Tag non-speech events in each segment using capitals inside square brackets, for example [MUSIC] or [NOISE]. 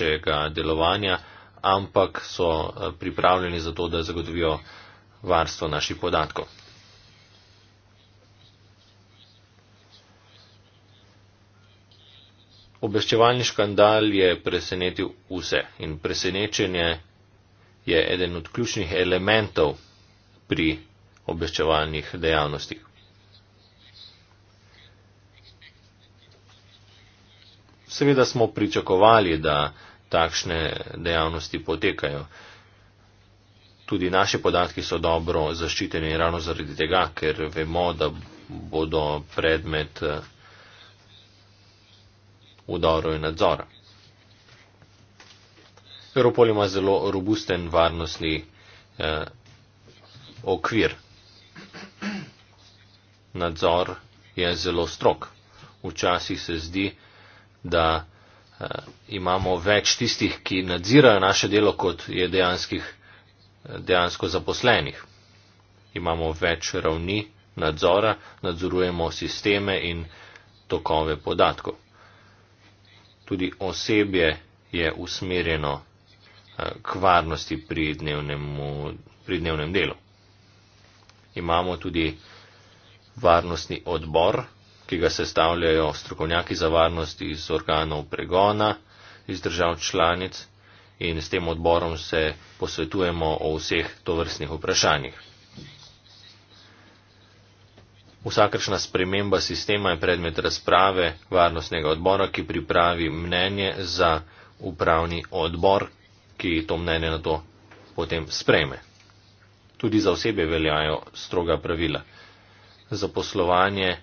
vašega delovanja, ampak so eh, pripravljeni za to, da zagotovijo varstvo naših podatkov. Obveščevalni škandal je presenetil vse in presenečenje je eden od ključnih elementov pri obveščevalnih dejavnostih. Seveda smo pričakovali, da takšne dejavnosti potekajo. Tudi naše podatki so dobro zaščiteni ravno zaradi tega, ker vemo, da bodo predmet eh, vdorov in nadzora. Europol ima zelo robusten varnostni eh, okvir. Nadzor je zelo strok. Včasih se zdi, da Eh, imamo več tistih, ki nadzirajo naše delo, kot je dejanskih, dejansko zaposlenih. Imamo več ravni nadzora, nadzorujemo sisteme in tokove podatkov. Tudi osebje je usmerjeno eh, k varnosti pri, dnevnemu, pri dnevnem delu. Imamo tudi varnostni odbor, ki ga sestavljajo strokovnjaki za varnost iz organov pregona, iz držav članic in s tem odborom se posvetujemo o vseh tovrstnih vprašanjih. Vsakršna sprememba sistema je predmet razprave varnostnega odbora, ki pripravi mnenje za upravni odbor, ki to mnenje na to potem sprejme. Tudi za osebe veljajo stroga pravila. Za poslovanje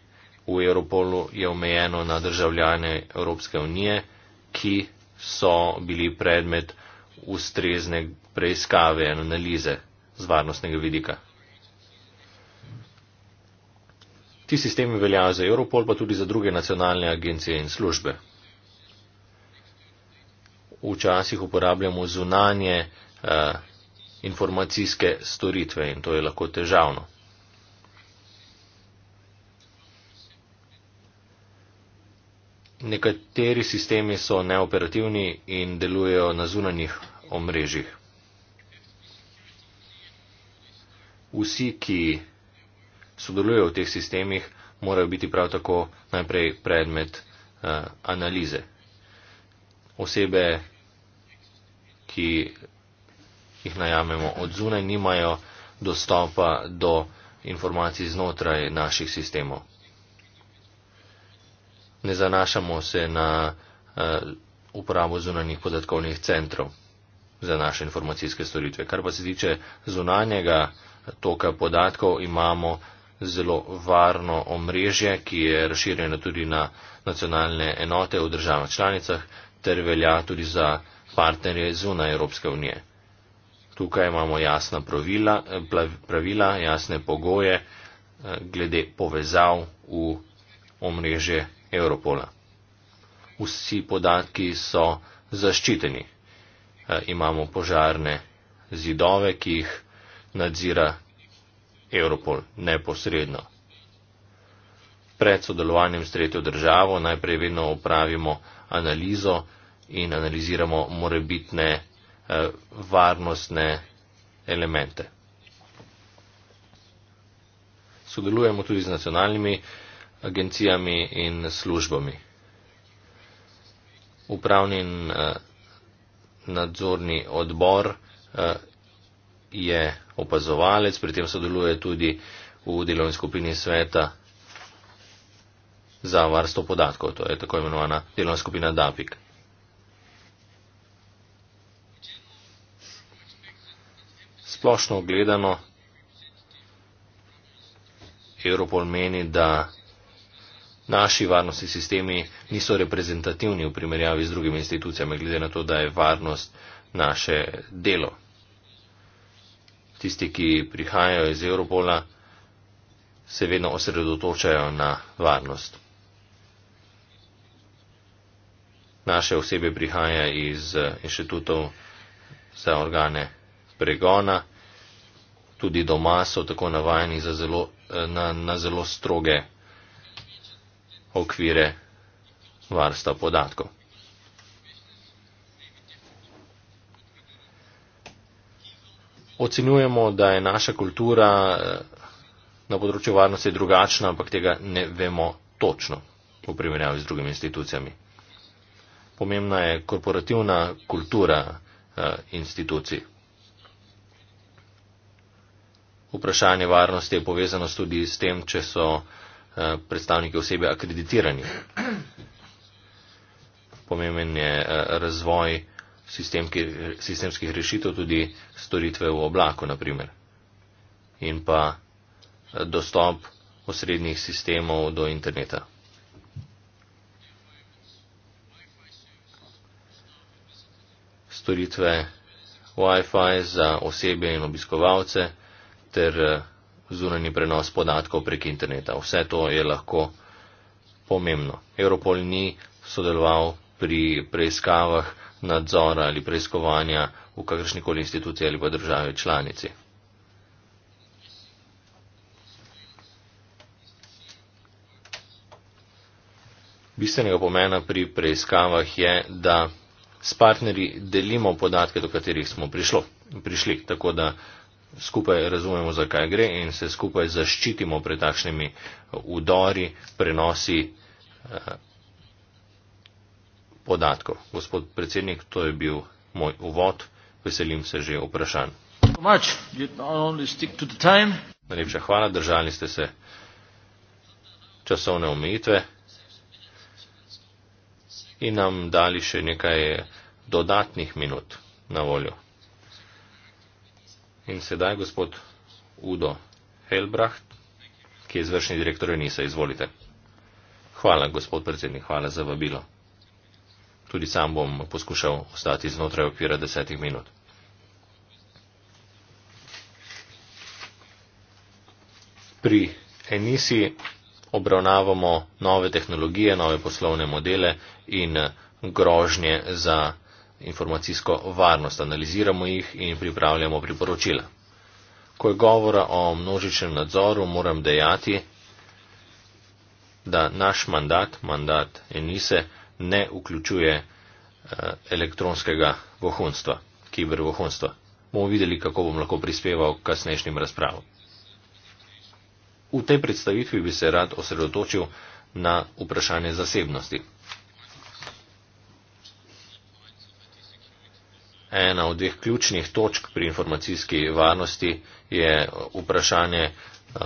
v Europolu je omejeno na državljane Evropske unije, ki so bili predmet ustrezne preiskave in analize z varnostnega vidika. Ti sistemi veljajo za Europol, pa tudi za druge nacionalne agencije in službe. Včasih uporabljamo zunanje eh, informacijske storitve in to je lahko težavno. nekateri sistemi so neoperativni in delujejo na zunanjih omrežjih. Vsi, ki sodelujejo v teh sistemih, morajo biti prav tako najprej predmet uh, analize. Osebe, ki jih najamemo od zunaj, nimajo dostopa do informacij znotraj naših sistemov ne zanašamo se na uh, uporabo zunanjih podatkovnih centrov za naše informacijske storitve. Kar pa se tiče zunanjega toka podatkov, imamo zelo varno omrežje, ki je razširjeno tudi na nacionalne enote v državah članicah, ter velja tudi za partnerje zunaj Evropske unije. Tukaj imamo jasna pravila, pravila jasne pogoje eh, glede povezav v omrežje Europola. Vsi podatki so zaščiteni. E, imamo požarne zidove, ki jih nadzira Europol neposredno. Pred sodelovanjem s tretjo državo najprej vedno opravimo analizo in analiziramo morebitne e, varnostne elemente. Sodelujemo tudi z nacionalnimi agencijami in službami. Upravni in eh, nadzorni odbor eh, je opazovalec, pri tem sodeluje tudi v delovni skupini sveta za varstvo podatkov, to je tako imenovana delovna skupina DAPIK. Splošno gledano, Europol meni, da naši varnostni sistemi niso reprezentativni v primerjavi z drugimi institucijami, glede na to, da je varnost naše delo. Tisti, ki prihajajo iz Europola, se vedno osredotočajo na varnost. Naše osebe prihaja iz inštitutov za organe pregona, tudi doma so tako navajeni na, na zelo stroge okvire varstva podatkov. Ocenjujemo, da je naša kultura eh, na področju varnosti drugačna, ampak tega ne vemo točno v primerjavi z drugimi institucijami. Pomembna je korporativna kultura eh, institucij. Vprašanje varnosti je povezano tudi s tem, če so Eh, predstavniki osebe akreditirani. Pomemben je eh, razvoj sistemskih rešitev, tudi storitve v oblaku, naprimer. In pa eh, dostop osrednjih sistemov do interneta. Storitve Wi-Fi za osebe in obiskovalce ter zunani prenos podatkov prek interneta. Vse to je lahko pomembno. Europol ni sodeloval pri preiskavah nadzora ali preiskovanja v kakršnikoli instituciji ali pa državi članici. Bistvenega pomena pri preiskavah je, da s partnerji delimo podatke, do katerih smo prišlo, prišli, tako da uh, skupaj razumemo, zakaj gre in se skupaj zaščitimo pred takšnimi udori, prenosi eh, podatkov. Gospod predsednik, to je bil moj uvod, veselim se že vprašanj. Najlepša hvala, držali ste se časovne omejitve in nam dali še nekaj dodatnih minut na voljo. In sedaj gospod Udo Helbracht, ki je izvršni direktor Enisa, izvolite. Hvala, gospod predsednik, hvala za vabilo. Tudi sam bom poskušal ostati znotraj okvira desetih minut. Pri Enisi obravnavamo nove tehnologije, nove poslovne modele in grožnje za informacijsko varnost, analiziramo jih in pripravljamo priporočila. Ko je govora o množičnem nadzoru, moram dejati, da naš mandat, mandat Enise, ne vključuje eh, elektronskega vohunstva, kibervohunstva. Bomo videli, kako bom lahko prispeval k kasnejšnjim razpravom. V tej predstavitvi bi se rad osredotočil na vprašanje zasebnosti. ena od dveh ključnih točk pri informacijski varnosti je vprašanje eh,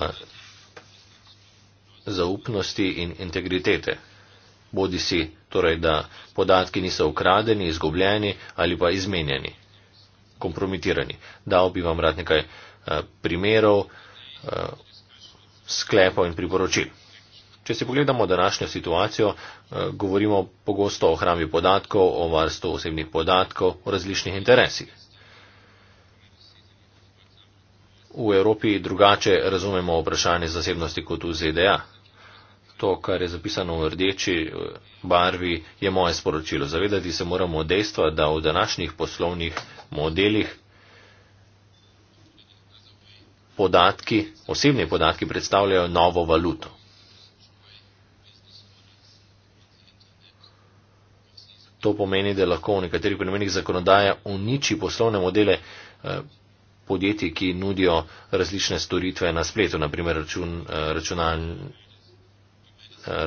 zaupnosti in integritete. Bodi si torej, da podatki niso ukradeni, izgubljeni ali pa izmenjeni, kompromitirani. Dal bi vam rad nekaj eh, primerov, eh, sklepov in priporočil. Če si pogledamo današnjo situacijo, eh, govorimo pogosto o hrambi podatkov, o varstvu osebnih podatkov, o različnih interesih. V Evropi drugače razumemo vprašanje zasebnosti kot v ZDA. To, kar je zapisano v rdeči eh, barvi, je moje sporočilo. Zavedati se moramo dejstva, da v današnjih poslovnih modelih podatki, osebni podatki predstavljajo novo valuto. to pomeni, da lahko v nekaterih primerih zakonodaja uniči poslovne modele eh, podjetij, ki nudijo različne storitve na spletu, naprimer račun, eh, računal, eh,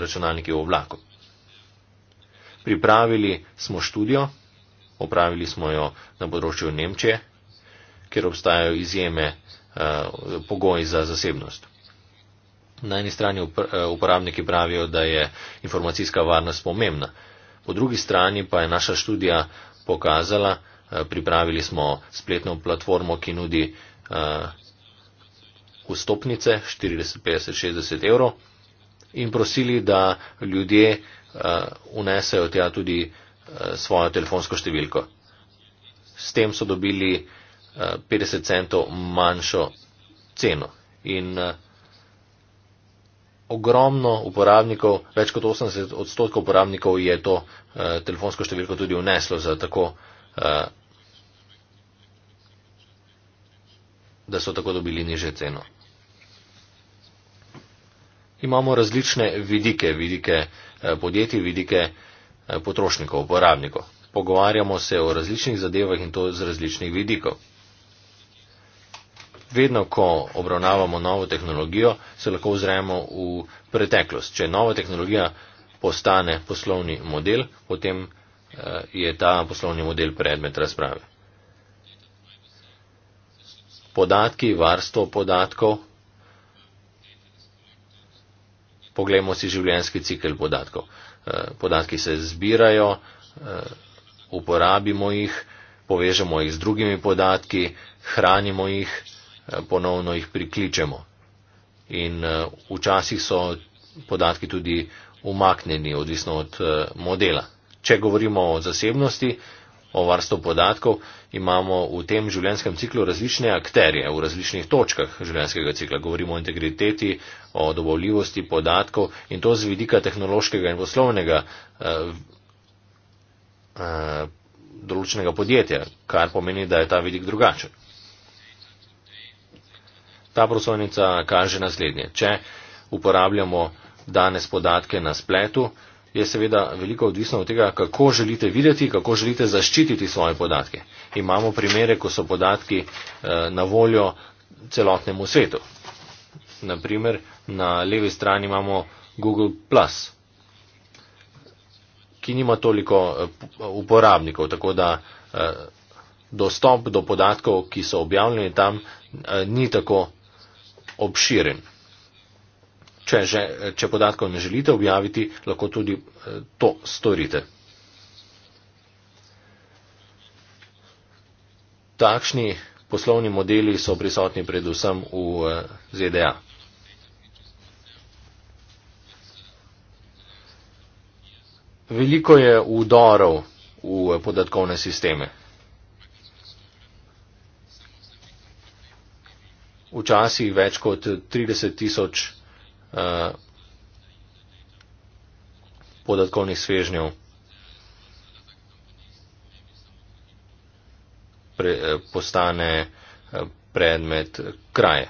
računalniki v oblaku. Pripravili smo študijo, opravili smo jo na področju Nemčije, kjer obstajajo izjeme pogoji za zasebnost. Na eni strani uporabniki pravijo, da je informacijska varnost pomembna. Po drugi strani pa je naša študija pokazala, eh, pripravili smo spletno platformo, ki nudi eh, vstopnice 40, 50, 60 evrov in prosili, da ljudje unesejo eh, tja tudi svojo telefonsko številko. S tem so dobili 50 centov manjšo ceno. In ogromno uporabnikov, več kot 80 odstotkov uporabnikov je to eh, telefonsko številko tudi vneslo za tako, eh, da so tako dobili niže ceno. Imamo različne vidike, vidike eh, podjetij, vidike eh, potrošnikov, uporabnikov. Pogovarjamo se o različnih zadevah in to z različnih vidikov vedno, ko obravnavamo novo tehnologijo, se lahko vzrejemo v preteklost. Če nova tehnologija postane poslovni model, potem eh, je ta poslovni model predmet razprave. Podatki, varstvo podatkov. Poglejmo si življenjski cikl podatkov. Eh, podatki se zbirajo, eh, uporabimo jih, povežemo jih z drugimi podatki, hranimo jih, Eh, ponovno jih prikličemo. In eh, včasih so podatki tudi umaknjeni, odvisno od eh, modela. Če govorimo o zasebnosti, o varstvu podatkov, imamo v tem življenjskem ciklu različne akterje v različnih točkah življenjskega cikla. Govorimo o integriteti, o dovoljivosti podatkov in to z vidika tehnološkega in poslovnega eh, eh, določenega podjetja, kar pomeni, da je ta vidik drugačen ta prosojnica kaže naslednje. Če uporabljamo danes podatke na spletu, je seveda veliko odvisno od tega, kako želite videti, kako želite zaščititi svoje podatke. Imamo primere, ko so podatki eh, na voljo celotnemu svetu. Naprimer, na levi strani imamo Google Plus, ki nima toliko eh, uporabnikov, tako da eh, dostop do podatkov, ki so objavljeni tam, ni tako obširen. Če, že, če podatkov ne želite objaviti, lahko tudi eh, to storite. Takšni poslovni modeli so prisotni predvsem v eh, ZDA. Veliko je udorov v eh, podatkovne sisteme. včasih več kot 30 tisoč uh, podatkovnih svežnjev pre, eh, postane eh, predmet kraje.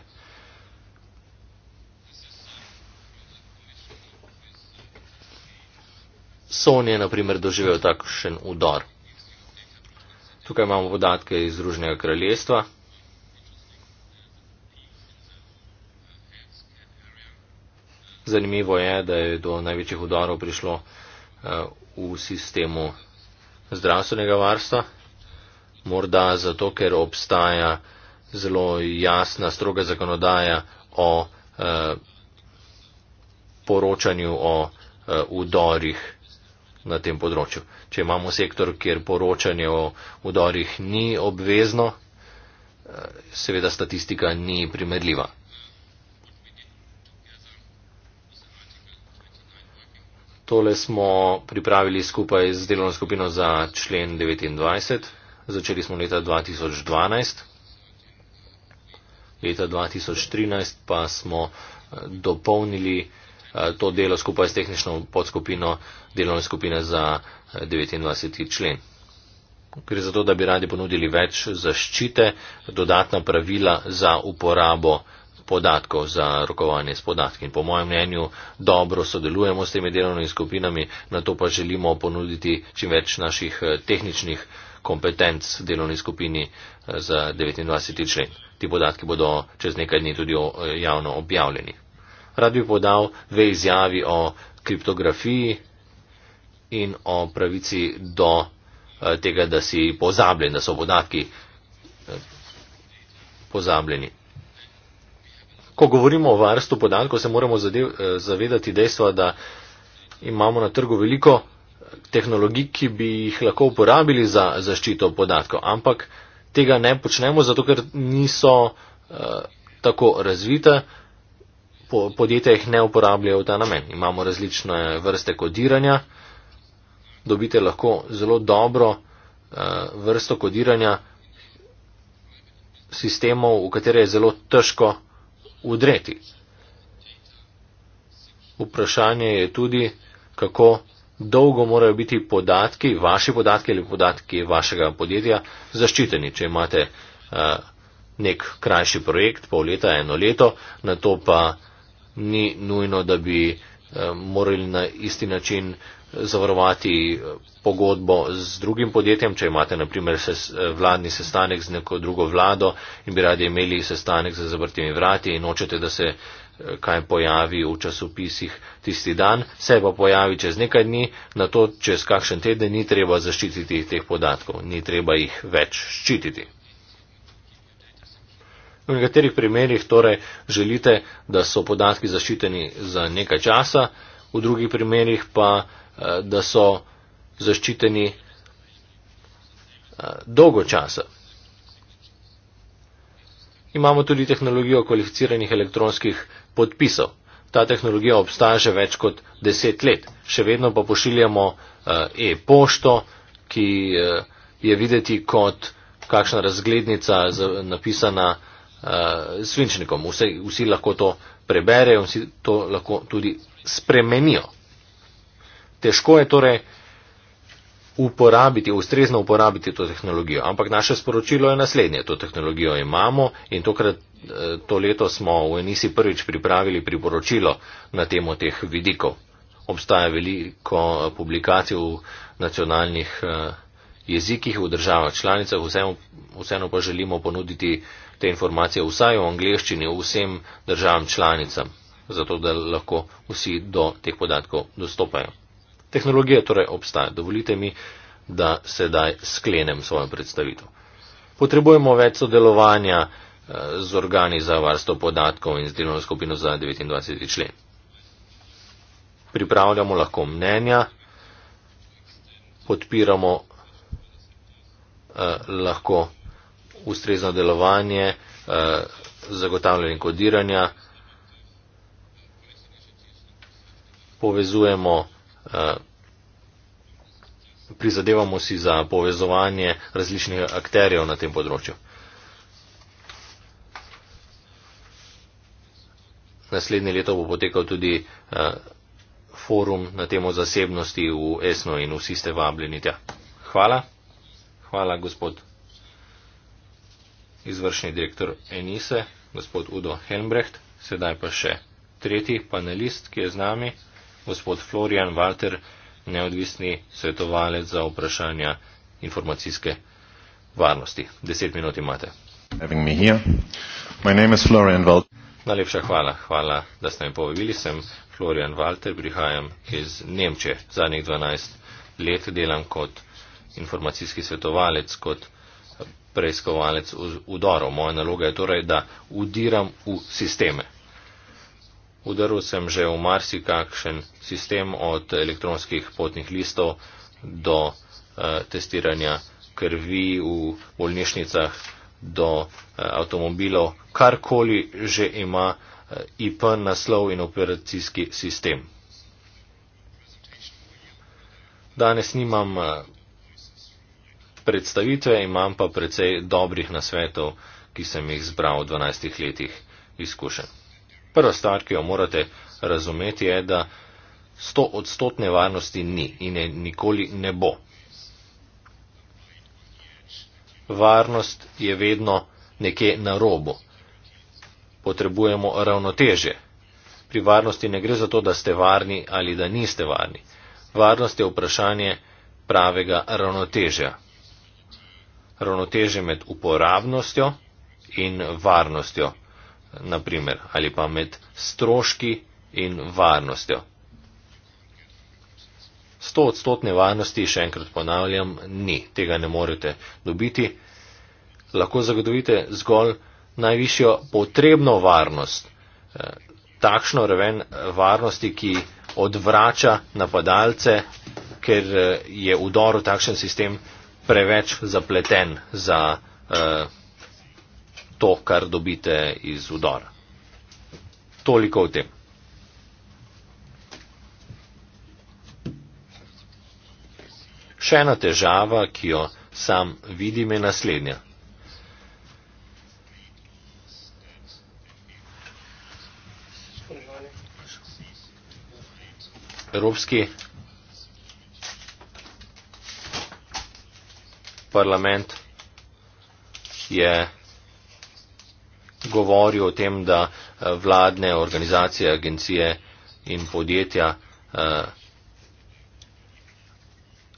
Sony je naprimer doživel takšen udor. Tukaj imamo podatke iz Združenega kraljestva. Zanimivo je, da je do največjih udarov prišlo eh, v sistemu zdravstvenega varstva. Morda zato, ker obstaja zelo jasna, stroga zakonodaja o eh, poročanju o udorih eh, na tem področju. Če imamo sektor, kjer poročanje o udorih ni obvezno, seveda statistika ni primerljiva. Tole smo pripravili skupaj z delovno skupino za člen 29. Začeli smo leta 2012. Leta 2013 pa smo eh, dopolnili eh, to delo skupaj s tehnično podskupino delovne skupine za 29. Eh, člen. Gre za to, da bi radi ponudili več zaščite, dodatna pravila za uporabo podatkov za rokovanje s podatki. In po mojem mnenju dobro sodelujemo s temi delovnimi skupinami, na to pa želimo ponuditi čim več naših eh, tehničnih kompetenc delovni skupini eh, za 29. člen. Ti podatki bodo čez nekaj dni tudi eh, javno objavljeni. Rad bi podal dve izjavi o kriptografiji in o pravici do tega, da si pozabljen, da so podatki pozabljeni ko govorimo o varstvu podatkov, se moramo zadev, eh, zavedati dejstva, da imamo na trgu veliko eh, tehnologij, ki bi jih lahko uporabili za zaščito podatkov, ampak tega ne počnemo, zato ker niso uh, tako razvite, po, podjetja jih ne uporabljajo v ta namen. Imamo različne vrste kodiranja, dobite lahko zelo dobro uh, vrsto kodiranja sistemov, v katere je zelo težko udreti. Vprašanje je tudi, kako dolgo morajo biti podatki, vaši podatki ali podatki vašega podjetja zaščiteni. Če imate uh, nek krajši projekt, pol leta, eno leto, na to pa ni nujno, da bi uh, morali na isti način uh, zavarovati eh, pogodbo z drugim podjetjem, če imate naprimer eh, vladni sestanek z neko drugo vlado in bi radi imeli sestanek za zavrtimi vrati in očete, da se eh, kaj pojavi v časopisih tisti dan, se pa pojavi čez nekaj dni, na to čez kakšen teden ni treba zaščititi teh podatkov, ni treba jih več ščititi. V nekaterih primerjih torej želite, da so podatki zaščiteni za nekaj časa, v drugih primerjih pa Eh, da so zaščiteni eh, dolgo časa. Imamo tudi tehnologijo kvalificiranih elektronskih podpisov. Ta tehnologija obstaja že več kot deset let. Še vedno pa pošiljamo eh, e-pošto, ki je videti kot kakšna razglednica napisana s svinčnikom. Vsi lahko to preberejo in vsi to lahko tudi spremenijo težko je torej uporabiti, ustrezno uporabiti to tehnologijo. Ampak naše sporočilo je naslednje. To tehnologijo imamo in tokrat eh, to leto smo v Enisi prvič pripravili priporočilo na temo teh vidikov. Obstaja veliko eh, publikacij v nacionalnih eh, jezikih v državah članicah, vseeno pa želimo ponuditi te informacije vsaj v angleščini vsem državam članicam, zato da lahko vsi do teh podatkov dostopajo. Tehnologija torej obstaja. Dovolite mi, da sedaj sklenem svojo predstavitev. Potrebujemo več sodelovanja eh, z organi za varstvo podatkov in z delovno skupino za 29. člen. Pripravljamo lahko mnenja, podpiramo eh, lahko ustrezno delovanje, eh, zagotavljanje kodiranja, povezujemo Eh, prizadevamo si za povezovanje različnih akterjev na tem področju. Naslednje leto bo potekal tudi eh, forum na temo zasebnosti v Esno in vsi ste vabljeni tja. Hvala. Hvala, gospod izvršni direktor Enise, gospod Udo Helmbrecht. Sedaj pa še tretji panelist, ki je z nami gospod Florian Walter, neodvisni svetovalec za vprašanja informacijske varnosti. Deset minut imate. Najlepša hvala. Hvala, da ste me povabili. Sem Florian Walter, prihajam iz Nemčije. Zadnjih 12 let delam kot informacijski svetovalec, kot preiskovalec udorov. Moja naloga je torej, da udiram v sisteme. Udaril sem že v marsikakšen sistem od elektronskih potnih listov do eh, testiranja krvi v bolnišnicah do eh, avtomobilov, karkoli že ima eh, IP naslov in operacijski sistem. Danes nimam eh, predstavitve, imam pa precej dobrih nasvetov, ki sem jih zbral v 12 letih izkušenj. Prva stvar, ki jo morate razumeti, je, da 100 odstotne varnosti ni in je nikoli ne bo. Varnost je vedno nekje na robu. Potrebujemo ravnoteže. Pri varnosti ne gre za to, da ste varni ali da niste varni. Varnost je vprašanje pravega ravnotežja. Ravnoteže med uporabnostjo in varnostjo naprimer, ali pa med stroški in varnostjo. Sto odstotne varnosti, še enkrat ponavljam, ni, tega ne morete dobiti. Lahko zagotovite zgolj najvišjo potrebno varnost, eh, takšno raven varnosti, ki odvrača napadalce, ker eh, je vdor v takšen sistem preveč zapleten za. Uh, to, kar dobite iz udora. Toliko o tem. Še ena težava, ki jo sam vidim, je naslednja. Evropski parlament je govori o tem, da eh, vladne organizacije, agencije in podjetja eh,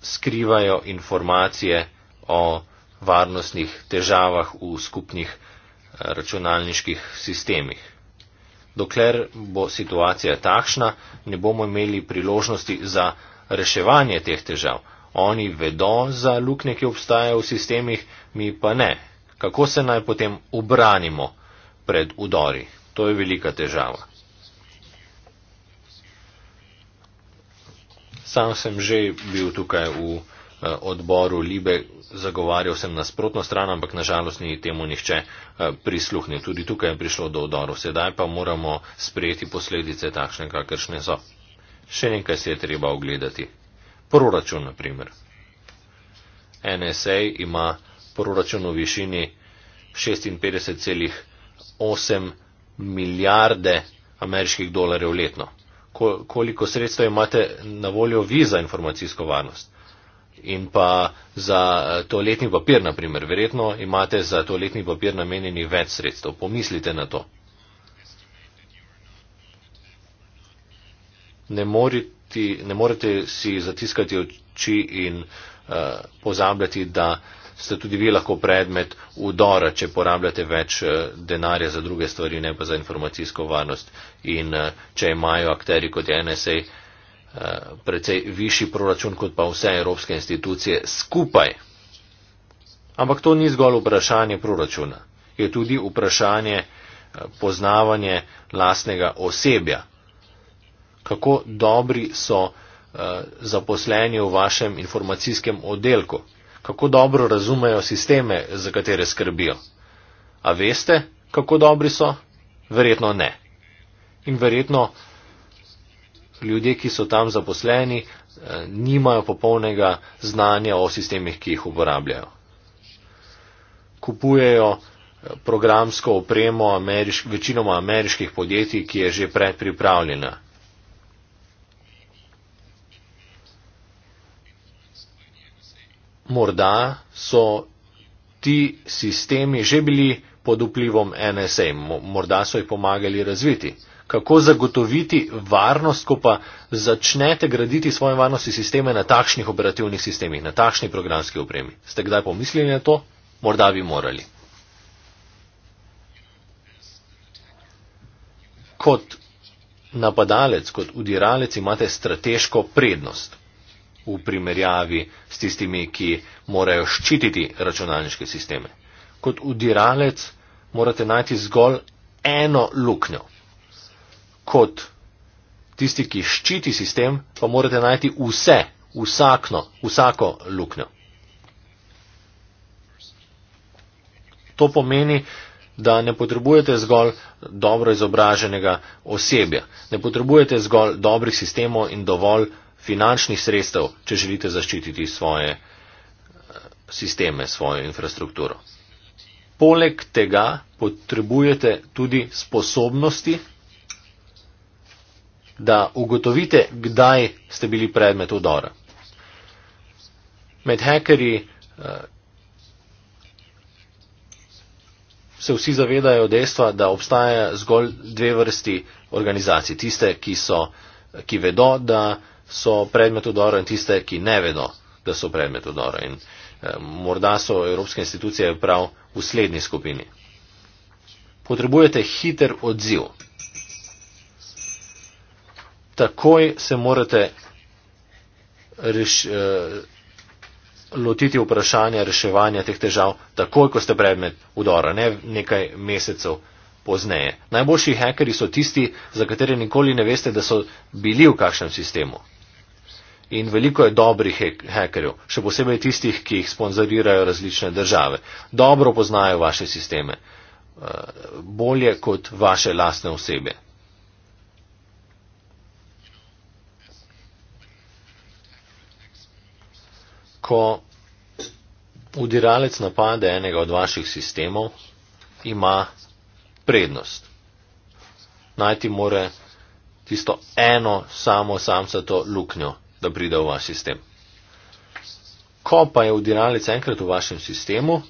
skrivajo informacije o varnostnih težavah v skupnih eh, računalniških sistemih. Dokler bo situacija takšna, ne bomo imeli priložnosti za reševanje teh težav. Oni vedo za luknje, ki obstajajo v sistemih, mi pa ne. Kako se naj potem obranimo? pred udori. To je velika težava. Sam sem že bil tukaj v eh, odboru Libe, zagovarjal sem nasprotno stran, ampak nažalost ni temu nihče eh, prisluhnil. Tudi tukaj je prišlo do odoru. Sedaj pa moramo sprejeti posledice takšne, kakršne so. Še nekaj se je treba ogledati. Proračun, na primer. NSA ima proračun v višini 56,5. 8 milijarde ameriških dolarjev letno. Koliko sredstev imate na voljo vi za informacijsko varnost? In pa za eh, toaletni papir, naprimer, verjetno imate za toaletni papir namenjeni več sredstev. Pomislite na to. Ne, moriti, ne morete si zatiskati oči in uh, pozabljati, da uh, ste tudi vi lahko predmet udora, če porabljate več eh, denarja za druge stvari, ne pa za informacijsko varnost. In eh, če imajo akteri kot NSA eh, precej višji proračun kot pa vse evropske institucije skupaj. Ampak to ni zgolj vprašanje proračuna, je tudi vprašanje poznavanje lastnega osebja. Kako dobri so zaposleni v vašem informacijskem oddelku, kako dobro razumejo sisteme, za katere skrbijo. A veste, kako dobri so? Verjetno ne. In verjetno ljudje, ki so tam zaposleni, eh, nimajo popolnega znanja o sistemih, ki jih uporabljajo. Kupujejo eh, programsko opremo ameriš večinoma ameriških podjetij, ki je že predpripravljena. morda so ti sistemi že bili pod vplivom NSA, morda so jih pomagali razviti. Kako zagotoviti varnost, ko pa začnete graditi svoje varnosti sisteme na takšnih operativnih sistemih, na takšni programski opremi? Ste kdaj pomislili na to? Morda bi morali. Kot napadalec, kot udiralec imate strateško prednost v primerjavi s tistimi, ki morajo ščititi računalniške sisteme. Kot udiralec morate najti zgolj eno luknjo. Kot tisti, ki ščiti sistem, pa morate najti vse, vsakno, vsako luknjo. To pomeni, da ne potrebujete zgolj dobro izobraženega osebja, ne potrebujete zgolj dobrih sistemov in dovolj finančnih sredstev, če želite zaščititi svoje eh, sisteme, svojo infrastrukturo. Poleg tega potrebujete tudi sposobnosti, da ugotovite, kdaj ste bili predmet odora. Med hekerji eh, se vsi zavedajo dejstva, da obstaja zgolj dve vrsti organizacij. Tiste, ki, so, ki vedo, da so predmet odora in tiste, ki ne vedo, da so predmet odora. In eh, morda so evropske institucije prav v slednji skupini. Potrebujete hiter odziv. Takoj se morate reš, eh, lotiti vprašanja reševanja teh težav, takoj, ko ste predmet udora, ne nekaj mesecev pozneje. Najboljši hekeri so tisti, za katere nikoli ne veste, da so bili v kakšnem sistemu. In veliko je dobrih hekerjev, še posebej tistih, ki jih sponzorirajo različne države. Dobro poznajo vaše sisteme, eh, bolje kot vaše lastne osebe. Ko udiralec napade enega od vaših sistemov, ima prednost. Najti mora tisto eno samo samcato luknjo da pride v vaš sistem. Ko pa je odiralec enkrat v vašem sistemu,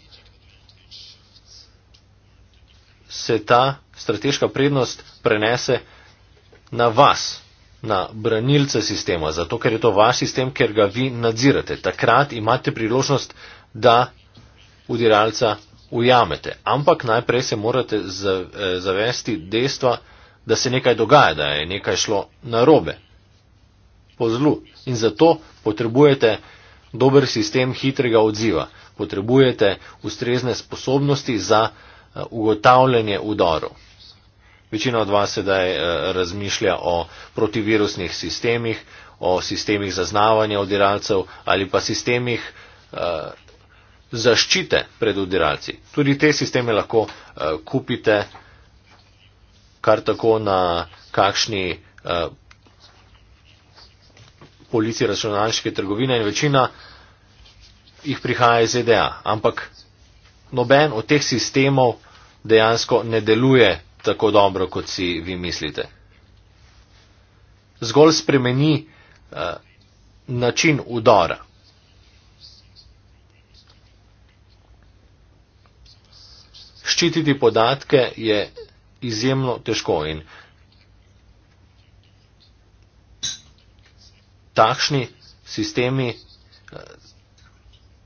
se ta strateška prednost prenese na vas, na branilce sistema, zato ker je to vaš sistem, ker ga vi nadzirate. Takrat imate priložnost, da odiralca ujamete. Ampak najprej se morate eh, zavesti dejstva, da se nekaj dogaja, da je nekaj šlo narobe po zlu. In zato potrebujete dober sistem hitrega odziva, potrebujete ustrezne sposobnosti za eh, ugotavljanje udorov. Večina od vas sedaj eh, razmišlja o protivirusnih sistemih, o sistemih zaznavanja odiralcev ali pa sistemih eh, zaščite pred odiralci. Tudi te sisteme lahko kupite kar tako na kakšni polici računalniške trgovine in večina jih prihaja iz EDA. Ampak noben od teh sistemov dejansko ne deluje tako dobro, kot si vi mislite. Zgolj spremeni uh, način udora. Ščititi podatke je izjemno težko in takšni sistemi eh,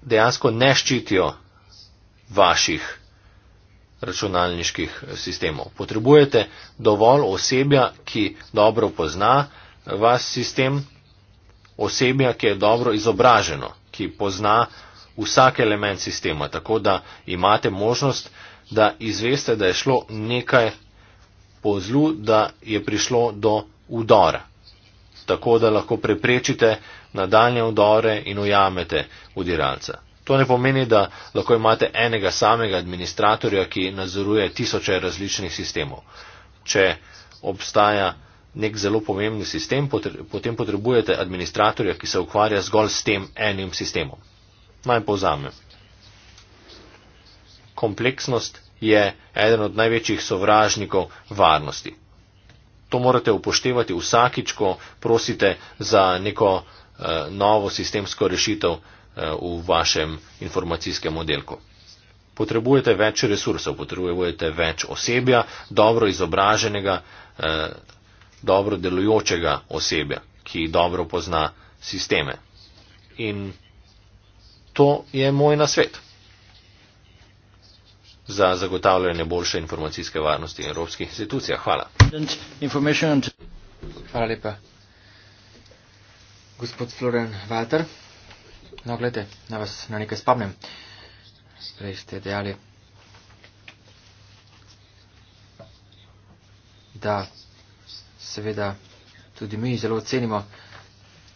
dejansko ne ščitijo vaših računalniških eh, sistemov. Potrebujete dovolj osebja, ki dobro pozna eh, vaš sistem, osebja, ki je dobro izobraženo, ki pozna vsak element sistema, tako da imate možnost, da izveste, da je šlo nekaj po zlu, da je prišlo do udora tako, da lahko preprečite nadaljne vdore in ujamete udiralca. To ne pomeni, da lahko imate enega samega administratorja, ki nadzoruje tisoče različnih sistemov. Če obstaja nek zelo pomemben sistem, potem potrebujete administratorja, ki se ukvarja zgolj s tem enim sistemom. Naj povzamem. Kompleksnost je eden od največjih sovražnikov varnosti to morate upoštevati vsakič, ko prosite za neko eh, novo sistemsko rešitev eh, v vašem informacijskem modelku. Potrebujete več resursov, potrebujete več osebja, dobro izobraženega, eh, dobro delujočega osebja, ki dobro pozna sisteme. In to je moj nasvet za zagotavljanje boljše informacijske varnosti in evropskih institucij. Hvala. Hvala lepa. Gospod Floren Walter, no gledajte, da vas na nekaj spomnim. Prej ste dejali, da seveda tudi mi zelo cenimo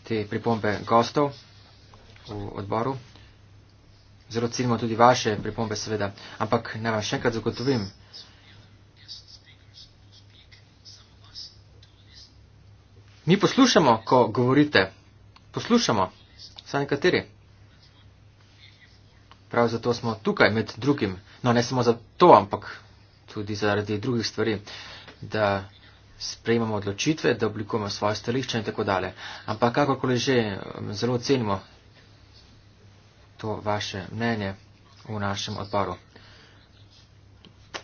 te pripombe gostov v odboru zelo ciljimo tudi vaše pripombe, seveda. Ampak naj vam še enkrat zagotovim, mi poslušamo, ko govorite. Poslušamo, saj nekateri. Prav zato smo tukaj med drugim. No, ne samo zato, ampak tudi zaradi drugih stvari, da sprejmamo odločitve, da oblikujemo svoje stališče in tako dalje. Ampak kakorkoli že, zelo cenimo to vaše mnenje v našem odboru.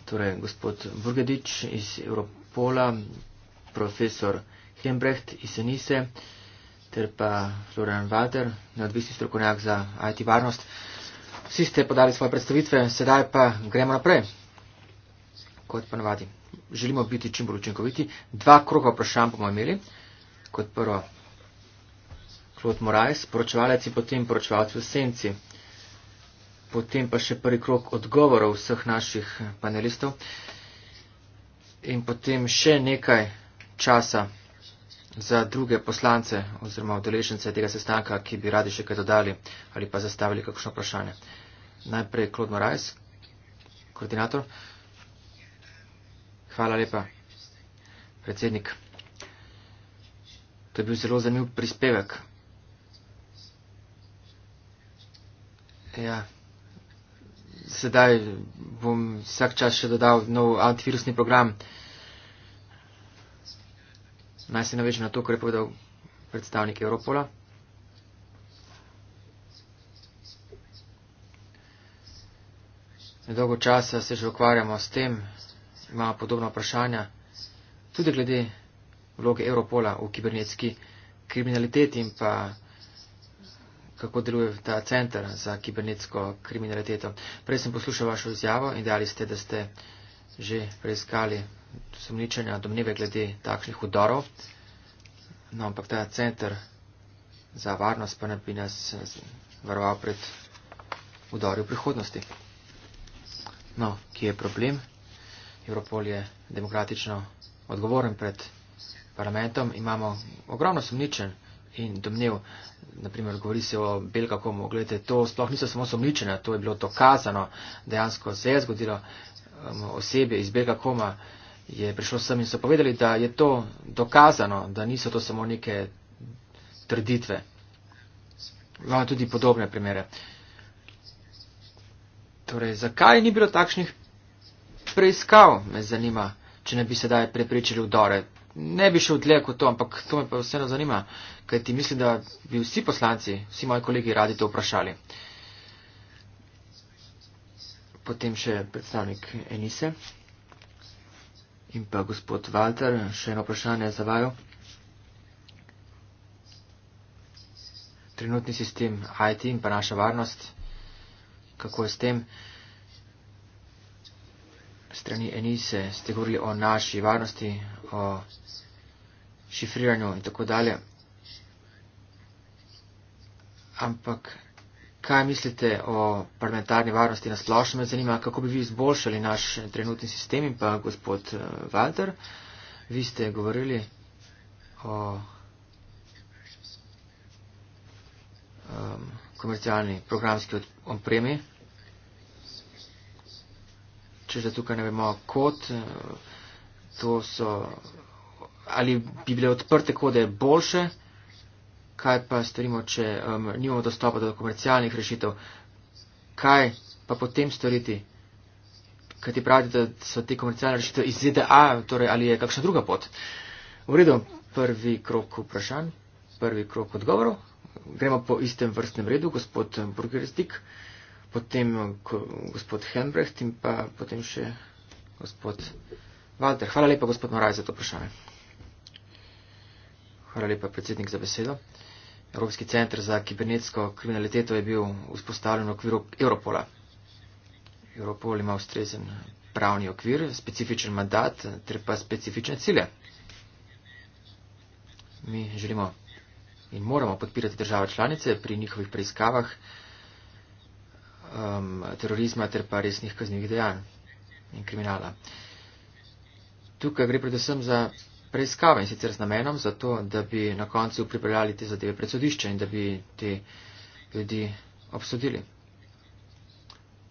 Torej, gospod Burgedič iz Europola, profesor Hembrecht iz Senise ter pa Florian Vader, neodvisni strokovnjak za IT varnost. Vsi ste podali svoje predstavitve, sedaj pa gremo naprej. Kot pa navadi, želimo biti čim bolj učinkoviti. Dva kroga vprašanj bomo imeli. Kot prvo, Klod Morajs, poročevalec in potem poročevalci v senci potem pa še prvi krok odgovorov vseh naših panelistov in potem še nekaj časa za druge poslance oziroma udeležence tega sestanka, ki bi radi še kaj dodali ali pa zastavili kakšno vprašanje. Najprej Klod Morajs, koordinator. Hvala lepa, predsednik. To je bil zelo zanimiv prispevek. Ja sedaj bom vsak čas še dodal nov antivirusni program. Naj se navežem na to, kar je povedal predstavnik Evropola. Nedolgo časa se že ukvarjamo s tem, imamo podobna vprašanja, tudi glede vloge Evropola v kibernetski kriminaliteti in pa kako deluje ta centr za kibernetsko kriminaliteto. Prej sem poslušal vašo izjavo in dali ste, da ste že preiskali sumničenja domneve glede takšnih udorov. No, ampak ta centr za varnost pa ne bi nas varoval pred udori v prihodnosti. No, ki je problem? Evropol je demokratično odgovoren pred parlamentom. Imamo ogromno sumničenj in domnev. Naprimer, govori se o Belkakomu, gledajte, to sploh niso samo somničenja, to je bilo dokazano, dejansko se je zgodilo um, osebe iz Belkakoma, je prišlo sem in so povedali, da je to dokazano, da niso to samo neke trditve. Imamo tudi podobne primere. Torej, zakaj ni bilo takšnih preiskav, me zanima, če ne bi sedaj prepričali vdore. Ne bi šel dlje kot to, ampak to me pa vseeno zanima, kajti mislim, da bi vsi poslanci, vsi moji kolegi radi to vprašali. Potem še predstavnik Enise in pa gospod Walter, še eno vprašanje za vaju. Trenutni sistem IT in pa naša varnost, kako je s tem? Strani Enise ste govorili o naši varnosti, o šifriranju in tako dalje ampak kaj mislite o parlamentarni varnosti na splošno? Me zanima, kako bi vi izboljšali naš trenutni sistem in pa gospod eh, Walter, vi ste govorili o um, komercialni programski opremi. Če že tukaj ne vemo, kot eh, to so, ali bi bile odprte kode boljše? kaj pa storimo, če um, nimamo dostopa do komercialnih rešitev, kaj pa potem storiti, kaj ti pravite, da so te komercialne rešitev iz ZDA, torej ali je kakšna druga pot. V redu, prvi krok vprašanj, prvi krok odgovorov. Gremo po istem vrstnem redu, gospod um, Burgerstik, potem um, gospod Henbrecht in pa potem še gospod Walter. Hvala lepa, gospod Moraj, za to vprašanje. Hvala lepa, predsednik, za besedo. Uh, Evropski centr za kibernetsko kriminaliteto je bil vzpostavljen v okviru Europola. Europol ima ustrezen pravni okvir, specifičen mandat ter pa specifične cilje. Mi želimo in moramo podpirati države članice pri njihovih preiskavah um, terorizma ter pa resnih kaznjivih dejanj in kriminala. Tukaj gre predvsem za preiskave in sicer z namenom za to, da bi na koncu pripeljali te zadeve pred sodišče in da bi te ljudi obsodili.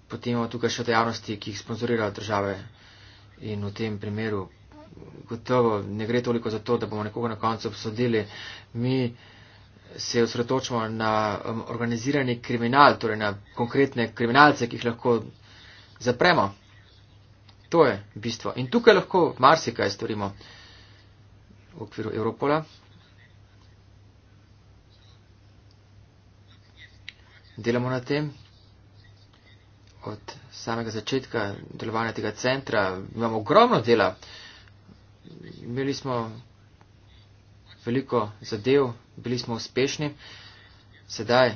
Potem imamo tukaj še dejavnosti, ki jih sponzorirajo države in v tem primeru gotovo ne gre toliko za to, da bomo nekoga na koncu obsodili. Mi se osredotočamo na um, organizirani kriminal, torej na konkretne kriminalce, ki jih lahko zapremo. To je bistvo. In tukaj lahko marsikaj storimo u okviru Europola. Delamo na tem. Od samega začetka delovanja tega centra imamo ogromno dela. Imeli smo veliko zadev, bili smo uspešni. Sedaj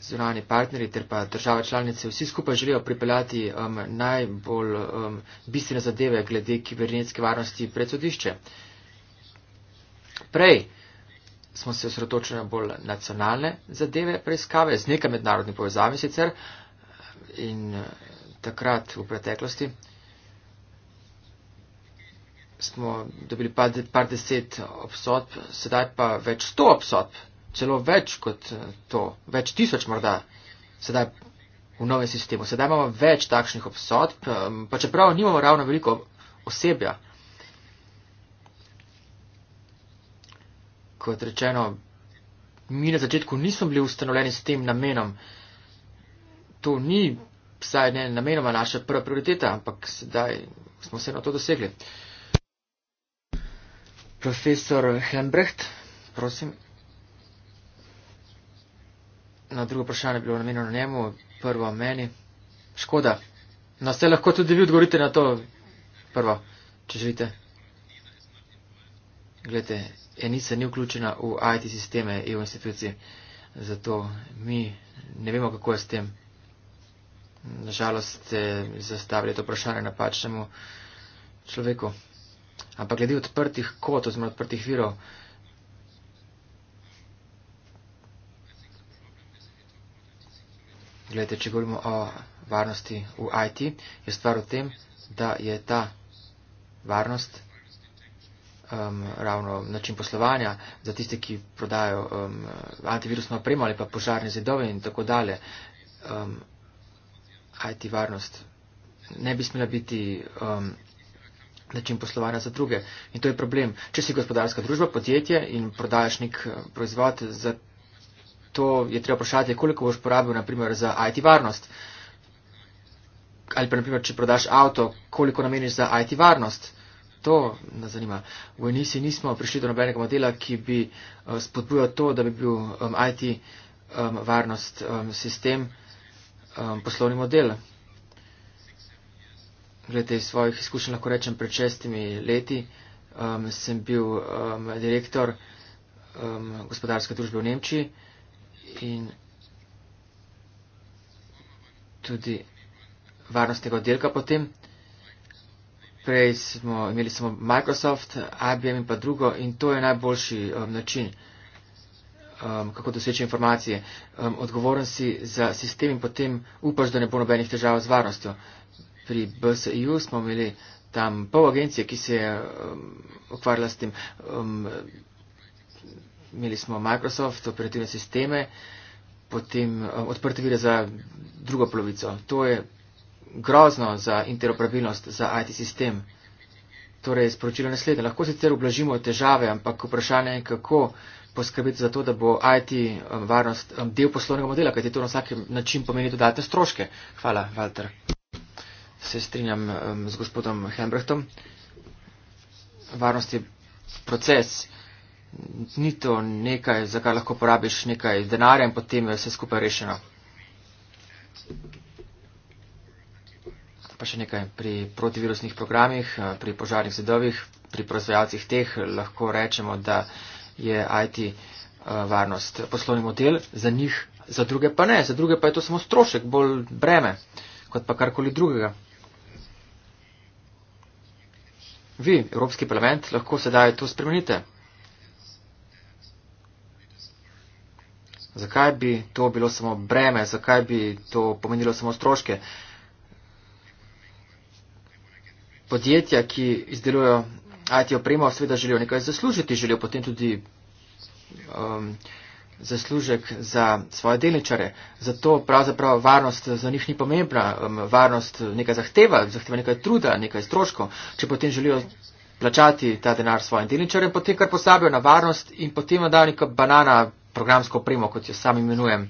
zunani partneri ter pa države članice vsi skupaj želijo pripeljati um, najbolj um, bistvene zadeve glede kibernetske varnosti pred sodišče. Uh, Prej smo se osredotočili na bolj nacionalne zadeve preiskave, z nekaj mednarodnimi povezavami sicer in eh, takrat v preteklosti smo dobili par, de, par deset obsodb, sedaj pa več sto obsodb, celo več kot eh, to, več tisoč morda, sedaj v novem sistemu. Sedaj imamo več takšnih obsodb, eh, pa čeprav nimamo ravno veliko osebja, kot rečeno, mi na začetku nismo bili ustanovljeni s tem namenom. To ni vsaj ne namenoma naša prva prioriteta, ampak sedaj smo vseeno to dosegli. Profesor Hembrecht, prosim. Na drugo vprašanje bilo namenjeno njemu, prvo meni. Škoda. Na no, vse lahko tudi vi odgovorite na to prvo, če želite. Glede, enica ni vključena v IT sisteme EU institucij, zato mi ne vemo, kako je s tem. Nažalost ste zastavili to vprašanje napačnemu človeku. Ampak glede odprtih kod oziroma odprtih virov, gledajte, če govorimo o varnosti v IT, je stvar v tem, da je ta varnost um, ravno način poslovanja za tiste, ki prodajo um, antivirusno opremo ali pa požarne zidove in tako dalje. Um, IT varnost ne bi smela biti um, način poslovanja za druge. In to je problem. Če si gospodarska družba, podjetje in prodajaš nek uh, proizvod, za to je treba vprašati, koliko boš porabil, naprimer, za IT varnost. Ali pa, naprimer, če prodaš avto, koliko nameniš za IT varnost to nas zanima. V Enisi nismo prišli do nobenega modela, ki bi eh, spodbujal to, da bi bil um, IT um, varnost um, sistem um, poslovni model. Glede svojih izkušenj lahko rečem, pred šestimi leti um, sem bil um, direktor um, gospodarske družbe v Nemčiji in tudi varnostnega oddelka potem prej smo imeli samo Microsoft, IBM in pa drugo in to je najboljši um, način, um, kako doseči informacije. Um, odgovoren si za sistem in potem upaš, da ne bo nobenih težav z varnostjo. Pri BSEU smo imeli tam pol agencije, ki se je um, ukvarjala s tem. Um, imeli smo Microsoft, operativne sisteme, potem um, odprte vire za drugo polovico. To je grozno za interoperabilnost, za IT sistem. Torej, sporočilo naslednje. Lahko sicer oblažimo težave, ampak vprašanje je, kako poskrbeti za to, da bo IT um, varnost um, del poslovnega modela, kajti to na vsak način pomeni dodatne stroške. Hvala, Walter. Se strinjam um, z gospodom Hembrechtom. Varnost je proces. Ni to nekaj, za kar lahko porabiš nekaj denarja in potem je vse skupaj rešeno. Thank you pa še nekaj pri protivirusnih programih, eh, pri požarnih zidovih, pri proizvajalcih teh eh, lahko rečemo, da je IT eh, varnost poslovni model, za njih, za druge pa ne, za druge pa je to samo strošek, bolj breme, kot pa karkoli drugega. Vi, Evropski parlament, lahko sedaj to spremenite. Zakaj bi to bilo samo breme, zakaj bi to pomenilo samo stroške? Uh, podjetja, ki izdelujejo IT opremo, seveda želijo nekaj zaslužiti, želijo potem tudi um, zaslužek za svoje delničare. Zato pravzaprav varnost za njih ni pomembna. Um, varnost nekaj zahteva, zahteva nekaj truda, nekaj stroškov. Če potem želijo plačati ta denar svojim delničarjem, potem kar posabijo na varnost in potem dajo neko banana programsko opremo, kot jo sam imenujem.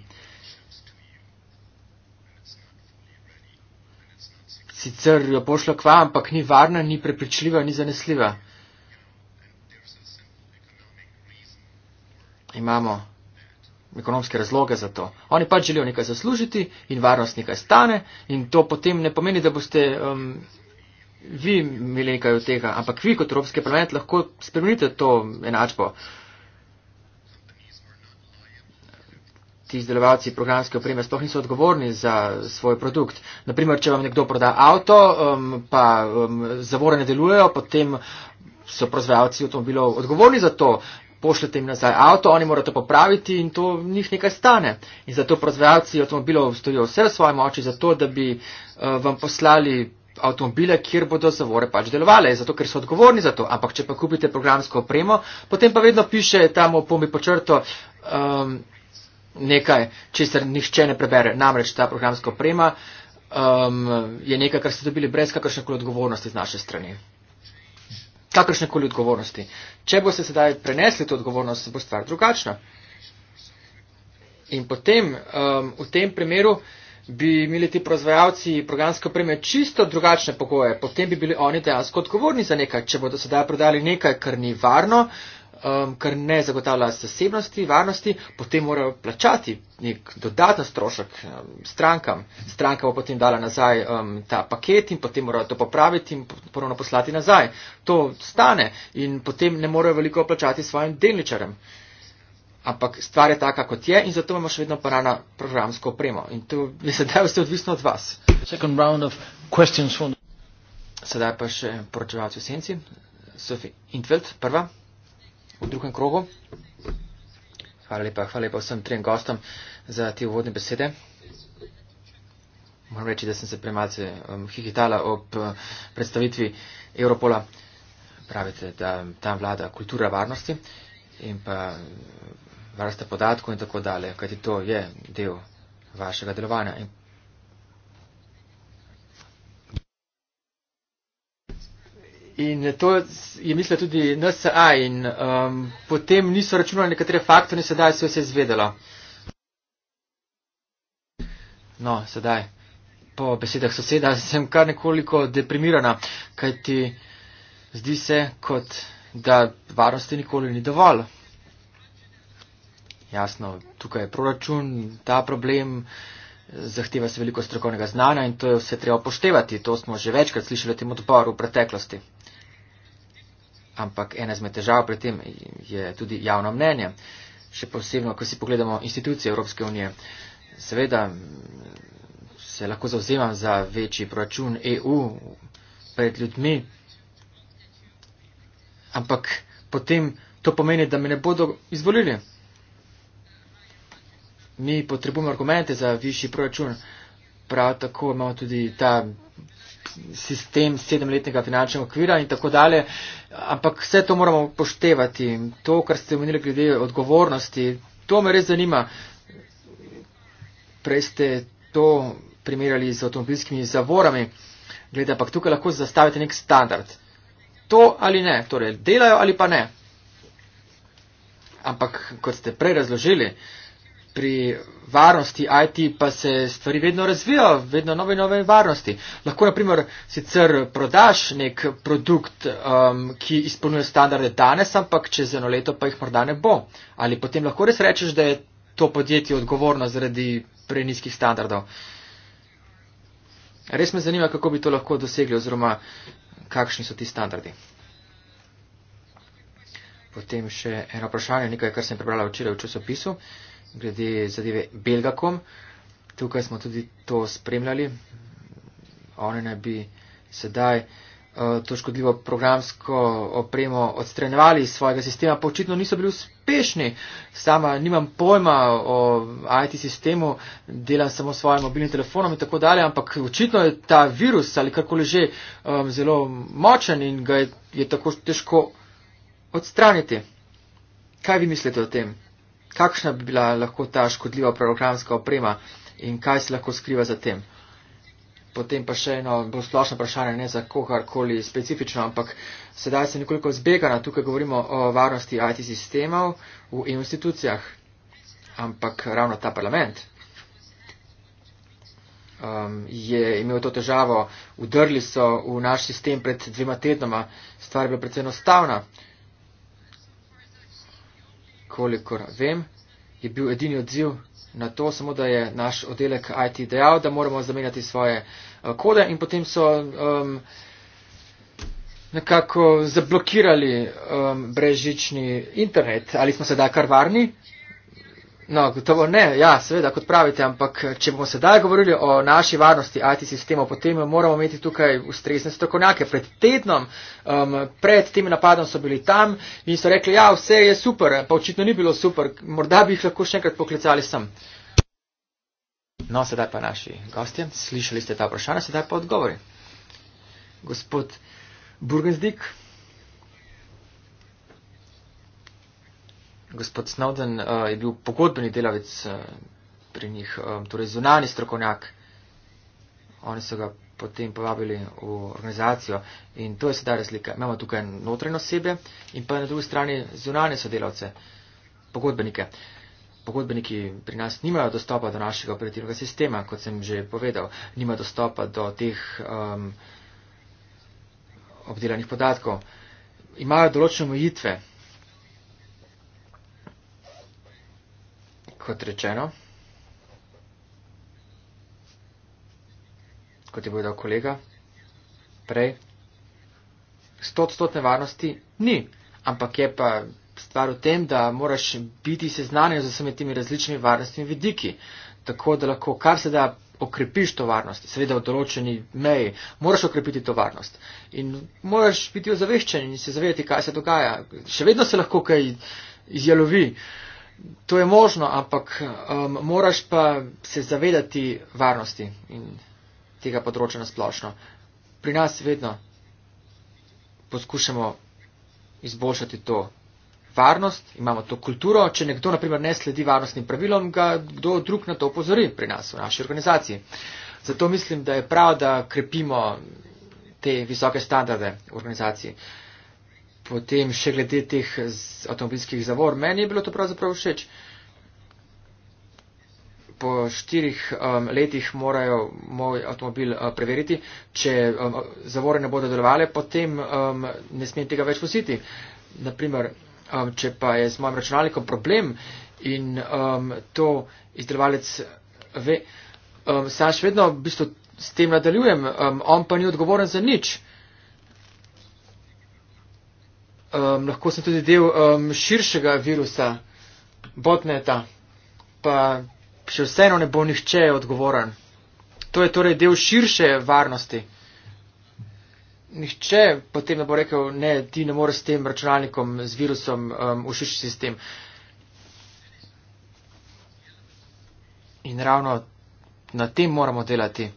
sicer jo pošlo kva, ampak ni varna, ni prepričljiva, ni zanesljiva. Imamo ekonomske razloge za to. Oni pač želijo nekaj zaslužiti in varnost nekaj stane in to potem ne pomeni, da boste um, vi imeli nekaj od tega, ampak vi kot Evropski parlament lahko spremenite to enačbo. Uh, ti izdelovalci programske opreme sploh niso odgovorni za svoj produkt. Naprimer, če vam nekdo proda avto, um, pa um, zavore ne delujejo, potem so proizvajalci avtomobilov odgovorni za to. Pošljete jim nazaj avto, oni morajo to popraviti in to njih nekaj stane. In zato proizvajalci avtomobilov stojijo vse v svoji moči, zato da bi uh, vam poslali avtomobile, kjer bodo zavore pač delovale, zato ker so odgovorni za to. Ampak če pa kupite programsko opremo, potem pa vedno piše tam v pomi počrto, um, nekaj, česar nihče ne prebere. Namreč ta programska oprema um, je nekaj, kar ste dobili brez kakršnekoli odgovornosti z naše strani. Kakršnekoli odgovornosti. Če boste sedaj prenesli to odgovornost, bo stvar drugačna. In potem um, v tem primeru bi imeli ti proizvajalci programske opreme čisto drugačne pogoje, potem bi bili oni dejansko odgovorni za nekaj, če bodo sedaj prodali nekaj, kar ni varno, uh, um, kar ne zagotavlja zasebnosti, varnosti, potem morajo plačati nek dodaten strošek um, strankam. Stranka bo potem dala nazaj um, ta paket in potem morajo to popraviti in ponovno poslati nazaj. To stane in potem ne morejo veliko plačati svojim delničarem. Ampak stvar je taka, kot je in zato imamo še vedno parana programsko opremo. In to je sedaj vse odvisno od vas. Sedaj pa še poročevalci v senci. Sofi Intveld, prva v drugem krogu. Hvala lepa, hvala lepa vsem trem gostom za te uvodne besede. Moram reči, da sem se premalce um, hihitala ob uh, predstavitvi Europola. Pravite, da tam vlada kultura varnosti in pa um, varnosti podatkov in tako dalje, kajti to je del vašega delovanja. In In to je mislila tudi NSA in um, potem niso računali nekatere faktore in sedaj se je vse izvedelo. No, sedaj po besedah soseda sem kar nekoliko deprimirana, kajti zdi se, kot da varnosti nikoli ni dovolj. Jasno, tukaj je proračun, ta problem zahteva se veliko strokovnega znanja in to je vse treba poštevati. To smo že večkrat slišali v tem odboru v preteklosti. Ampak ena izmed težav pri tem je tudi javno mnenje. Še posebno, ko si pogledamo institucije Evropske unije. Seveda se lahko zauzemam za večji proračun EU pred ljudmi, ampak potem to pomeni, da me ne bodo izvolili. Mi potrebujemo argumente za višji proračun. Prav tako imamo tudi ta sistem sedemletnega finančnega okvira in tako dalje. Ampak vse to moramo poštevati. To, kar ste omenili glede odgovornosti, to me res zanima. Prej ste to primerjali z avtomobilskimi zavorami. Glede, ampak tukaj lahko zastavite nek standard. To ali ne, torej delajo ali pa ne. Ampak, kot ste prej razložili, pri varnosti IT pa se stvari vedno razvijajo, vedno nove in nove varnosti. Lahko, naprimer, sicer prodaš nek produkt, um, ki izpolnjuje standarde danes, ampak čez eno leto pa jih morda ne bo. Ali potem lahko res rečeš, da je to podjetje odgovorno zaradi preniskih standardov. Res me zanima, kako bi to lahko dosegli oziroma kakšni so ti standardi. Potem še eno vprašanje, nekaj, kar sem prebrala včeraj v časopisu. Uh, glede zadeve Belgakom. Tukaj smo tudi to spremljali. Oni naj bi sedaj uh, to škodljivo programsko opremo odstrenjevali iz svojega sistema, pa očitno niso bili uspešni. Sama nimam pojma o IT sistemu, delam samo s svojim mobilnim telefonom in tako dalje, ampak očitno je ta virus ali karkoli že um, zelo močen in ga je, je tako težko odstraniti. Kaj vi mislite o tem? kakšna bi bila lahko ta škodljiva programska oprema in kaj se lahko skriva za tem. Potem pa še eno bolj splošno vprašanje, ne za kogarkoli specifično, ampak sedaj se nekoliko zbega na no, tukaj govorimo o varnosti IT sistemov v institucijah, ampak ravno ta parlament um, je imel to težavo, udrli so v naš sistem pred dvema tednoma, stvar je bila predvsem enostavna. Uh, kolikor vem, je bil edini odziv na to, samo da je naš oddelek IT dejal, da moramo zamenjati svoje eh, kode in potem so um, nekako zablokirali um, brežični internet. Ali smo sedaj kar varni? No, gotovo ne, ja, seveda, kot pravite, ampak če bomo sedaj govorili o naši varnosti IT sistemov, potem moramo imeti tukaj ustrezne strokovnjake. Pred tednom, um, pred tem napadom so bili tam in so rekli, ja, vse je super, pa očitno ni bilo super, morda bi jih lahko še enkrat poklicali sem. No, sedaj pa naši gostje, slišali ste ta vprašanja, sedaj pa odgovori. Gospod Burgensdik. gospod Snowden uh, je bil pogodbeni delavec uh, pri njih, um, torej zunani strokovnjak. Oni so ga potem povabili v organizacijo in to je sedaj razlika. Imamo tukaj notranje osebe in pa na drugi strani zunane sodelavce, pogodbenike. Pogodbeniki pri nas nimajo dostopa do našega operativnega sistema, kot sem že povedal, nimajo dostopa do teh um, obdelanih podatkov. Imajo določene omejitve. kot rečeno, kot je povedal kolega prej, stotstotne varnosti ni, ampak je pa stvar v tem, da moraš biti seznanjen z vsemi temi različnimi varnostnimi vidiki, tako da lahko kar se da okrepiš to varnost, seveda v določeni meji, moraš okrepiti to varnost in moraš biti ozaveščen in se zavedati, kaj se dogaja. Še vedno se lahko kaj izjalovi. Uh, To je možno, ampak um, moraš pa se zavedati varnosti in tega področja na splošno. Pri nas vedno poskušamo izboljšati to varnost, imamo to kulturo. Če nekdo, naprimer, ne sledi varnostnim pravilom, ga kdo drug na to opozori pri nas, v naši organizaciji. Zato mislim, da je prav, da krepimo te visoke standarde v organizaciji. Uh, potem še glede teh avtomobilskih zavor. Meni je bilo to pravzaprav všeč. Po štirih um, letih morajo moj avtomobil uh, preveriti. Če um, zavore ne bodo delovale, potem um, ne smem tega več vositi. Naprimer, um, če pa je z mojim računalnikom problem in um, to izdelovalec ve, um, sam še vedno v bistvu s tem nadaljujem, um, on pa ni odgovoren za nič um, lahko sem tudi del um, širšega virusa, botneta, pa še vseeno ne bo nihče odgovoren. To je torej del širše varnosti. Nihče potem ne bo rekel, ne, ti ne moreš s tem računalnikom, z virusom um, v širši sistem. In ravno na tem moramo delati.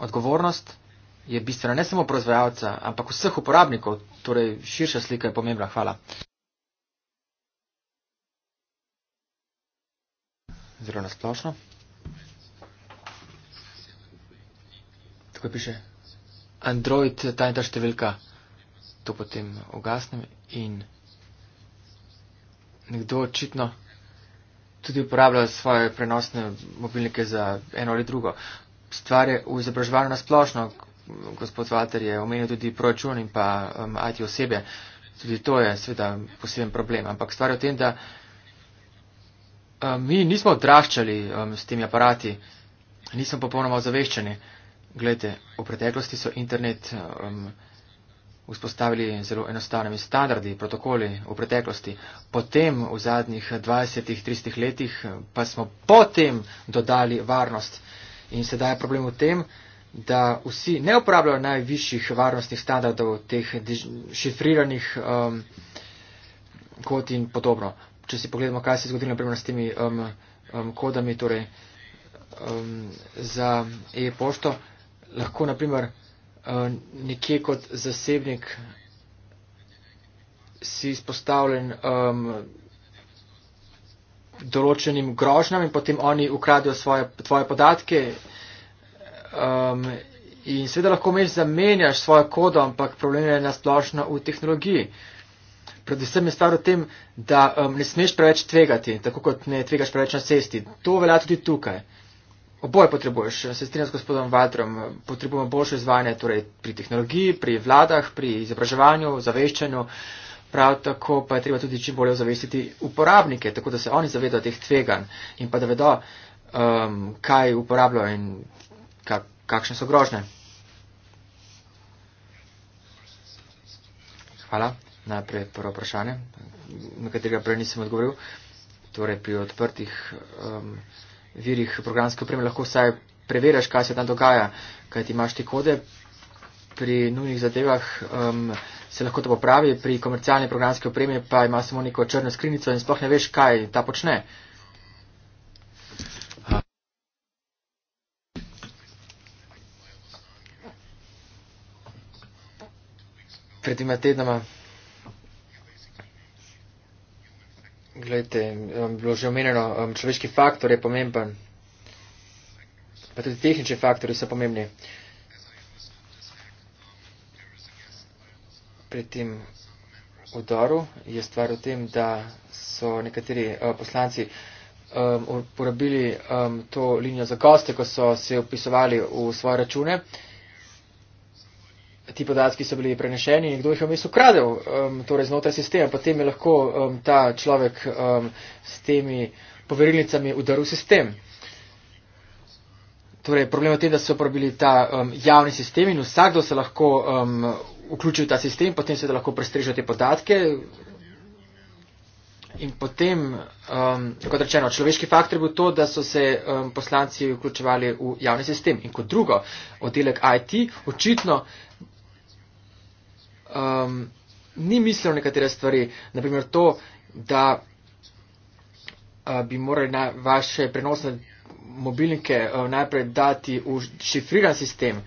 Odgovornost je bistvena ne samo proizvajalca, ampak vseh uporabnikov, torej širša slika je pomembna. Hvala. Zelo nasplošno. Tako piše Android, ta in ta številka, to potem ugasnem in nekdo očitno tudi uporablja svoje prenosne mobilnike za eno ali drugo. Stvar je v izobraževanju nasplošno, gospod Vater je omenil tudi proračun in pa um, IT osebe. Tudi to je seveda poseben problem. Ampak stvar je v tem, da um, mi nismo odraščali um, s temi aparati, nismo popolnoma ozaveščeni. Glede, v preteklosti so internet um, vzpostavili zelo enostavnimi standardi, protokoli v preteklosti. Potem v zadnjih 20-30 letih pa smo potem dodali varnost. In sedaj je problem v tem, da vsi ne uporabljajo najvišjih varnostnih standardov, teh šifriranih um, kod in podobno. Če si pogledamo, kaj se je zgodilo naprimer s temi um, um, kodami torej, um, za e-pošto, lahko naprimer um, uh, nekje kot zasebnik si izpostavljen um, določenim grožnjam in potem oni ukradijo svoje, tvoje podatke Um, in seveda lahko mail zamenjaš svojo kodo, ampak problem je nasplošno v tehnologiji. Predvsem je stvar v tem, da um, ne smeš preveč tvegati, tako kot ne tvegaš preveč na cesti. To velja tudi tukaj. Oboje potrebuješ, se strinjam s gospodom Valtrom, potrebujemo boljše izvajanje torej pri tehnologiji, pri vladah, pri izobraževanju, zaveščanju. Prav tako pa je treba tudi čim bolje ozavestiti uporabnike, tako da se oni zavedajo teh tveganj in pa da vedo, um, kaj uporabljajo in kak, kakšne so grožne. Hvala. Najprej prvo vprašanje, na katerega prej nisem odgovoril. Torej, pri odprtih um, virih programske opreme lahko vsaj preveriš, kaj se tam dogaja, kaj ti imaš te kode. Pri nujnih zadevah um, se lahko to popravi, pri komercialni programski opremi pa ima samo neko črno skrinico in sploh ne veš, kaj ta počne. Uh, pred dvima tednama. Glejte, um, bilo že omenjeno, um, človeški faktor je pomemben, pa tudi tehnični faktori so pomembni. Pri tem udaru je stvar v tem, da so nekateri uh, poslanci um, uporabili um, um, to linijo za goste, ko so se upisovali v svoje račune. Uh, ti podatki so bili prenešeni in kdo jih je vmes ukradel, um, torej znotraj sistema. Potem je lahko um, ta človek um, s temi poverilnicami udaril sistem. Torej, problem je v tem, da so uporabili ta um, javni sistem in vsakdo se lahko um, vključil v ta sistem, potem se lahko prestreže te podatke. In potem, um, kot rečeno, človeški faktor je bil to, da so se um, poslanci vključevali v javni sistem. In kot drugo, oddelek IT očitno um, ni mislil nekatere stvari. Naprimer to, da uh, bi morali na vaše prenosne mobilnike uh, najprej dati v šifriran sistem.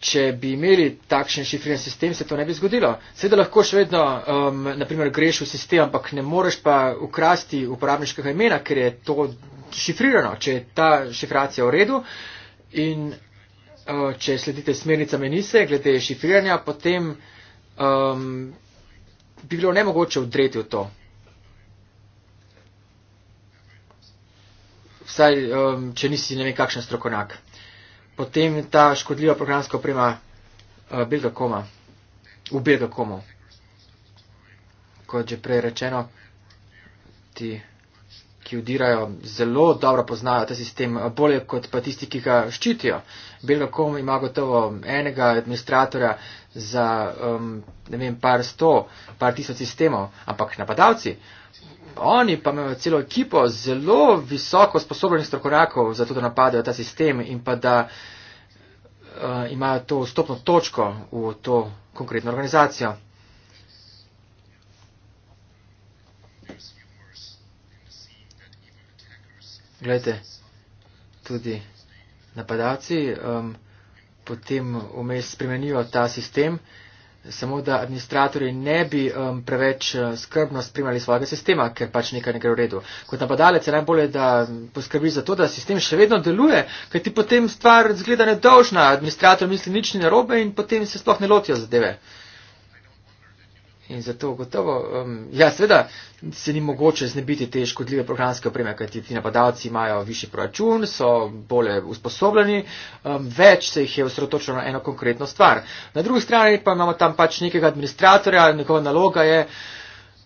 Če bi imeli takšen šifriran sistem, se to ne bi zgodilo. Seveda lahko še vedno, um, naprimer, greš v sistem, ampak ne moreš pa ukrasti uporabniškega imena, ker je to šifrirano, če je ta šifracija v redu. In Eh, če sledite smernicam enise, glede šifriranja, potem um, bi bilo nemogoče vdreti v to. Vsaj, um, če nisi ne vem kakšen strokonak. Potem ta škodljiva programska oprema uh, eh, Bilga Koma, v Bilga Komo. Kot že prej rečeno, ti ki udirajo, zelo dobro poznajo ta sistem, bolje kot pa tisti, ki ga ščitijo. Belgakom ima gotovo enega administratora za, um, ne vem, par sto, par tisoč sistemov, ampak napadalci. Oni pa imajo celo ekipo zelo visoko sposobnih strokovnjakov za to, da napadajo ta sistem in pa da uh, imajo to vstopno točko v to konkretno organizacijo. Glejte, tudi napadalci um, potem vmes spremenijo ta sistem, samo da administratori ne bi um, preveč uh, skrbno spremljali svojega sistema, ker pač nekaj ne gre v redu. Kot napadalec je najbolje, da poskrbi za to, da sistem še vedno deluje, ker ti potem stvar zgleda nedolžna, administrator misli nič ni narobe in potem se sploh ne lotijo zadeve. In zato gotovo, um, ja, seveda se ni mogoče znebiti te škodljive programske opreme, kajti ti napadalci imajo višji proračun, so bolje usposobljeni, um, več se jih je usredotočilo na eno konkretno stvar. Na drugi strani pa imamo tam pač nekega administratorja, njegova naloga je,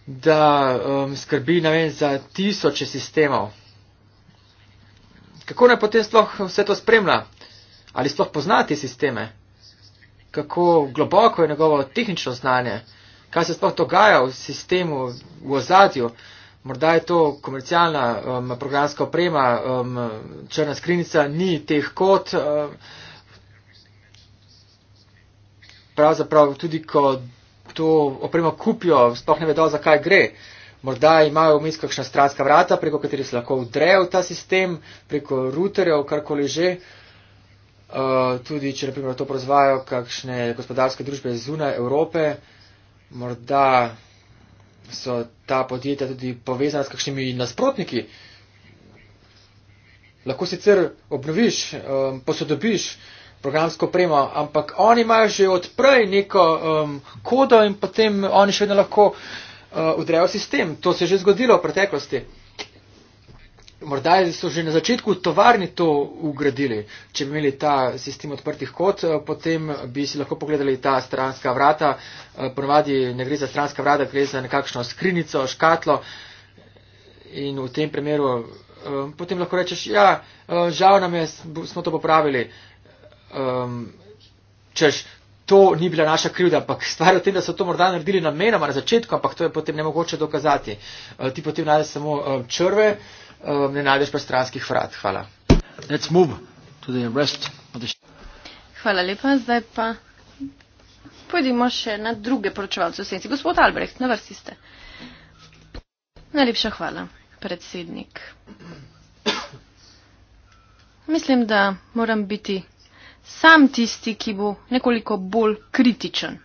da um, skrbi vem, za tisoče sistemov. Kako naj potem sploh vse to spremlja? Ali sploh poznati sisteme? Kako globoko je njegovo tehnično znanje? kaj se sploh dogaja v sistemu v ozadju. Morda je to komercialna um, programska oprema, um, črna skrinica, ni teh kot. Um, pravzaprav tudi, ko to opremo kupijo, sploh ne vedo, zakaj gre. Morda imajo v mislih kakšna stranska vrata, preko katerih se lahko vdrejo v ta sistem, preko ruterjev, karkoli že. Uh, tudi, če naprimer to proizvajajo kakšne gospodarske družbe zunaj Evrope, uh, morda so ta podjetja tudi povezana s kakšnimi nasprotniki. Lahko sicer obnoviš, um, posodobiš programsko opremo, ampak oni imajo že odprej neko um, kodo in potem oni še vedno lahko uh, udrejo sistem. To se je že zgodilo v preteklosti morda so že na začetku tovarni to ugradili, če bi imeli ta sistem odprtih kot, eh, potem bi si lahko pogledali ta stranska vrata. Eh, Ponovadi ne gre za stranska vrata, gre za nekakšno skrinico, škatlo in v tem primeru eh, potem lahko rečeš, ja, žal nam je, smo to popravili. Ehm, češ, To ni bila naša krivda, ampak [LAUGHS] stvar je v tem, da so to morda naredili namenoma na začetku, ampak to je potem nemogoče dokazati. Ti potem najdeš samo črve, Eh, ne najdeš pa stranskih vrat. Hvala. Hvala lepa. Zdaj pa pojdimo še na druge poročevalce v senci. Gospod Albrecht, na vrsti ste. Najlepša hvala, predsednik. Mislim, da moram biti sam tisti, ki bo nekoliko bolj kritičen.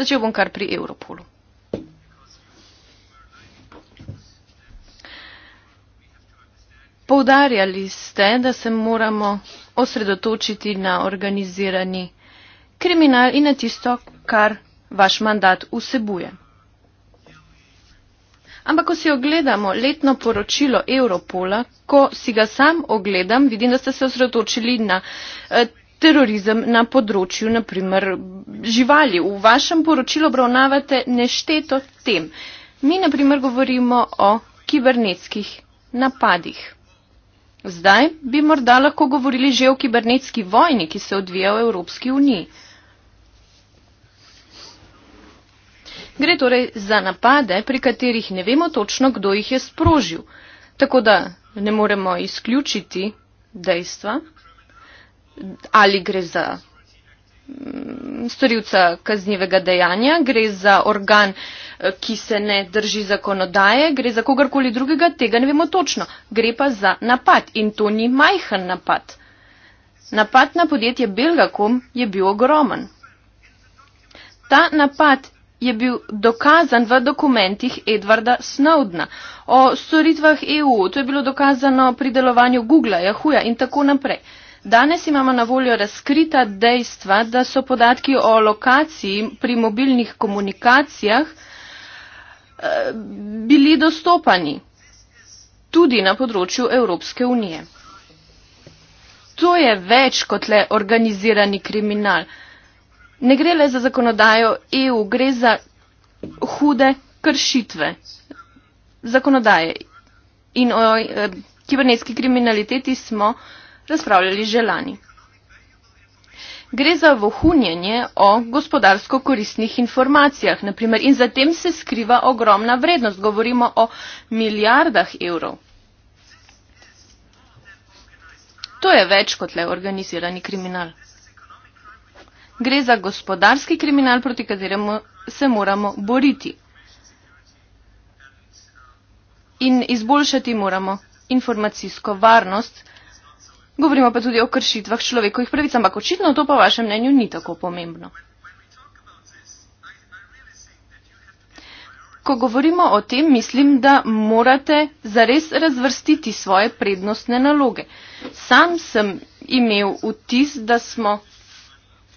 Začel bom kar pri Europolu. Poudarjali ste, da se moramo osredotočiti na organizirani kriminal in na tisto, kar vaš mandat vsebuje. Ampak, ko si ogledamo letno poročilo Europola, ko si ga sam ogledam, vidim, da ste se osredotočili na eh, terorizem na področju, naprimer, živali. V vašem poročilu obravnavate nešteto tem. Mi, naprimer, govorimo o kibernetskih napadih. Zdaj bi morda lahko govorili že o kibernetski vojni, ki se odvija v Evropski uniji. Gre torej za napade, pri katerih ne vemo točno, kdo jih je sprožil. Tako da ne moremo izključiti dejstva, ali gre za Mm, storilca kaznivega dejanja, gre za organ, eh, ki se ne drži zakonodaje, gre za kogarkoli drugega, tega ne vemo točno. Gre pa za napad in to ni majhen napad. Napad na podjetje Belgakom je bil ogromen. Ta napad je bil dokazan v dokumentih Edwarda Snowdna o storitvah EU. To je bilo dokazano pri delovanju Googla, Yahooja in tako naprej. Uh, Danes imamo na voljo razkrita dejstva, da so podatki o lokaciji pri mobilnih komunikacijah eh, bili dostopani tudi na področju Evropske unije. To je več kot le organizirani kriminal. Ne gre le za zakonodajo EU, gre za hude kršitve zakonodaje. In o eh, kibernetski kriminaliteti smo uh, razpravljali že lani. Gre za vohunjenje o gospodarsko koristnih informacijah, naprimer, in zatem se skriva ogromna vrednost, govorimo o milijardah evrov. To je več kot le organizirani kriminal. Gre za gospodarski kriminal, proti kateremu se moramo boriti. In izboljšati moramo informacijsko varnost, Govorimo pa tudi o kršitvah človekovih pravic, ampak očitno to po vašem mnenju ni tako pomembno. Ko govorimo o tem, mislim, da morate zares razvrstiti svoje prednostne naloge. Sam sem imel vtis, da smo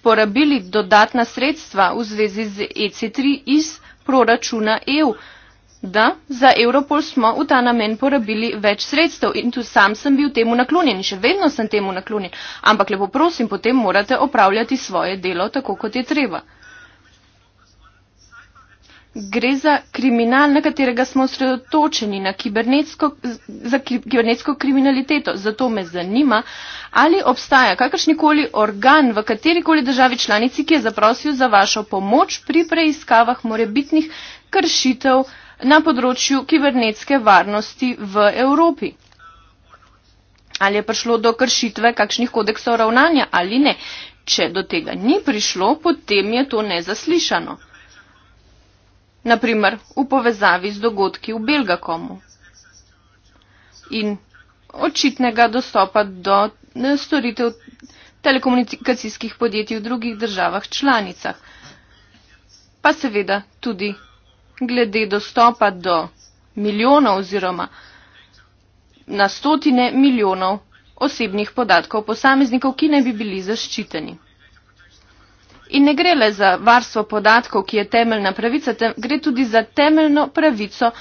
porabili dodatna sredstva v zvezi z EC3 iz proračuna EU da za Europol smo v ta namen porabili več sredstev in tu sam sem bil temu naklonjen in še vedno sem temu naklonjen, ampak lepo prosim, potem morate opravljati svoje delo tako, kot je treba. Gre za kriminal, na katerega smo osredotočeni, na kibernetsko, za kibernetsko kriminaliteto. Zato me zanima, ali obstaja kakršnikoli organ v katerikoli državi članici, ki je zaprosil za vašo pomoč pri preiskavah morebitnih kršitev uh, na področju kibernetske varnosti v Evropi. Ali je prišlo do kršitve kakšnih kodeksov ravnanja ali ne. Če do tega ni prišlo, potem je to nezaslišano. Naprimer, v povezavi z dogodki v Belgakomu in očitnega dostopa do eh, storitev telekomunikacijskih podjetij v drugih državah članicah. Pa seveda tudi glede dostopa do milijonov oziroma na stotine milijonov osebnih podatkov posameznikov, ki ne bi bili zaščiteni. In ne gre le za varstvo podatkov, ki je temeljna pravica, tem, gre tudi za temeljno pravico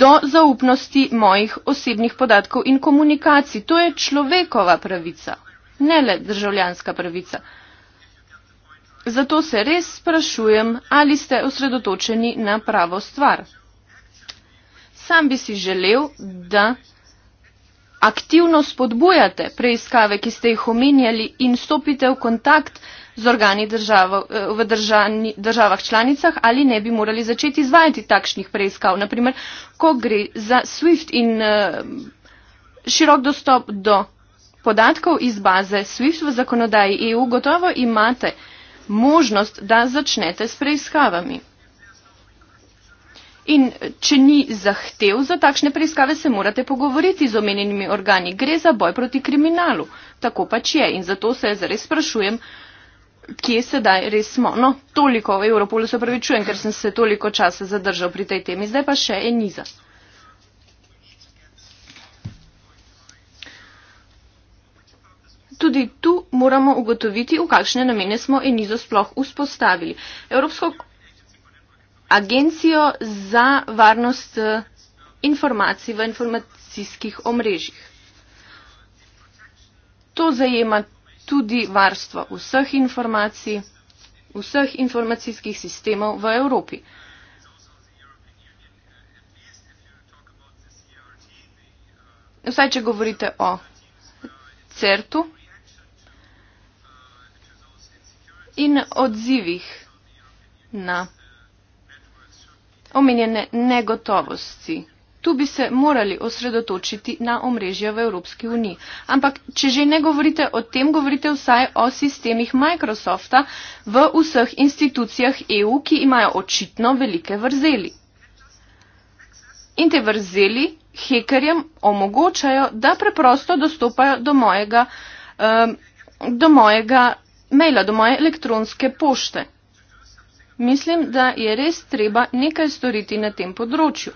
do zaupnosti mojih osebnih podatkov in komunikacij. To je človekova pravica, ne le državljanska pravica. Zato se res sprašujem, ali ste osredotočeni na pravo stvar. Sam bi si želel, da aktivno spodbujate preiskave, ki ste jih omenjali in stopite v kontakt z organi državo, eh, v državni, državah članicah ali ne bi morali začeti izvajati takšnih preiskav. Naprimer, ko gre za SWIFT in uh, širok dostop do podatkov iz baze SWIFT v zakonodaji EU, gotovo imate uh, možnost, da začnete s preiskavami. In eh, če ni zahtev za takšne preiskave, se morate pogovoriti z omenjenimi organi. Gre za boj proti kriminalu. Tako pač je. In zato se zares sprašujem, kje sedaj res smo. No, toliko o Europolu se pravičujem, ker sem se toliko časa zadržal pri tej temi. Zdaj pa še Eniza. tudi tu moramo ugotoviti, v kakšne namene smo enizo sploh vzpostavili. Evropsko agencijo za varnost eh, informacij v informacijskih omrežjih. To zajema tudi varstvo vseh informacij, vseh informacijskih sistemov v Evropi. Vsaj, če govorite o CERTU, in odzivih na omenjene negotovosti. Tu bi se morali osredotočiti na omrežje v Evropski uniji. Ampak, če že ne govorite o tem, govorite vsaj o sistemih Microsofta v vseh institucijah EU, ki imajo očitno velike vrzeli. In te vrzeli hekerjem omogočajo, da preprosto dostopajo do mojega, um, do mojega maila, do moje elektronske pošte. Mislim, da je res treba nekaj storiti na tem področju.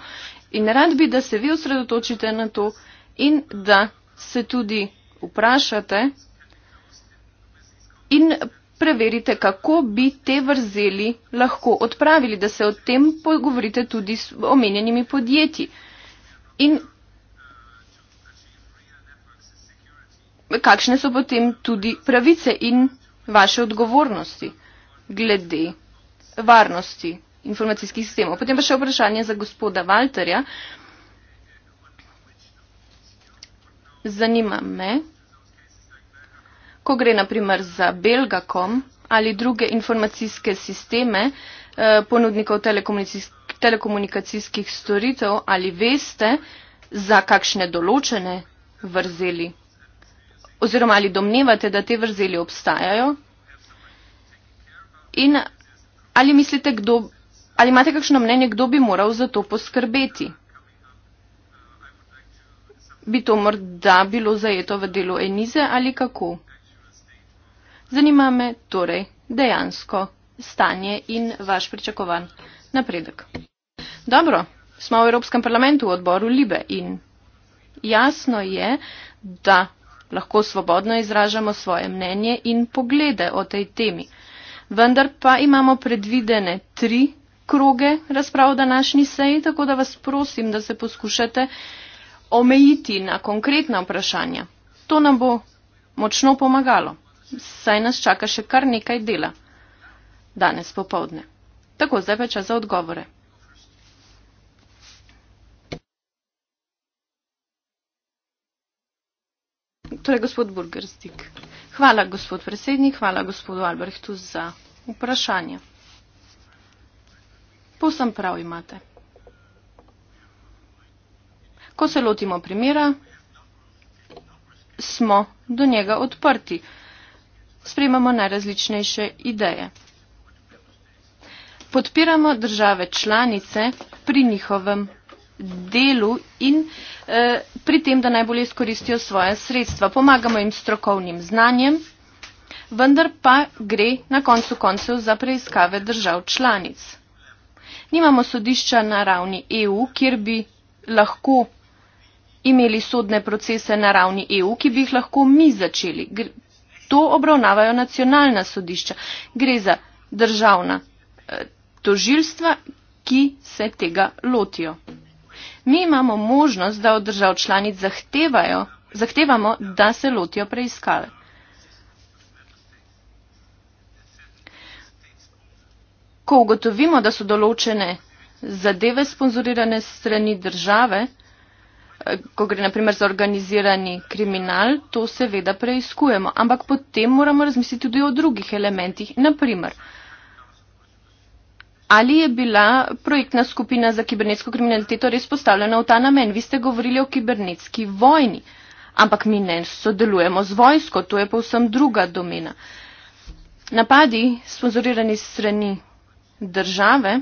In rad bi, da se vi osredotočite na to in da se tudi vprašate in preverite, kako bi te vrzeli lahko odpravili, da se o tem pogovorite tudi s omenjenimi podjetji. In kakšne so potem tudi pravice in vaše odgovornosti glede varnosti informacijskih sistemov. Potem pa še vprašanje za gospoda Walterja. Zanima me, ko gre na primer za Belgakom ali druge informacijske sisteme eh, ponudnikov telekomunikacijskih storitev, ali veste, za kakšne določene vrzeli oziroma ali domnevate, da te vrzeli obstajajo? In ali mislite, kdo, ali imate kakšno mnenje, kdo bi moral za to poskrbeti? Bi to morda bilo zajeto v delu Enize ali kako? Zanima me torej dejansko stanje in vaš pričakovan napredek. Dobro, smo v Evropskem parlamentu v odboru Libe in jasno je, da lahko svobodno izražamo svoje mnenje in poglede o tej temi. Vendar pa imamo predvidene tri kroge razprav v današnji seji, tako da vas prosim, da se poskušate omejiti na konkretna vprašanja. To nam bo močno pomagalo, saj nas čaka še kar nekaj dela danes popovdne. Tako, zdaj pa čas za odgovore. torej gospod Burgerstik. Hvala gospod predsednik, hvala gospodu Albrehtu za vprašanje. Povsem prav imate. Ko se lotimo primera, smo do njega odprti. Sprejmamo najrazličnejše ideje. Podpiramo države članice pri njihovem delu in eh, pri tem, da najbolje izkoristijo svoje sredstva. Pomagamo jim s strokovnim znanjem, vendar pa gre na koncu koncev za preiskave držav članic. Nimamo sodišča na ravni EU, kjer bi lahko imeli sodne procese na ravni EU, ki bi jih lahko mi začeli. To obravnavajo nacionalna sodišča. Gre za državna eh, tožilstva, ki se tega lotijo mi imamo možnost, da od držav članic zahtevajo, zahtevamo, da se lotijo preiskave. Ko ugotovimo, da so določene zadeve sponzorirane strani države, eh, ko gre naprimer za organizirani kriminal, to seveda preiskujemo, ampak potem moramo razmisliti tudi o drugih elementih. Naprimer, Ali je bila projektna skupina za kibernetsko kriminaliteto res postavljena v ta namen? Vi ste govorili o kibernetski vojni, ampak mi ne sodelujemo z vojsko, to je povsem druga domena. Napadi, sponzorirani strani države,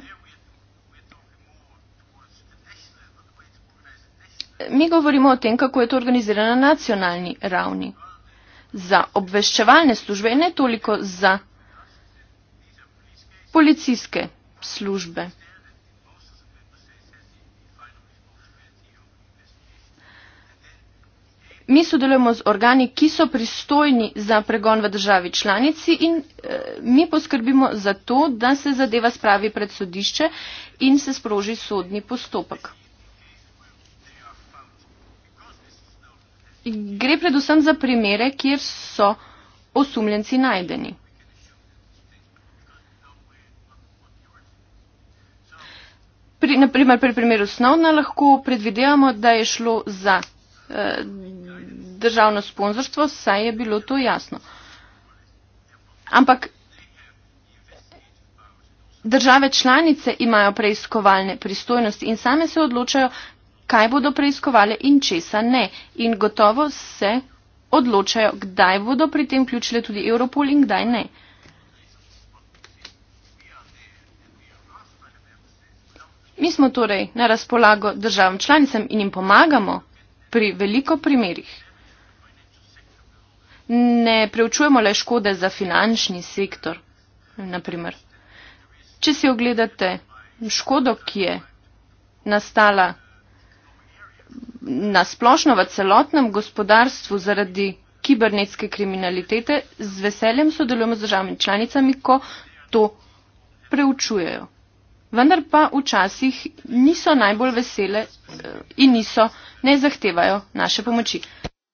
mi govorimo o tem, kako je to organizirano na nacionalni ravni. Za obveščevalne službe, ne toliko za policijske službe. Mi sodelujemo z organi, ki so pristojni za pregon v državi članici in e, mi poskrbimo za to, da se zadeva spravi pred sodišče in se sproži sodni postopek. Gre predvsem za primere, kjer so osumljenci najdeni. pri, naprimer pri primeru snovna lahko predvidevamo, da je šlo za eh, državno sponzorstvo, saj je bilo to jasno. Ampak države članice imajo preiskovalne pristojnosti in same se odločajo, kaj bodo preiskovali in česa ne. In gotovo se odločajo, kdaj bodo pri tem vključile tudi Europol in kdaj ne. Uh, Mi smo torej na razpolago državam članicam in jim pomagamo pri veliko primerih. Ne preučujemo le škode za finančni sektor, naprimer. Če si ogledate škodo, ki je nastala na splošno v celotnem gospodarstvu zaradi kibernetske kriminalitete, z veseljem sodelujemo z državami članicami, ko to preučujejo vendar pa včasih niso najbolj vesele eh, in niso, ne zahtevajo naše pomoči.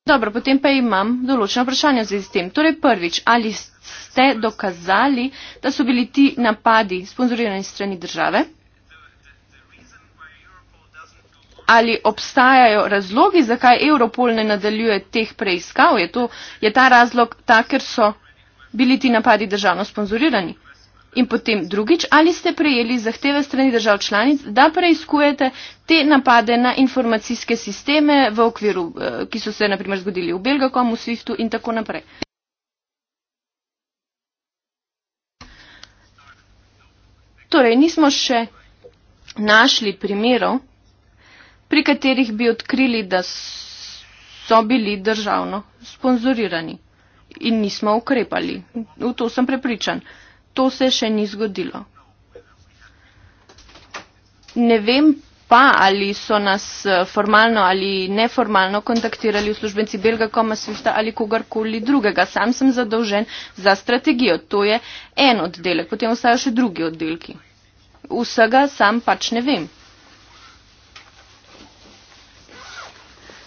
Dobro, potem pa imam določeno vprašanje v zvezi s tem. Torej prvič, ali ste dokazali, da so bili ti napadi sponzorirani strani države? Ali obstajajo razlogi, zakaj Europol ne nadaljuje teh preiskav? Je, to, je ta razlog ta, ker so bili ti napadi državno sponzorirani? in potem drugič, ali ste prejeli zahteve strani držav članic, da preizkujete te napade na informacijske sisteme v okviru, eh, ki so se naprimer zgodili v Belgakom, v Swiftu in tako naprej. Torej, nismo še našli primerov, pri katerih bi odkrili, da so bili državno sponzorirani in nismo ukrepali. V to sem prepričan to se še ni zgodilo. Ne vem pa, ali so nas eh, formalno ali neformalno kontaktirali službenci Belga Koma Svifta ali kogarkoli drugega. Sam sem zadolžen za strategijo. To je en oddelek. Potem ostajo še drugi oddelki. Vsega sam pač ne vem.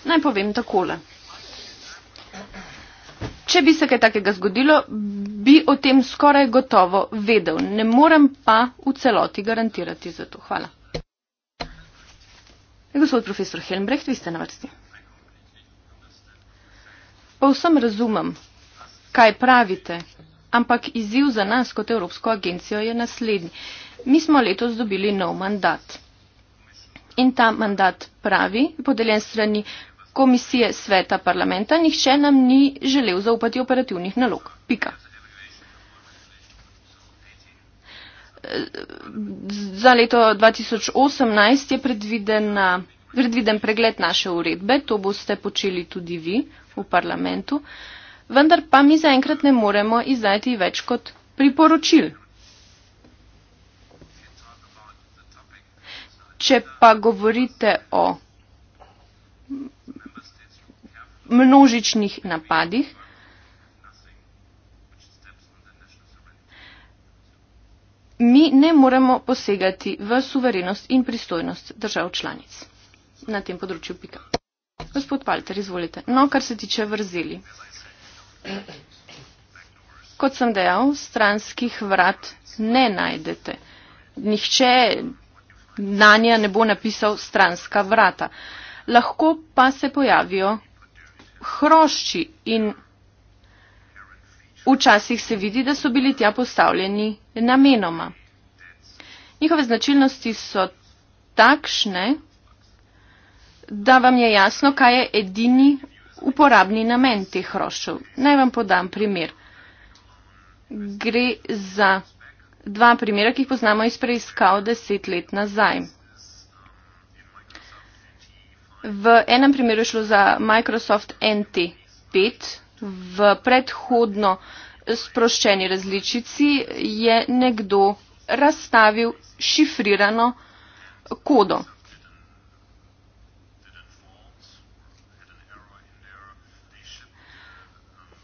Naj povem takole če bi se kaj takega zgodilo, bi o tem skoraj gotovo vedel. Ne morem pa v celoti garantirati za to. Hvala. Gospod profesor Helmbrecht, vi ste na vrsti. Pa vsem razumem, kaj pravite, ampak izziv za nas kot Evropsko agencijo je naslednji. Mi smo letos dobili nov mandat. In ta mandat pravi, podeljen strani komisije sveta parlamenta, nihče nam ni želel zaupati operativnih nalog. Pika. Za leto 2018 je predviden pregled naše uredbe, to boste počeli tudi vi v parlamentu, vendar pa mi zaenkrat ne moremo izdajati več kot priporočil. Če pa govorite o množičnih napadih. Mi ne moremo posegati v suverenost in pristojnost držav članic na tem področju. Pika. Gospod Palter, izvolite. No, kar se tiče vrzeli. Kot sem dejal, stranskih vrat ne najdete. Nihče na nje ne bo napisal stranska vrata. Lahko pa se pojavijo hrošči in včasih se vidi, da so bili tja postavljeni namenoma. Njihove značilnosti so takšne, da vam je jasno, kaj je edini uporabni namen teh hroščev. Naj vam podam primer. Gre za dva primera, ki jih poznamo iz preiskav deset let nazaj. V enem primeru je šlo za Microsoft NT5 v predhodno sproščeni različici je nekdo razstavil šifrirano kodo.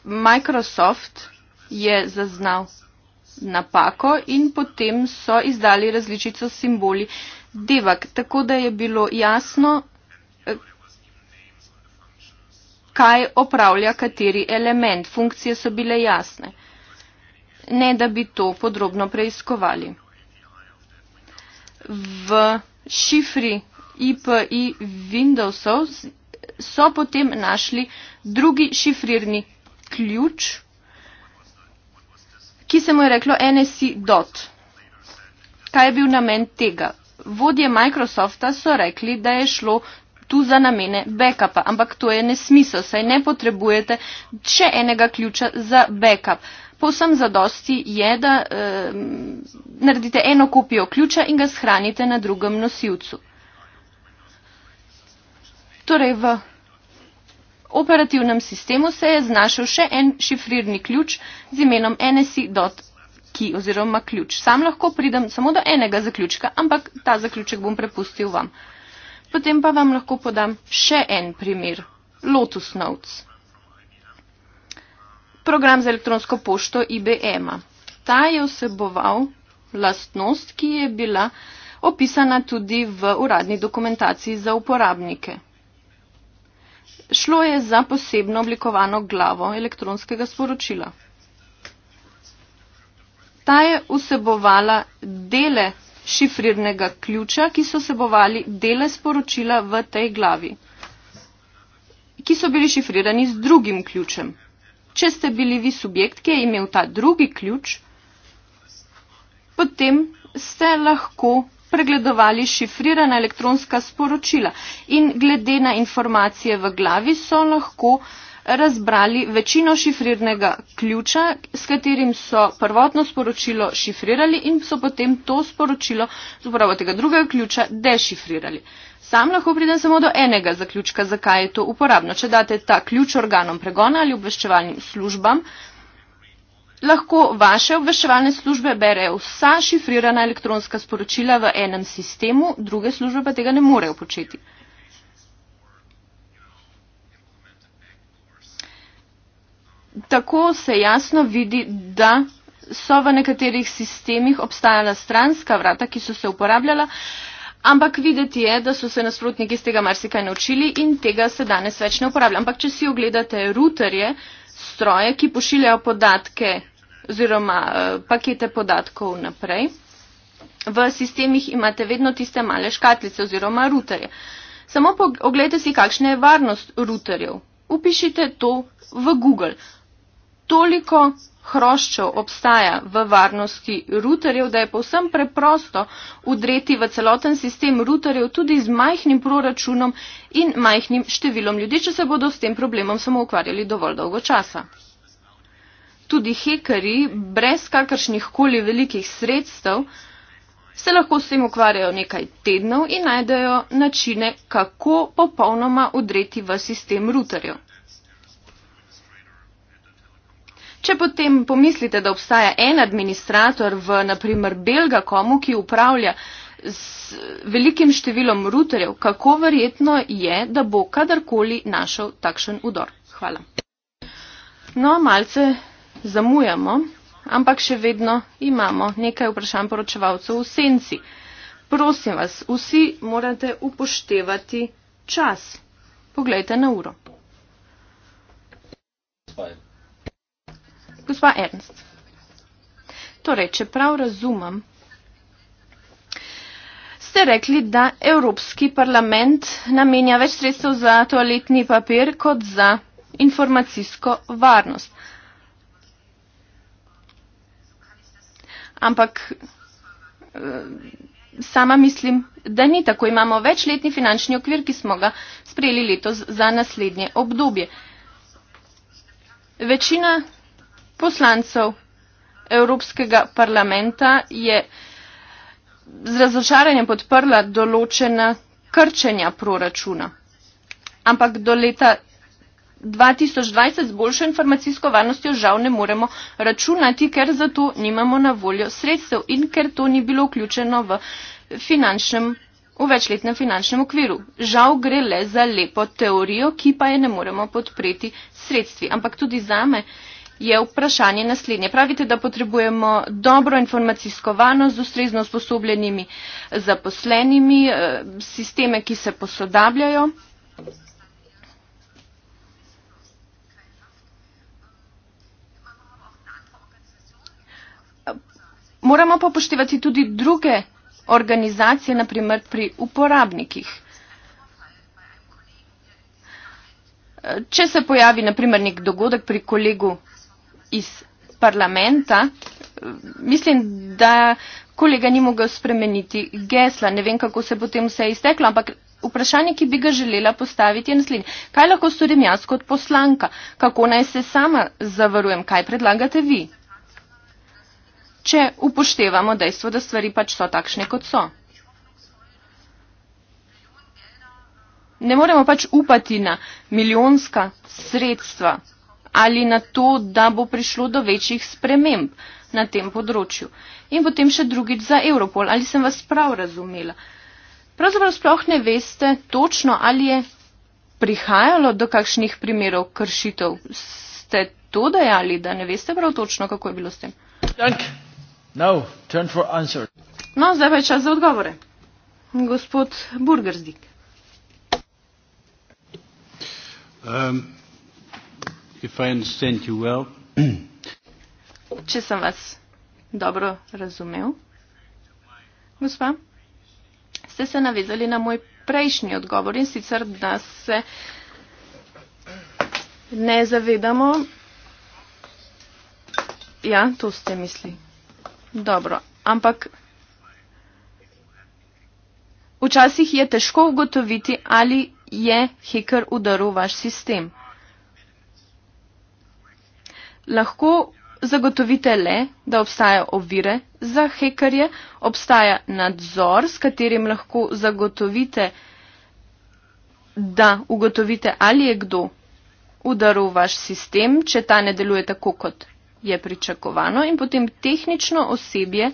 Microsoft je zaznal napako in potem so izdali različico s simboli devak, tako da je bilo jasno, kaj opravlja kateri element. Funkcije so bile jasne. Ne, da bi to podrobno preiskovali. V šifri IPI Windowsov so potem našli drugi šifrirni ključ, ki se mu je reklo NSI.dot. Kaj je bil namen tega? Vodje Microsofta so rekli, da je šlo tu za namene backupa, ampak to je nesmisel, saj ne potrebujete še enega ključa za backup. Povsem zadosti je, da eh, naredite eno kopijo ključa in ga shranite na drugem nosilcu. Torej, v operativnem sistemu se je znašel še en šifrirni ključ z imenom nsi.ki oziroma ključ. Sam lahko pridem samo do enega zaključka, ampak ta zaključek bom prepustil vam. Potem pa vam lahko podam še en primer. Lotus Notes. Program za elektronsko pošto IBM. -a. Ta je vseboval lastnost, ki je bila opisana tudi v uradni dokumentaciji za uporabnike. Šlo je za posebno oblikovano glavo elektronskega sporočila. Ta je vsebovala dele šifrirnega ključa, ki so sebovali dele sporočila v tej glavi, ki so bili šifrirani z drugim ključem. Če ste bili vi subjekt, ki je imel ta drugi ključ, potem ste lahko pregledovali šifrirana elektronska sporočila in glede na informacije v glavi so lahko uh, razbrali večino šifrirnega ključa, s katerim so prvotno sporočilo šifrirali in so potem to sporočilo z uporabo tega drugega ključa dešifrirali. Sam lahko pridem samo do enega zaključka, zakaj je to uporabno. Če date ta ključ organom pregona ali obveščevalnim službam, lahko vaše obveščevalne službe berejo vsa šifrirana elektronska sporočila v enem sistemu, druge službe pa tega ne morejo početi. tako se jasno vidi, da so v nekaterih sistemih obstajala stranska vrata, ki so se uporabljala, ampak videti je, da so se nasprotniki iz tega marsikaj naučili in tega se danes več ne uporablja. Ampak, če si ogledate ruterje, stroje, ki pošiljajo podatke oziroma eh, pakete podatkov naprej, v sistemih imate vedno tiste male škatlice oziroma ruterje. Samo oglejte si, kakšna je varnost ruterjev. Upišite to v Google toliko hroščev obstaja v varnosti ruterjev, da je povsem preprosto udreti v celoten sistem ruterjev tudi z majhnim proračunom in majhnim številom ljudi, če se bodo s tem problemom samo ukvarjali dovolj dolgo časa. Tudi hekari brez kakršnih koli velikih sredstev se lahko s tem ukvarjajo nekaj tednov in najdejo načine, kako popolnoma udreti v sistem ruterjev. Če potem pomislite, da obstaja en administrator v, naprimer, Belgakomu, ki upravlja z velikim številom ruterjev, kako verjetno je, da bo kadarkoli našel takšen udor. Hvala. No, malce zamujamo, ampak še vedno imamo nekaj vprašanj poročevalcev v senci. Prosim vas, vsi morate upoštevati čas. Poglejte na uro. Spajem. Gospa Ernst, torej, če prav razumem, ste rekli, da Evropski parlament namenja več sredstev za toaletni papir kot za informacijsko varnost. Ampak eh, sama mislim, da ni tako. Imamo večletni finančni okvir, ki smo ga sprejeli letos za naslednje obdobje. Večina poslancev Evropskega parlamenta je z razočaranjem podprla določena krčenja proračuna. Ampak do leta 2020 z boljšo informacijsko varnostjo žal ne moremo računati, ker za to nimamo na voljo sredstev in ker to ni bilo vključeno v, finančnem, v večletnem finančnem okviru. Žal gre le za lepo teorijo, ki pa je ne moremo podpreti sredstvi. Ampak tudi zame je vprašanje naslednje. Pravite, da potrebujemo dobro informacijsko varnost z ustrezno usposobljenimi eh, zaposlenimi, eh, sisteme, ki se posodabljajo. Moramo pa poštevati tudi druge organizacije, naprimer pri uporabnikih. Eh, če se pojavi naprimer nek dogodek pri kolegu iz parlamenta, mislim, da kolega ni mogel spremeniti gesla. Ne vem, kako se je potem vse izteklo, ampak vprašanje, ki bi ga želela postaviti, je naslednje. Kaj lahko storim jaz kot poslanka? Kako naj se sama zavarujem? Kaj predlagate vi? Če upoštevamo dejstvo, da stvari pač so takšne, kot so. Ne moremo pač upati na milijonska sredstva ali na to, da bo prišlo do večjih sprememb na tem področju. In potem še drugič za Europol, ali sem vas prav razumela. Pravzaprav sploh ne veste točno, ali je prihajalo do kakšnih primerov kršitev. Ste to dejali, da ne veste prav točno, kako je bilo s tem? No, zdaj pa je čas za odgovore. Gospod Burgersdik. Um, [CLEARS THROAT] Če sem vas dobro razumel, gospa, ste se navezali na moj prejšnji odgovor in sicer, da se ne zavedamo. Ja, to ste misli. Dobro, ampak včasih je težko ugotoviti, ali je hiker udaril vaš sistem lahko zagotovite le, da obstajajo ovire za hekerje, obstaja nadzor, s katerim lahko zagotovite, da ugotovite, ali je kdo udaril vaš sistem, če ta ne deluje tako, kot je pričakovano in potem tehnično osebje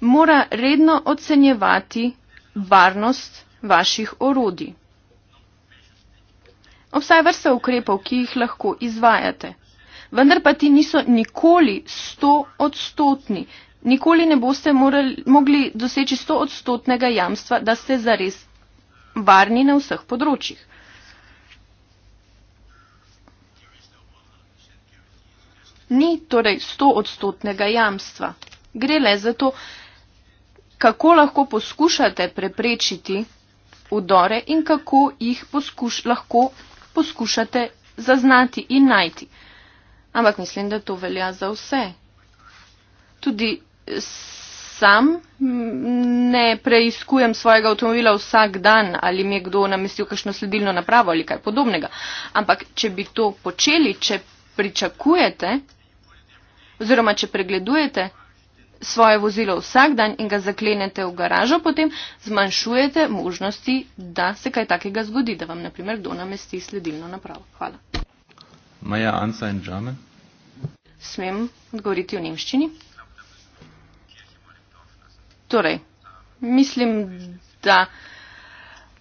mora redno ocenjevati varnost vaših orodij. Obstaja vrsta ukrepov, ki jih lahko izvajate. Vendar pa ti niso nikoli sto odstotni. Nikoli ne boste morali, mogli doseči sto odstotnega jamstva, da ste zares varni na vseh področjih. Ni torej sto odstotnega jamstva. Gre le za to, kako lahko poskušate preprečiti vdore in kako jih poskuš, lahko poskušate zaznati in najti. Ampak mislim, da to velja za vse. Tudi sam ne preiskujem svojega avtomobila vsak dan, ali mi je kdo namestil kakšno sledilno napravo ali kaj podobnega. Ampak če bi to počeli, če pričakujete, oziroma če pregledujete, svoje vozilo vsak dan in ga zaklenete v garažo, potem zmanjšujete možnosti, da se kaj takega zgodi, da vam naprimer kdo namesti sledilno napravo. Hvala. Maja Ansa in Džame. Smem odgovoriti v nemščini? Torej, mislim, da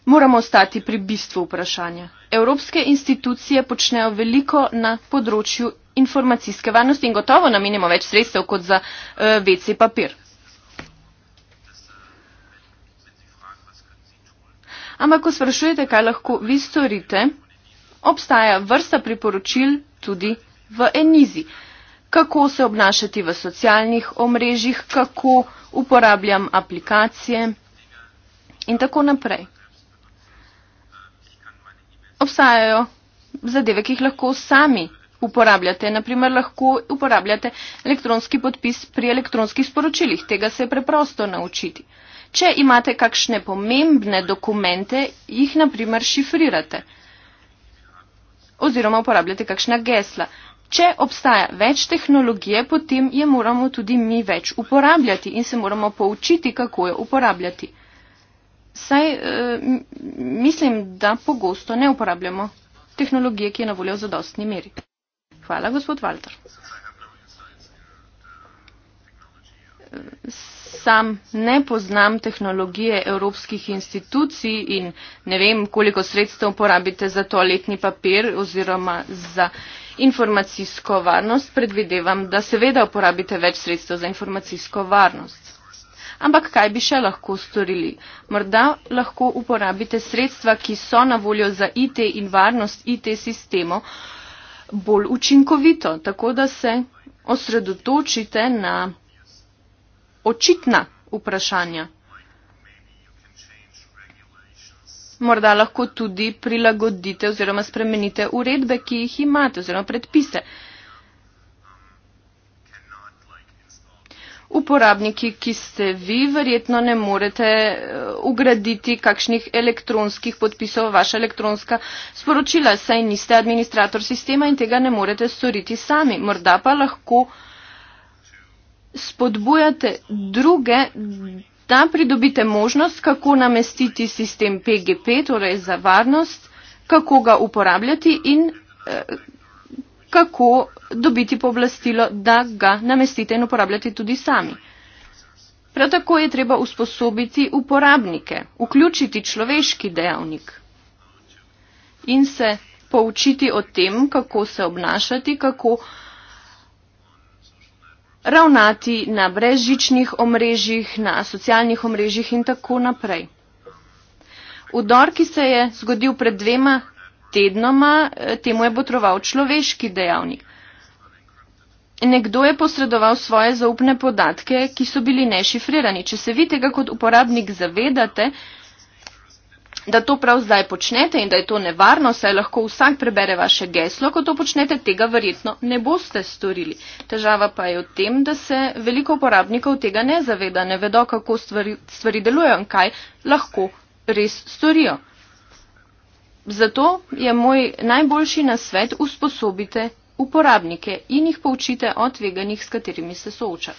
moramo ostati pri bistvu vprašanja. Evropske institucije počnejo veliko na področju informacijske varnosti in gotovo namenimo več sredstev kot za WC uh, eh, papir. Ampak, ko sprašujete, kaj lahko vi storite, obstaja vrsta priporočil tudi v Enizi. Kako se obnašati v socialnih omrežjih, kako uporabljam aplikacije in tako naprej. Obstajajo zadeve, ki jih lahko sami uporabljate. Naprimer, lahko uporabljate elektronski podpis pri elektronskih sporočilih. Tega se je preprosto naučiti. Če imate kakšne pomembne dokumente, jih naprimer šifrirate oziroma uporabljate kakšna gesla. Če obstaja več tehnologije, potem je moramo tudi mi več uporabljati in se moramo poučiti, kako jo uporabljati. Saj eh, mislim, da pogosto ne uporabljamo tehnologije, ki je na voljo v zadostni meri. Hvala, gospod Walter. Sam ne poznam tehnologije evropskih institucij in ne vem, koliko sredstev porabite za toaletni papir oziroma za informacijsko varnost. Predvidevam, da seveda uporabite več sredstev za informacijsko varnost. Ampak kaj bi še lahko storili? Morda lahko uporabite sredstva, ki so na voljo za IT in varnost IT sistemov bolj učinkovito. Tako da se osredotočite na očitna vprašanja. Morda lahko tudi prilagodite oziroma spremenite uredbe, ki jih imate oziroma predpise. Uh, uporabniki, ki ste vi, verjetno ne morete eh, ugraditi kakšnih elektronskih podpisov v vaša elektronska sporočila, saj niste administrator sistema in tega ne morete storiti sami. Morda pa lahko spodbujate druge, da pridobite možnost, kako namestiti sistem PGP, torej za varnost, kako ga uporabljati in. Eh, kako dobiti povlastilo, da ga namestite in uporabljate tudi sami. Prav tako je treba usposobiti uporabnike, vključiti človeški dejavnik in se poučiti o tem, kako se obnašati, kako ravnati na brezžičnih omrežjih, na socialnih omrežjih in tako naprej. Udor, ki se je zgodil pred dvema tednoma eh, temu je potroval človeški dejavnik. Nekdo je posredoval svoje zaupne podatke, ki so bili nešifrirani. Če se vi tega kot uporabnik zavedate, da to prav zdaj počnete in da je to nevarno, saj lahko vsak prebere vaše geslo, ko to počnete, tega verjetno ne boste storili. Težava pa je v tem, da se veliko uporabnikov tega ne zaveda, ne vedo, kako stvari, stvari delujejo in kaj lahko res storijo. Zato je moj najboljši nasvet usposobite uporabnike in jih poučite o tveganjih, s katerimi se sooča.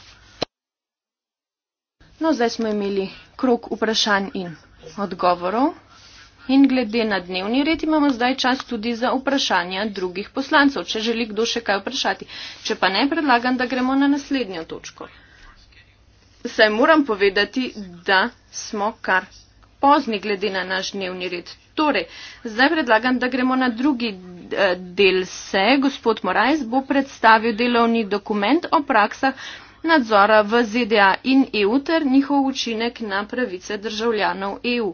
No, zdaj smo imeli krok vprašanj in odgovorov. In glede na dnevni red imamo zdaj čas tudi za vprašanja drugih poslancev, če želi kdo še kaj vprašati. Če pa ne, predlagam, da gremo na naslednjo točko. Saj moram povedati, da smo kar pozni glede na naš dnevni red. Torej, zdaj predlagam, da gremo na drugi eh, del se. Gospod Morajs bo predstavil delovni dokument o praksah nadzora v ZDA in EU ter njihov učinek na pravice državljanov EU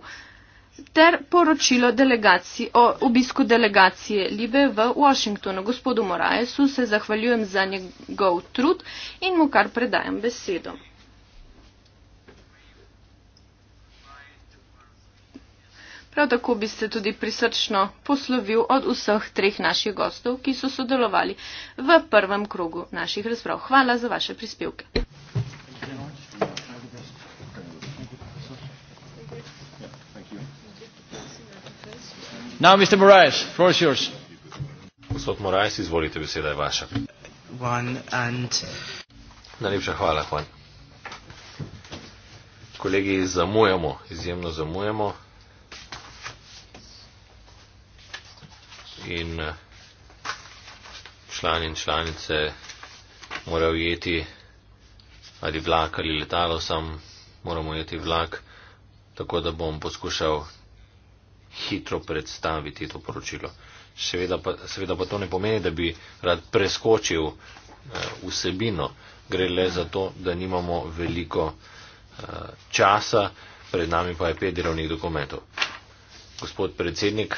ter poročilo delegacij, o obisku delegacije Libe v Washingtonu. Gospodu Moraesu se zahvaljujem za njegov trud in mu kar predajam besedo. Prav tako bi se tudi prisrčno poslovil od vseh treh naših gostov, ki so sodelovali v prvem krogu naših razprav. Hvala za vaše prispevke. Now, Mr. Moraes, floor is yours. Gospod Moraes, izvolite, beseda je vaša. Najlepša hvala, Juan. Kolegi, zamujamo, izjemno zamujamo. in eh, člani in članice morajo jeti ali vlak ali letalo, sam moramo jeti vlak, tako da bom poskušal hitro predstaviti to poročilo. Seveda pa, seveda pa to ne pomeni, da bi rad preskočil uh, vsebino. Gre le za to, da nimamo veliko uh, časa, pred nami pa je pet delovnih dokumentov. Gospod predsednik,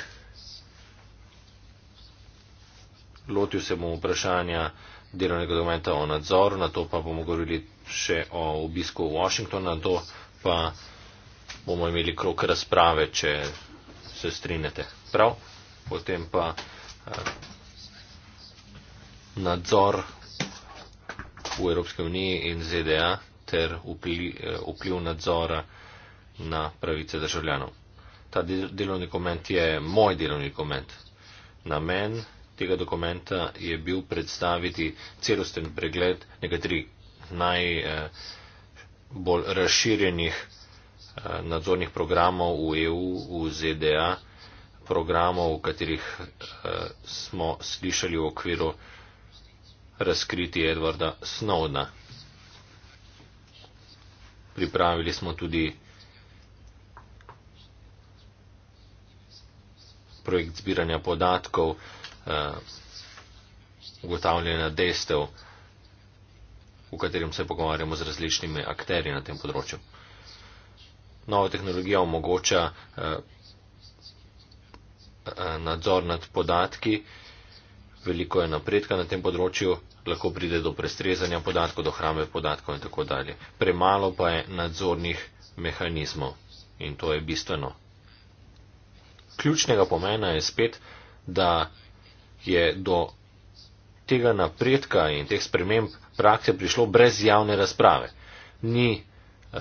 lotil se bom vprašanja delovnega dokumenta o nadzoru, na to pa bomo govorili še o obisku v Washington, na to pa bomo imeli krok razprave, če se strinjate. Prav, potem pa eh, nadzor v Evropske unije in ZDA ter vpliv, eh, vpliv nadzora na pravice državljanov. Ta delovni dokument je moj delovni dokument. Namen tega dokumenta je bil predstaviti celosten pregled nekaterih najbolj eh, razširjenih eh, nadzornih programov v EU, v ZDA, programov, v katerih eh, smo slišali v okviru razkriti Edwarda Snowdena. Pripravili smo tudi projekt zbiranja podatkov, Eh, ugotavljanja dejstev, v katerem se pogovarjamo z različnimi akterji na tem področju. Nova tehnologija omogoča eh, eh, nadzor nad podatki, veliko je napredka na tem področju, lahko pride do prestrezanja podatkov, do hrame podatkov in tako dalje. Premalo pa je nadzornih mehanizmov in to je bistveno. Ključnega pomena je spet, da je do tega napredka in teh sprememb prakse prišlo brez javne razprave. Ni uh,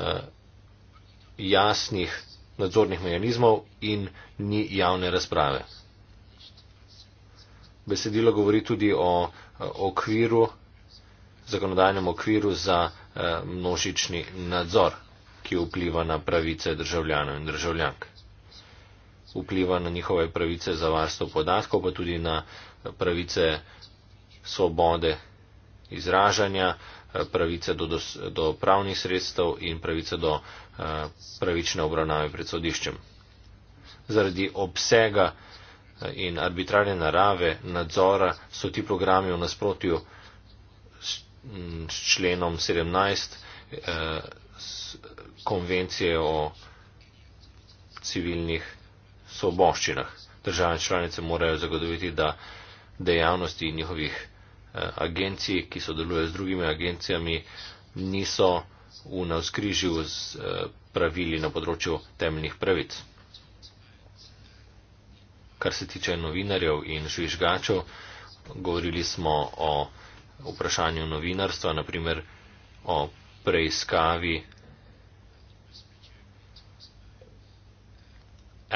jasnih nadzornih mehanizmov in ni javne razprave. Besedilo govori tudi o eh, okviru, zakonodajnem okviru za uh, množični nadzor, ki vpliva na pravice državljanov in državljank vpliva na njihove pravice za varstvo podatkov, pa tudi na pravice svobode izražanja, pravice do, do, do pravnih sredstev in pravice do eh, pravične obravnave pred sodiščem. Zaradi obsega eh, in arbitrarne narave nadzora so ti programi v nasprotju s, s členom 17 eh, s, konvencije o civilnih svoboščinah. Države članice morajo zagotoviti, da dejavnosti njihovih eh, agencij, ki sodelujejo z drugimi agencijami, niso v navskrižju z eh, pravili na področju temeljnih pravic. Kar se tiče novinarjev in žvižgačev, govorili smo o vprašanju novinarstva, naprimer o preiskavi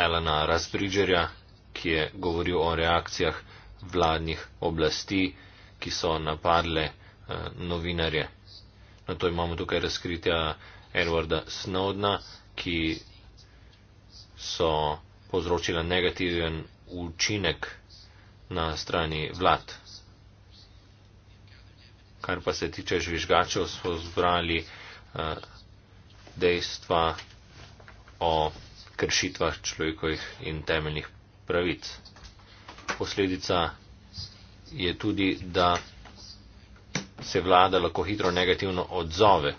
Elena Rasbridgerja, ki je govoril o reakcijah vladnih oblasti, ki so napadle eh, novinarje. Na to imamo tukaj razkritja Edwarda Snowdna, ki so povzročila negativen učinek na strani vlad. Kar pa se tiče žvižgačev, so zbrali uh, dejstva o kršitvah človekovih in temeljnih pravic. Posledica je tudi, da se vlada lahko hitro negativno odzove.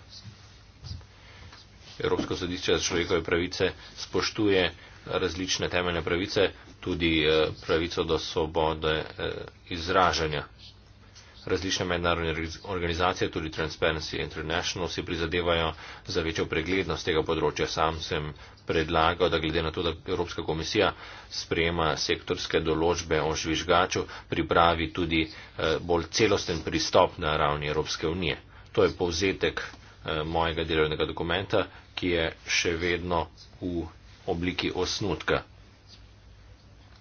Evropsko sodišče za človekove pravice spoštuje različne temeljne pravice, tudi eh, pravico do svobode eh, izražanja. Različne mednarodne organizacije, tudi Transparency International, si prizadevajo za večjo preglednost tega področja. Sam sem predlagal, da glede na to, da Evropska komisija sprejema sektorske določbe o žvižgaču, pripravi tudi eh, bolj celosten pristop na ravni Evropske unije. To je povzetek eh, mojega delovnega dokumenta, ki je še vedno v obliki osnutka.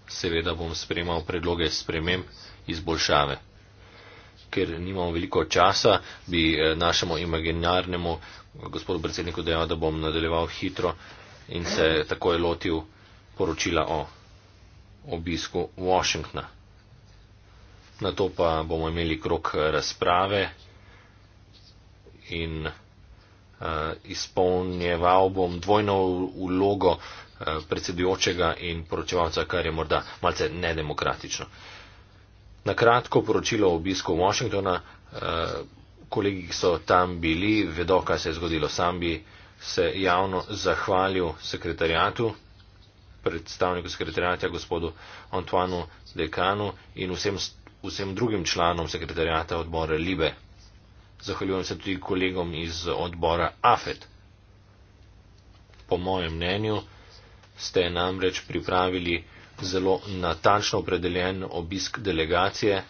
Seveda bom spremal predloge spremem izboljšave ker nimamo veliko časa, bi eh, našemu imaginarnemu gospodu predsedniku dejal, da bom nadaljeval hitro in se tako je lotil poročila o obisku Washingtona. Na to pa bomo imeli krok eh, razprave in uh, izpolnjeval bom dvojno ulogo uh, predsedujočega in poročevalca, kar je morda malce nedemokratično. Uh, Na kratko poročilo o obisku Washingtona, eh, kolegi, ki so tam bili, vedo, kaj se je zgodilo. Sam bi se javno zahvalil sekretarijatu, predstavniku sekretarijata, gospodu Antoanu Dekanu in vsem, vsem drugim članom sekretarijata odbora Libe. Zahvaljujem se tudi kolegom iz odbora AFET. Po mojem mnenju ste namreč pripravili zelo natančno opredeljen obisk delegacije.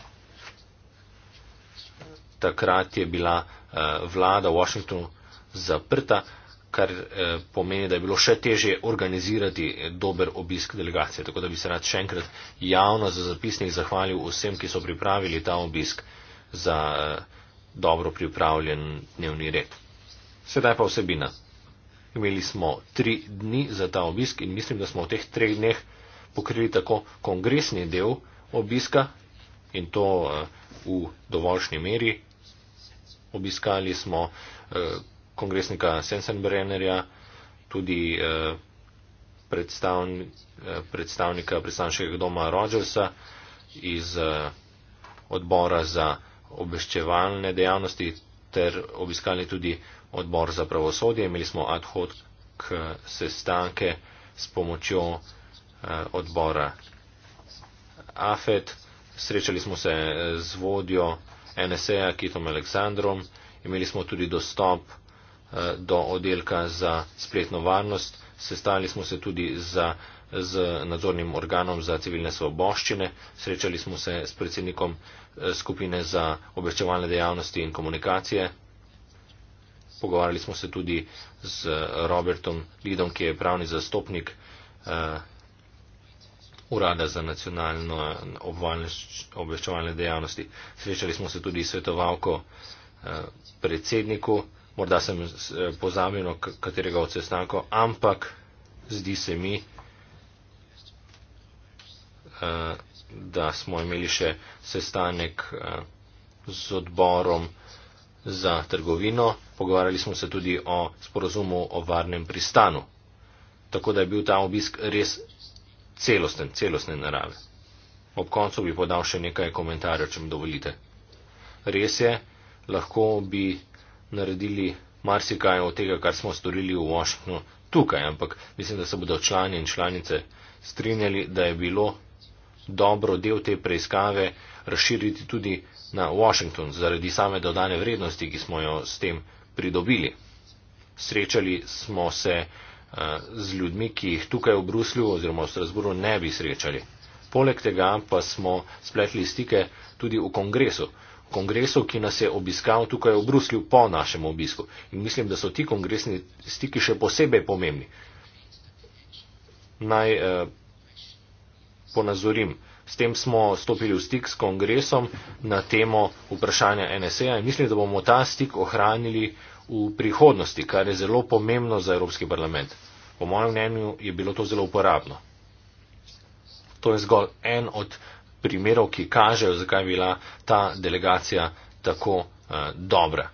Takrat je bila eh, vlada v Washingtonu zaprta, kar eh, pomeni, da je bilo še teže organizirati dober obisk delegacije. Tako da bi se rad še enkrat javno za zapisnik zahvalil vsem, ki so pripravili ta obisk za eh, dobro pripravljen dnevni red. Sedaj pa vsebina. Imeli smo tri dni za ta obisk in mislim, da smo v teh treh dneh pokrili tako kongresni del obiska in to eh, v dovoljšni meri. Obiskali smo eh, kongresnika Sensenbrennerja, tudi eh, predstavnika predstavniškega doma Rogersa iz odbora za obveščevalne dejavnosti ter obiskali tudi odbor za pravosodje. Imeli smo ad hoc sestanke s pomočjo Eh, odbora AFET. Srečali smo se eh, z vodjo NSA, Kitom Aleksandrom. Imeli smo tudi dostop eh, do oddelka za spletno varnost. Sestali smo se tudi za, z nadzornim organom za civilne svoboščine. Srečali smo se s predsednikom skupine za obveščevalne dejavnosti in komunikacije. Pogovarjali smo se tudi z Robertom Lidom, ki je pravni zastopnik Urada za nacionalno obveščevalne dejavnosti. Srečali smo se tudi svetovalko eh, predsedniku, morda sem eh, pozabil katerega od sestanko, ampak zdi se mi, eh, da smo imeli še sestanek z odborom za trgovino, pogovarjali smo se tudi o sporozumu o varnem pristanu. Tako da je bil ta obisk res celosten, celostne narave. Ob koncu bi podal še nekaj komentarjev, če mi dovolite. Res je, lahko bi naredili marsikaj od tega, kar smo storili v Washingtonu tukaj, ampak mislim, da se bodo člani in članice strinjali, da je bilo dobro del te preiskave razširiti tudi na Washington zaradi same dodane vrednosti, ki smo jo s tem pridobili. Srečali smo se z ljudmi, ki jih tukaj v Bruslju oziroma v Strasburu ne bi srečali. Poleg tega pa smo spletli stike tudi v kongresu. V kongresu, ki nas je obiskal tukaj v Bruslju po našem obisku. In mislim, da so ti kongresni stiki še posebej pomembni. Naj eh, ponazorim. S tem smo stopili v stik s kongresom na temo vprašanja NSA in mislim, da bomo ta stik ohranili v prihodnosti, kar je zelo pomembno za Evropski parlament. Po mojem mnenju je bilo to zelo uporabno. To je zgolj en od primerov, ki kažejo, zakaj je bila ta delegacija tako eh, dobra,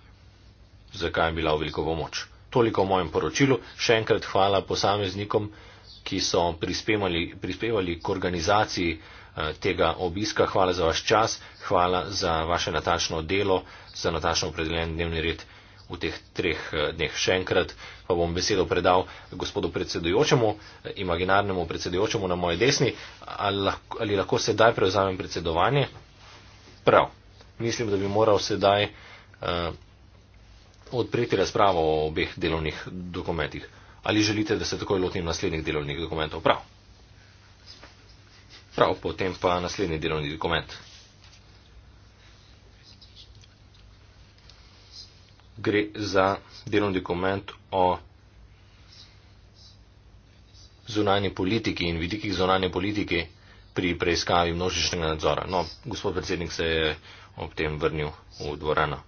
zakaj je bila v veliko pomoč. Toliko o mojem poročilu. Še enkrat hvala posameznikom, ki so prispevali, prispevali k organizaciji eh, tega obiska. Hvala za vaš čas, hvala za vaše natačno delo, za natačno opredeljen dnevni red v teh treh eh, dneh. Še enkrat pa bom besedo predal gospodu predsedujočemu, eh, imaginarnemu predsedujočemu na moje desni. Ali lahko, ali lahko sedaj prevzamem predsedovanje? Prav. Mislim, da bi moral sedaj uh, odpreti razpravo o obeh delovnih dokumentih. Ali želite, da se takoj lotim naslednjih delovnih dokumentov? Prav. Prav, potem pa naslednji delovni dokument. gre za delovni dokument o zunanje politiki in vidikih zunanje politike pri preiskavi množičnega nadzora. No, gospod predsednik se je ob tem vrnil v dvorano.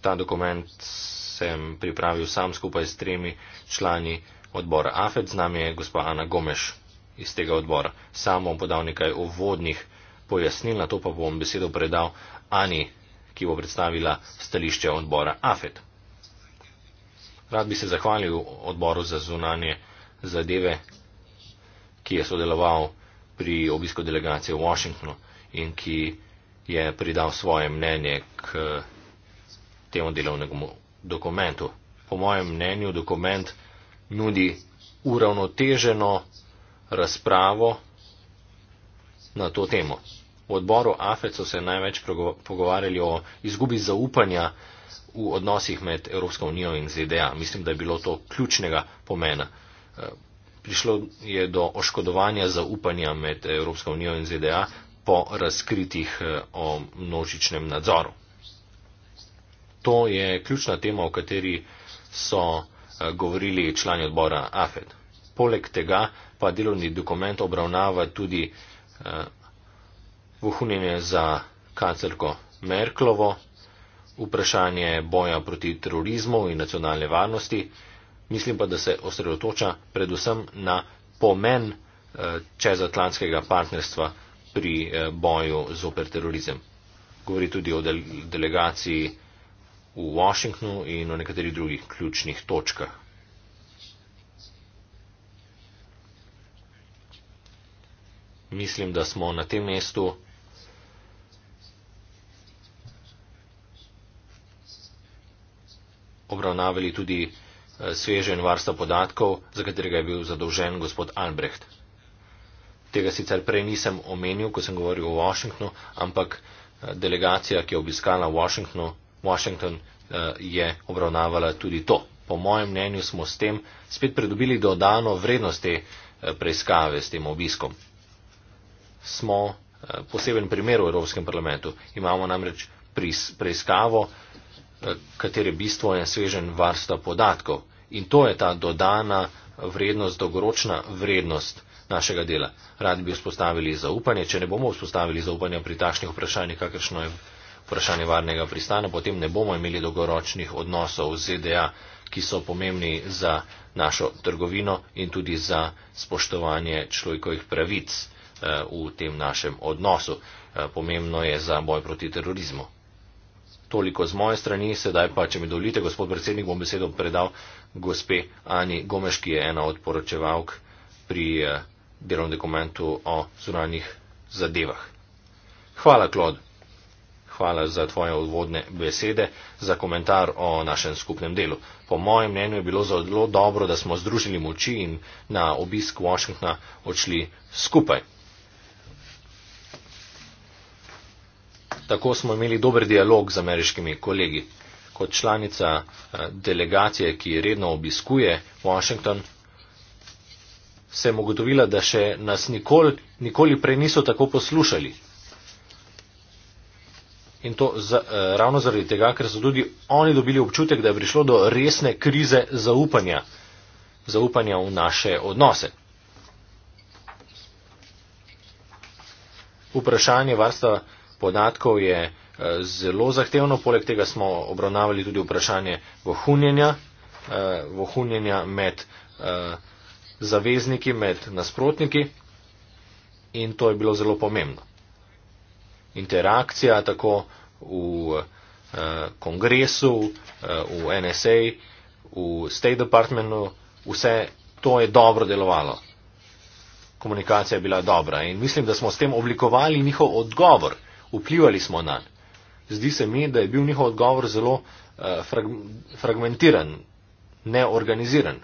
Ta dokument sem pripravil sam skupaj s tremi člani odbora AFED, z nami je gospa Ana Gomeš iz tega odbora. Sam bom podal nekaj uvodnih pojasnil, na to pa bom besedo predal Ani ki bo predstavila stališče odbora AFET. Rad bi se zahvalil odboru za zunanje zadeve, ki je sodeloval pri obisku delegacije v Washingtonu in ki je pridal svoje mnenje k temu delovnemu dokumentu. Po mojem mnenju dokument nudi uravnoteženo razpravo na to temo. V odboru AFEC so se največ pogovarjali o izgubi zaupanja v odnosih med Evropsko unijo in ZDA. Mislim, da je bilo to ključnega pomena. Eh, prišlo je do oškodovanja zaupanja med Evropsko unijo in ZDA po razkritih eh, o množičnem nadzoru. To je ključna tema, o kateri so eh, govorili člani odbora AFED. Poleg tega pa delovni dokument obravnava tudi vohunjenje za kancelko Merklovo, vprašanje boja proti terorizmu in nacionalne varnosti, mislim pa, da se osredotoča predvsem na pomen eh, čezatlantskega partnerstva pri eh, boju z oper terorizem. Govori tudi o delegaciji v Washingtonu in o nekaterih drugih ključnih točkah. mislim, da smo na tem mestu. obravnavali tudi eh, sveže in varsta podatkov, za katerega je bil zadolžen gospod Albrecht. Tega sicer prej nisem omenil, ko sem govoril o Washingtonu, ampak eh, delegacija, ki je obiskala Washingtonu, Washington eh, je obravnavala tudi to. Po mojem mnenju smo s tem spet pridobili dodano vrednosti preiskave s tem obiskom smo eh, poseben primer v Evropskem parlamentu. Imamo namreč preiskavo, eh, katere bistvo je svežen varstva podatkov. In to je ta dodana vrednost, dolgoročna vrednost našega dela. Radi bi vzpostavili zaupanje. Če ne bomo vzpostavili zaupanja pri takšnih vprašanjih, kakršno je vprašanje varnega pristana, potem ne bomo imeli dolgoročnih odnosov z ZDA, ki so pomembni za našo trgovino in tudi za spoštovanje človekovih pravic. Eh, v tem našem odnosu. Eh, pomembno je za boj proti terorizmu. Toliko z moje strani, sedaj pa, če mi dolite, gospod predsednik, bom besedo predal gospe Ani Gomeš, ki je ena od poročevalk pri eh, delovnem dokumentu o zunanjih zadevah. Hvala, Klod. Hvala za tvoje uvodne besede, za komentar o našem skupnem delu. Po mojem mnenju je bilo zelo dobro, da smo združili moči in na obisk Washingtona odšli skupaj. Tako smo imeli dober dialog z ameriškimi kolegi. Kot članica eh, delegacije, ki redno obiskuje Washington, sem ugotovila, da še nas nikoli, nikoli prej niso tako poslušali. In to za, eh, ravno zaradi tega, ker so tudi oni dobili občutek, da je prišlo do resne krize zaupanja, zaupanja v naše odnose. Vprašanje varstva podatkov je eh, zelo zahtevno. Poleg tega smo obravnavali tudi vprašanje vohunjenja, eh, vohunjenja med eh, zavezniki, med nasprotniki in to je bilo zelo pomembno. Interakcija tako v kongresu, v NSA, v State Departmentu, vse to je dobro delovalo. Komunikacija je bila dobra in mislim, da smo s tem oblikovali njihov odgovor vplivali smo na nj. Zdi se mi, da je bil njihov odgovor zelo eh, frag fragmentiran, neorganiziran.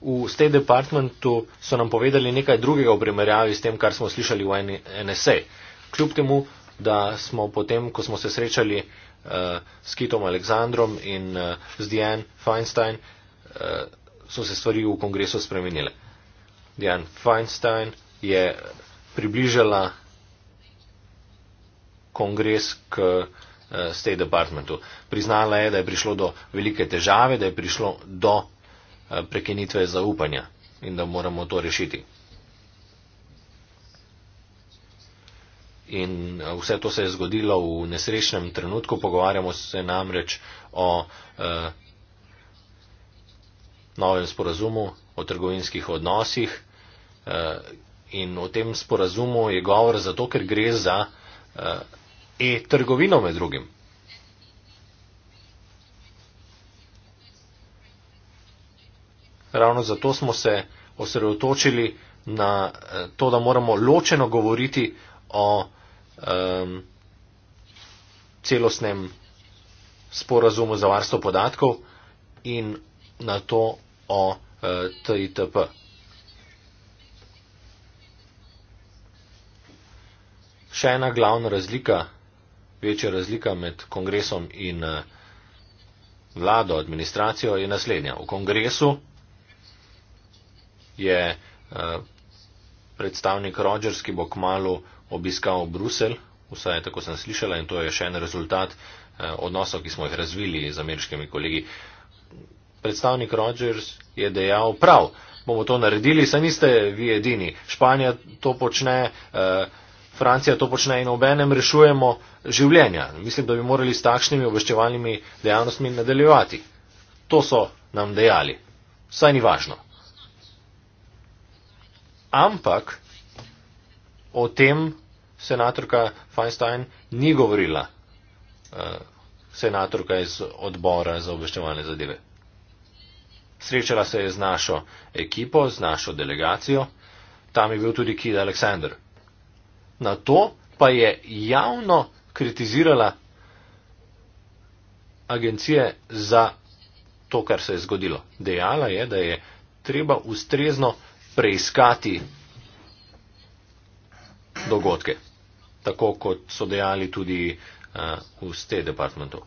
V State Departmentu so nam povedali nekaj drugega v primerjavi s tem, kar smo slišali v NSA. Kljub temu, da smo potem, ko smo se srečali eh, s Kitom Aleksandrom in eh, z Diane Feinstein, eh, so se stvari v kongresu spremenile. Diane Feinstein je približala kongres k eh, State Departmentu. Priznala je, da je prišlo do velike težave, da je prišlo do eh, prekinitve zaupanja in da moramo to rešiti. In eh, vse to se je zgodilo v nesrečnem trenutku, pogovarjamo se namreč o eh, novem sporazumu o trgovinskih odnosih eh, in o tem sporazumu je govor zato, ker gre za eh, e-trgovino med drugim. Ravno zato smo se osredotočili na eh, to, da moramo ločeno govoriti o um, celostnem sporazumu za varstvo podatkov in na to o. 呃 TITP。Še ena glavna razlika, večja razlika med kongresom in eh, vlado, administracijo je naslednja. V kongresu je eh, predstavnik Rogers, ki bo kmalo obiskal Brusel, vsaj tako sem slišala in to je še en rezultat eh, odnosov, ki smo jih razvili z ameriškimi kolegi, predstavnik Rogers je dejal prav, bomo to naredili, saj niste vi edini. Španija to počne, eh, Francija to počne in obenem rešujemo življenja. Mislim, da bi morali s takšnimi obveščevalnimi dejavnostmi nadaljevati. To so nam dejali. Saj ni važno. Ampak o tem senatorka Feinstein ni govorila. Eh, senatorka iz odbora za obveščevalne zadeve. Srečala se je z našo ekipo, z našo delegacijo, tam je bil tudi Kid Aleksandr. Na to pa je javno kritizirala agencije za to, kar se je zgodilo. Dejala je, da je treba ustrezno preiskati dogodke, tako kot so dejali tudi uh, v State Departmentu.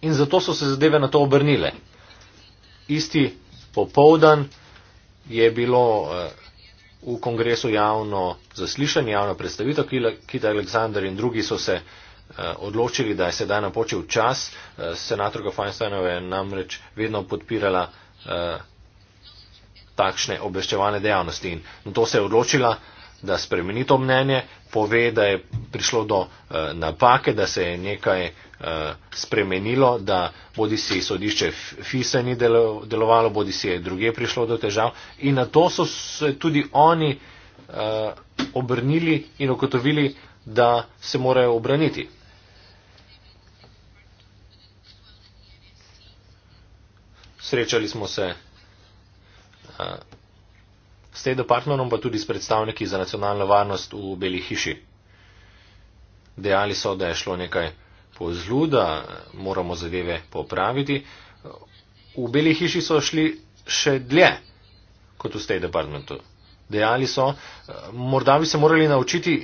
In zato so se zadeve na to obrnile isti popovdan je bilo eh, v kongresu javno zaslišanje, javno predstavitev Kita Aleksandr in drugi so se eh, odločili, da je sedaj napočil čas. Eh, senatorka Feinsteinova je namreč vedno podpirala takšne obveščevalne dejavnosti in to se je odločila, da spremeni to mnenje pove, da je prišlo do eh, napake, da se je nekaj eh, spremenilo, da bodi si sodišče FISA ni delo, delovalo, bodi si je druge prišlo do težav. In na to so se tudi oni eh, obrnili in okotovili, da se morajo obraniti. Srečali smo se. Eh, State Departmentom pa tudi s predstavniki za nacionalno varnost v Beli hiši. Dejali so, da je šlo nekaj pozlu, da moramo zadeve popraviti. V Beli hiši so šli še dlje kot v State Departmentu. Dejali so, morda bi se morali naučiti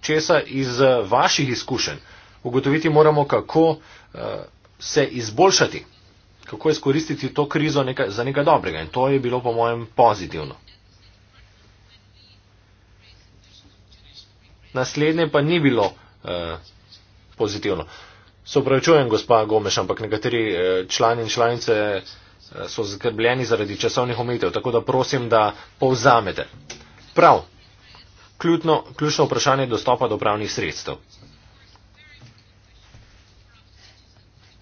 česa iz eh, vaših izkušenj. Ugotoviti moramo, kako eh, se izboljšati, kako izkoristiti to krizo nekaj, za nekaj dobrega. In to je bilo, po mojem, pozitivno. naslednje pa ni bilo eh, pozitivno. Se upravičujem, gospa Gomeš, ampak nekateri eh, člani in članice eh, so zgrbljeni zaradi časovnih omejitev, tako da prosim, da povzamete. Prav, ključno, ključno vprašanje dostopa do pravnih sredstev.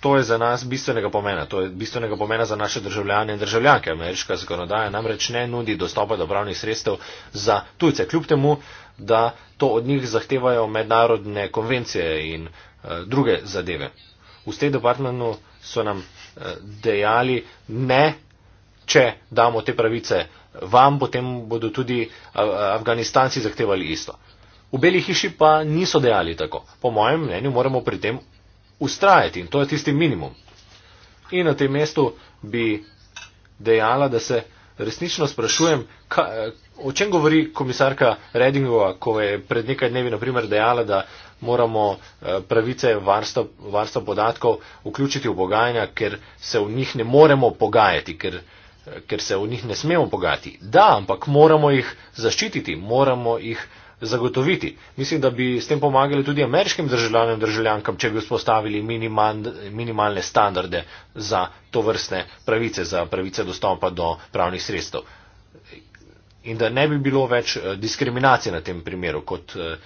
to je za nas bistvenega pomena. To je bistvenega pomena za naše državljane in državljanke. Ameriška zakonodaja namreč ne nudi dostopa do pravnih sredstev za tujce, kljub temu, da to od njih zahtevajo mednarodne konvencije in uh, druge zadeve. V State Departmentu so nam uh, dejali ne, če damo te pravice vam, potem bodo tudi eh, Afganistanci zahtevali isto. V Beli hiši pa niso dejali tako. Po mojem mnenju moramo pri tem ustrajati in to je tisti minimum. In na tem mestu bi dejala, da se resnično sprašujem, ka, eh, o čem govori komisarka Redingova, ko je pred nekaj dnevi naprimer dejala, da moramo eh, pravice varstva, varstva podatkov vključiti v pogajanja, ker se v njih ne moremo pogajati, ker, eh, ker se v njih ne smemo pogajati. Da, ampak moramo jih zaščititi, moramo jih zaščititi zagotoviti. Mislim, da bi s tem pomagali tudi ameriškim državljanom in državljankam, če bi vzpostavili minimal, minimalne standarde za to vrstne pravice, za pravice dostopa do pravnih sredstev. In da ne bi bilo več eh, diskriminacije na tem primeru, kot eh,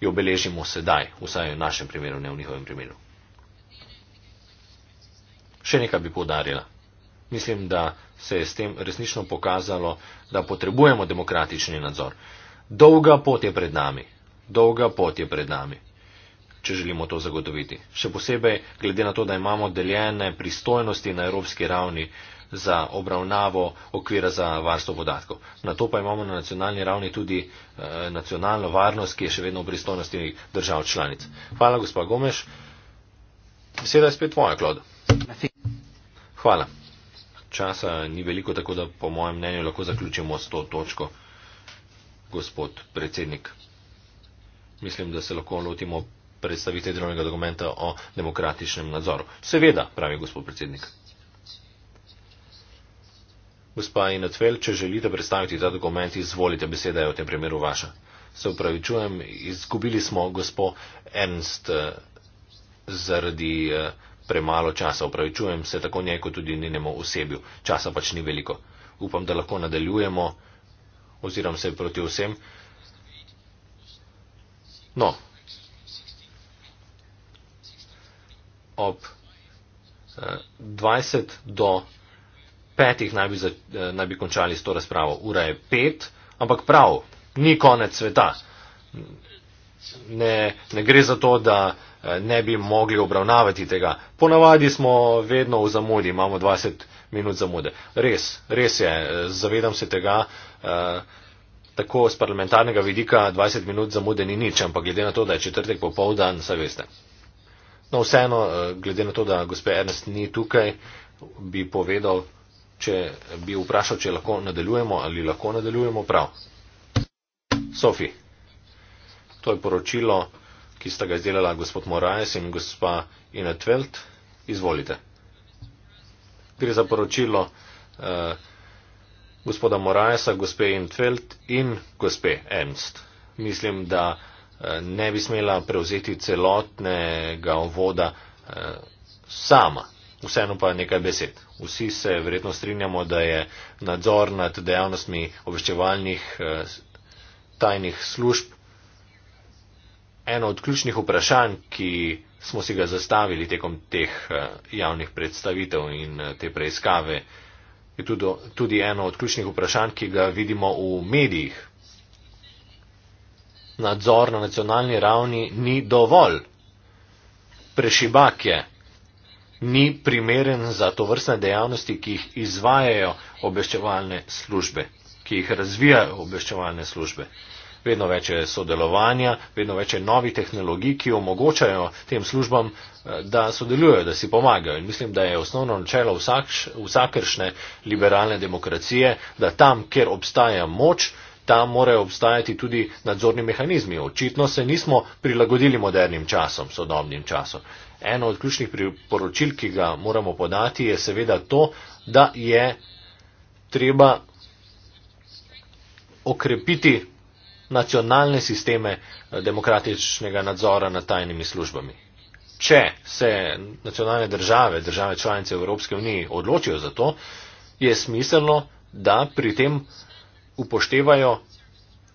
jo beležimo sedaj, vsaj v našem primeru, ne v njihovem primeru. Še nekaj bi podarila. Mislim, da se je s tem resnično pokazalo, da potrebujemo demokratični nadzor. Dolga pot je pred nami, dolga pot je pred nami, če želimo to zagotoviti. Še posebej glede na to, da imamo deljene pristojnosti na evropski ravni za obravnavo okvira za varstvo podatkov. Na to pa imamo na nacionalni ravni tudi eh, nacionalno varnost, ki je še vedno v pristojnosti držav članic. Hvala, gospod Gomeš. Beseda je spet tvoja, Klod. Hvala. Časa ni veliko, tako da po mojem mnenju lahko zaključimo s to točko gospod predsednik. Mislim, da se lahko lotimo predstavitve drugega dokumenta o demokratičnem nadzoru. Seveda, pravi gospod predsednik. Gospa Inatvel, če želite predstaviti ta dokument, izvolite, beseda je v tem primeru vaša. Se upravičujem, izgubili smo gospo Ernst eh, zaradi eh, premalo časa. Upravičujem se tako njej, kot tudi njenemu osebju. Časa pač ni veliko. Upam, da lahko nadaljujemo oziram se proti vsem. No, ob 20 eh, do 5 naj bi, za, eh, naj bi končali s to razpravo. Ura je 5, ampak prav, ni konec sveta. Ne, ne gre za to, da eh, ne bi mogli obravnavati tega. Ponavadi smo vedno v zamudi, imamo 20 minut zamude. Res, res je, zavedam se tega. Eh, tako z parlamentarnega vidika 20 minut zamude ni nič, ampak glede na to, da je četrtek popovdan, saj veste. No, vseeno, eh, glede na to, da gospe Ernest ni tukaj, bi povedal, če bi vprašal, če lahko nadaljujemo ali lahko nadaljujemo prav. Sofi, to je poročilo, ki sta ga izdelala gospod Morajes in gospa Inetveld. Izvolite. Gre za poročilo. Uh, gospoda Moraesa, gospe Infeld in gospe Ernst. Mislim, da eh, ne bi smela prevzeti celotnega voda eh, sama. Vseeno pa nekaj besed. Vsi se verjetno strinjamo, da je nadzor nad dejavnostmi obveščevalnih eh, tajnih služb eno od ključnih vprašanj, ki smo si ga zastavili tekom teh javnih predstavitev in te preiskave je tudi, tudi eno od ključnih vprašanj, ki ga vidimo v medijih. Nadzor na nacionalni ravni ni dovolj. Prešibak je, ni primeren za to vrstne dejavnosti, ki jih izvajajo obveščevalne službe, ki jih razvijajo obveščevalne službe vedno več je sodelovanja, vedno več je novih tehnologij, ki omogočajo tem službam, eh, da sodelujejo, da si pomagajo. In mislim, da je osnovno načelo vsak, vsakršne liberalne demokracije, da tam, kjer obstaja moč, tam morajo obstajati tudi nadzorni mehanizmi. Očitno se nismo prilagodili modernim časom, sodobnim časom. Eno od ključnih priporočil, ki ga moramo podati, je seveda to, da je treba okrepiti nacionalne sisteme eh, demokratičnega nadzora nad tajnimi službami. Če se nacionalne države, države članice Evropske unije odločijo za to, je smiselno, da pri tem upoštevajo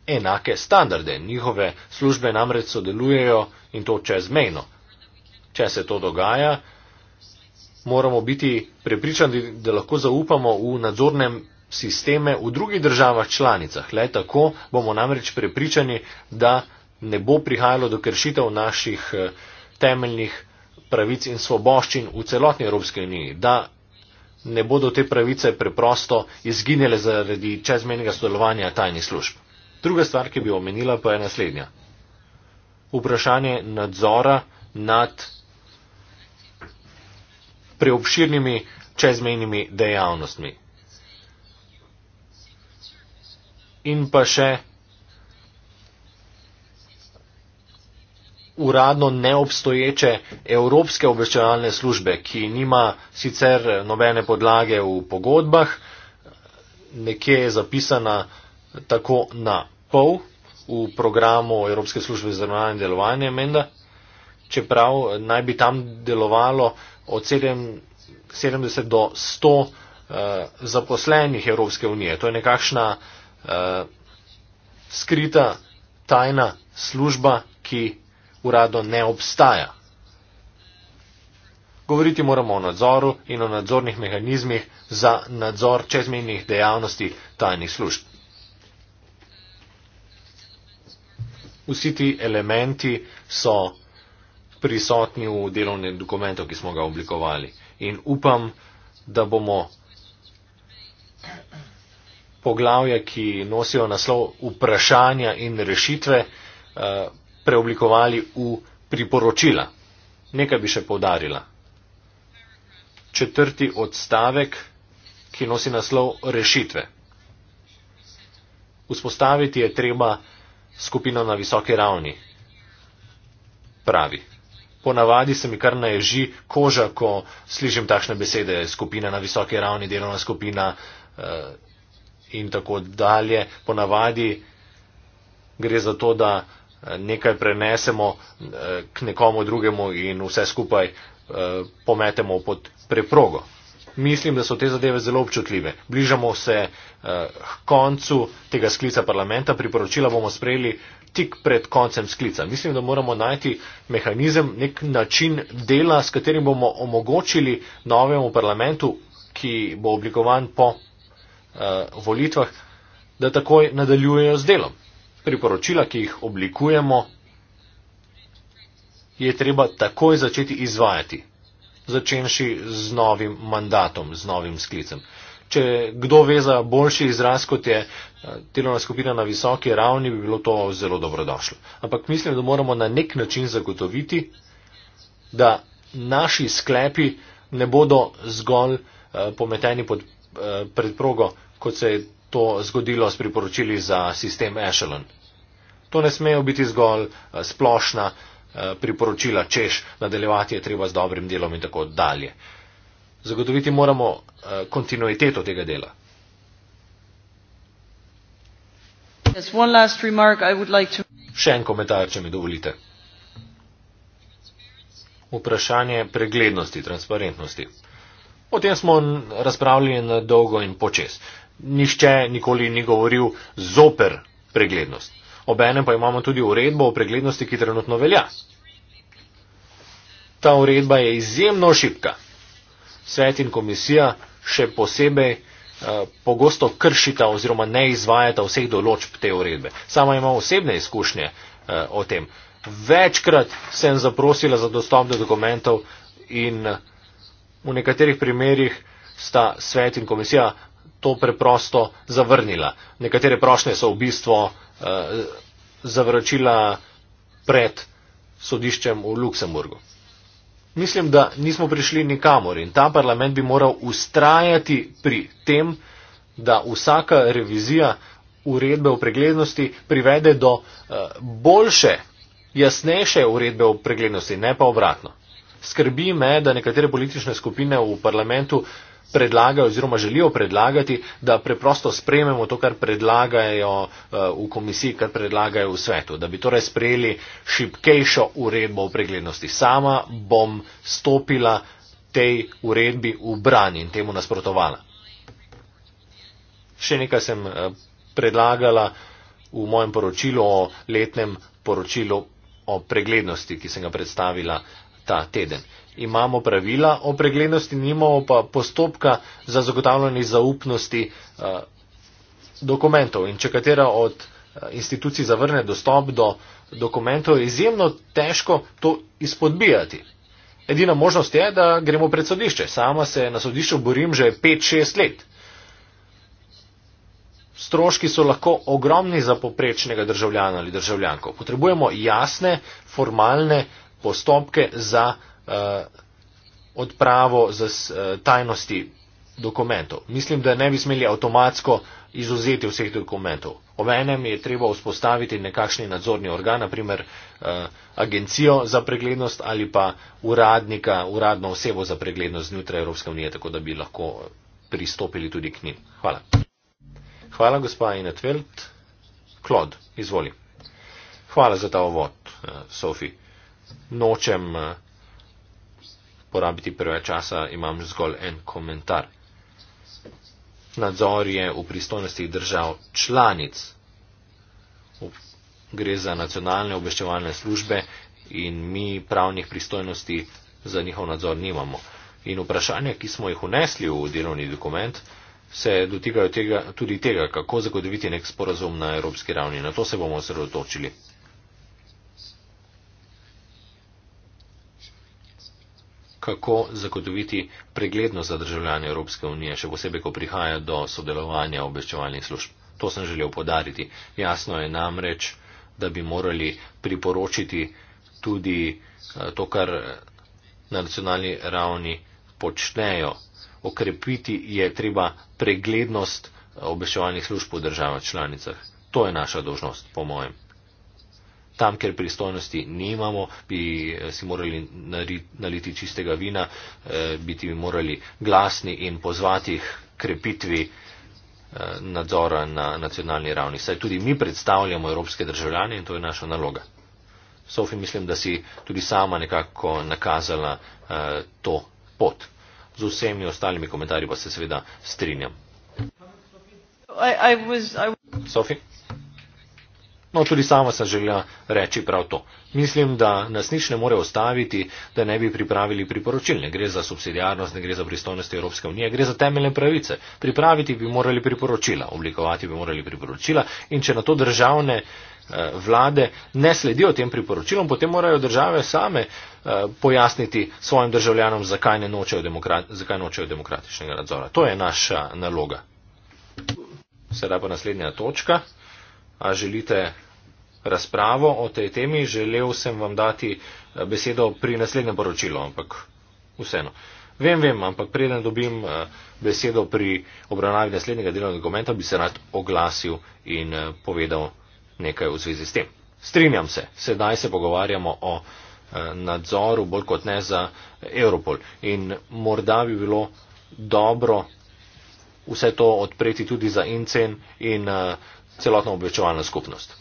enake standarde. Njihove službe namreč sodelujejo in to čezmejno. Če se to dogaja, moramo biti prepričani, da lahko zaupamo v nadzornem sisteme v drugih državah članicah. Le tako bomo namreč prepričani, da ne bo prihajalo do kršitev naših eh, temeljnih pravic in svoboščin v celotni Evropski uniji, da ne bodo te pravice preprosto izginile zaradi čezmenjega sodelovanja tajnih služb. Druga stvar, ki bi omenila, pa je naslednja. Vprašanje nadzora nad preobširnimi čezmejnimi dejavnostmi. in pa še uradno neobstoječe Evropske obveščevalne službe, ki nima sicer nobene podlage v pogodbah, nekje je zapisana tako na pol v programu Evropske službe za ravnanje in delovanje Menda, čeprav naj bi tam delovalo od 70 do 100 uh, eh, zaposlenih Evropske unije. To je nekakšna uh, uh, skrita tajna služba, ki uradno ne obstaja. Govoriti moramo o nadzoru in o nadzornih mehanizmih za nadzor čezmejnih dejavnosti tajnih služb. Vsi ti elementi so prisotni v delovnem dokumentu, ki smo ga oblikovali. In upam, da bomo poglavje, ki nosijo naslov vprašanja in rešitve, eh, preoblikovali v priporočila. Nekaj bi še povdarila. Četrti odstavek, ki nosi naslov rešitve. Vzpostaviti je treba skupino na visoki ravni. Pravi. Ponavadi se mi kar naježi koža, ko slišim takšne besede, skupina na visoki ravni, delovna skupina, eh, in tako dalje. Ponavadi gre za to, da eh, nekaj prenesemo eh, k nekomu drugemu in vse skupaj eh, pometemo pod preprogo. Mislim, da so te zadeve zelo občutljive. Bližamo se eh, koncu tega sklica parlamenta, priporočila bomo sprejeli tik pred koncem sklica. Mislim, da moramo najti mehanizem, nek način dela, s katerim bomo omogočili novemu parlamentu, ki bo oblikovan po uh, volitvah, da takoj nadaljujejo z delom. Priporočila, ki jih oblikujemo, je treba takoj začeti izvajati, začenši z novim mandatom, z novim sklicem. Če kdo ve za boljši izraz, kot je telovna eh, skupina na visoki ravni, bi bilo to zelo dobrodošlo. Ampak mislim, da moramo na nek način zagotoviti, da naši sklepi ne bodo zgolj uh, pometeni pod uh, predprogo uh, kot se je to zgodilo s priporočili za sistem Echelon. To ne smejo biti zgolj eh, splošna eh, priporočila, češ nadaljevati je treba z dobrim delom in tako dalje. Zagotoviti moramo eh, kontinuiteto tega dela. Še en komentar, če mi dovolite. Vprašanje preglednosti, transparentnosti. O tem smo razpravljali na dolgo in počes nišče nikoli ni govoril zoper preglednost. Obenem pa imamo tudi uredbo o preglednosti, ki trenutno velja. Ta uredba je izjemno šipka. Svet in komisija še posebej eh, pogosto kršita oziroma ne izvajata vseh določb te uredbe. Sama imam osebne izkušnje eh, o tem. Večkrat sem zaprosila za dostop do dokumentov in v nekaterih primerjih sta svet in komisija to preprosto zavrnila. Nekatere prošlje so v bistvu eh, zavračila pred sodiščem v Luksemburgu. Mislim, da nismo prišli nikamor in ta parlament bi moral ustrajati pri tem, da vsaka revizija uredbe o preglednosti privede do eh, boljše, jasnejše uredbe o preglednosti, ne pa obratno. Skrbi me, da nekatere politične skupine v parlamentu predlagajo oziroma želijo predlagati, da preprosto sprejmemo to, kar predlagajo eh, v komisiji, kar predlagajo v svetu, da bi torej sprejeli šipkejšo uredbo o preglednosti. Sama bom stopila tej uredbi v bran in temu nasprotovala. Še nekaj sem eh, predlagala v mojem poročilu o letnem poročilu o preglednosti, ki sem ga predstavila ta teden imamo pravila o preglednosti, nimamo pa postopka za zagotavljanje zaupnosti eh, dokumentov. In če katera od eh, institucij zavrne dostop do dokumentov, je izjemno težko to izpodbijati. Edina možnost je, da gremo pred sodišče. Sama se na sodišču borim že 5-6 let. Stroški so lahko ogromni za poprečnega državljana ali državljanko. Potrebujemo jasne, formalne postopke za uh, odpravo z uh, eh, tajnosti dokumentov. Mislim, da ne bi smeli avtomatsko izuzeti vseh dokumentov. Obenem je treba vzpostaviti nekakšni nadzorni organ, naprimer eh, agencijo za preglednost ali pa uradnika, uradno osebo za preglednost znotraj Evropske unije, tako da bi lahko pristopili tudi k njim. Hvala. Hvala, gospa Inetveld. Klod, izvoli. Hvala za ta ovod, eh, Sofi. Nočem. Eh, porabiti preveč časa, imam zgolj en komentar. Nadzor je v pristojnosti držav članic. Gre za nacionalne obveščevalne službe in mi pravnih pristojnosti za njihov nadzor nimamo. In vprašanja, ki smo jih unesli v delovni dokument, se dotikajo tega, tudi tega, kako zagotoviti nek sporazum na evropski ravni. Na to se bomo osredotočili. kako zagotoviti preglednost za državljanje Evropske unije, še posebej, ko prihaja do sodelovanja obveščevalnih služb. To sem želel podariti. Jasno je namreč, da bi morali priporočiti tudi eh, to, kar eh, na nacionalni ravni počnejo. Okrepiti je treba preglednost eh, obveščevalnih služb v državah članicah. To je naša dožnost, po mojem tam, ker pristojnosti nimamo, bi eh, si morali naliti čistega vina, biti eh, bi morali glasni in pozvati jih krepitvi eh, nadzora na nacionalni ravni. Saj tudi mi predstavljamo evropske državljane in to je naša naloga. Sofi, mislim, da si tudi sama nekako nakazala to pot. Z vsemi ostalimi komentarji pa se seveda strinjam. I, I was, I... Sophie? No, tudi sama sem želela reči prav to. Mislim, da nas nič ne more ostaviti, da ne bi pripravili priporočil. Ne gre za subsidijarnost, ne gre za pristojnosti Evropske unije, gre za temeljne pravice. Pripraviti bi morali priporočila, oblikovati bi morali priporočila in če na to državne eh, vlade ne sledijo tem priporočilom, potem morajo države same eh, pojasniti svojim državljanom, zakaj ne nočejo, demokrat, zakaj nočejo demokratičnega nadzora. To je naša naloga. Sedaj pa naslednja točka. A želite razpravo o tej temi. Želel sem vam dati eh, besedo pri naslednjem poročilu, ampak vseeno. Vem, vem, ampak preden dobim eh, besedo pri obravnavi naslednjega delovnega dokumenta, bi se rad oglasil in eh, povedal nekaj v zvezi s tem. Strinjam se, sedaj se pogovarjamo o nadzoru, bolj kot ne za Europol. In morda bi bilo dobro vse to odpreti tudi za Incen in celotno obveščevalno skupnost.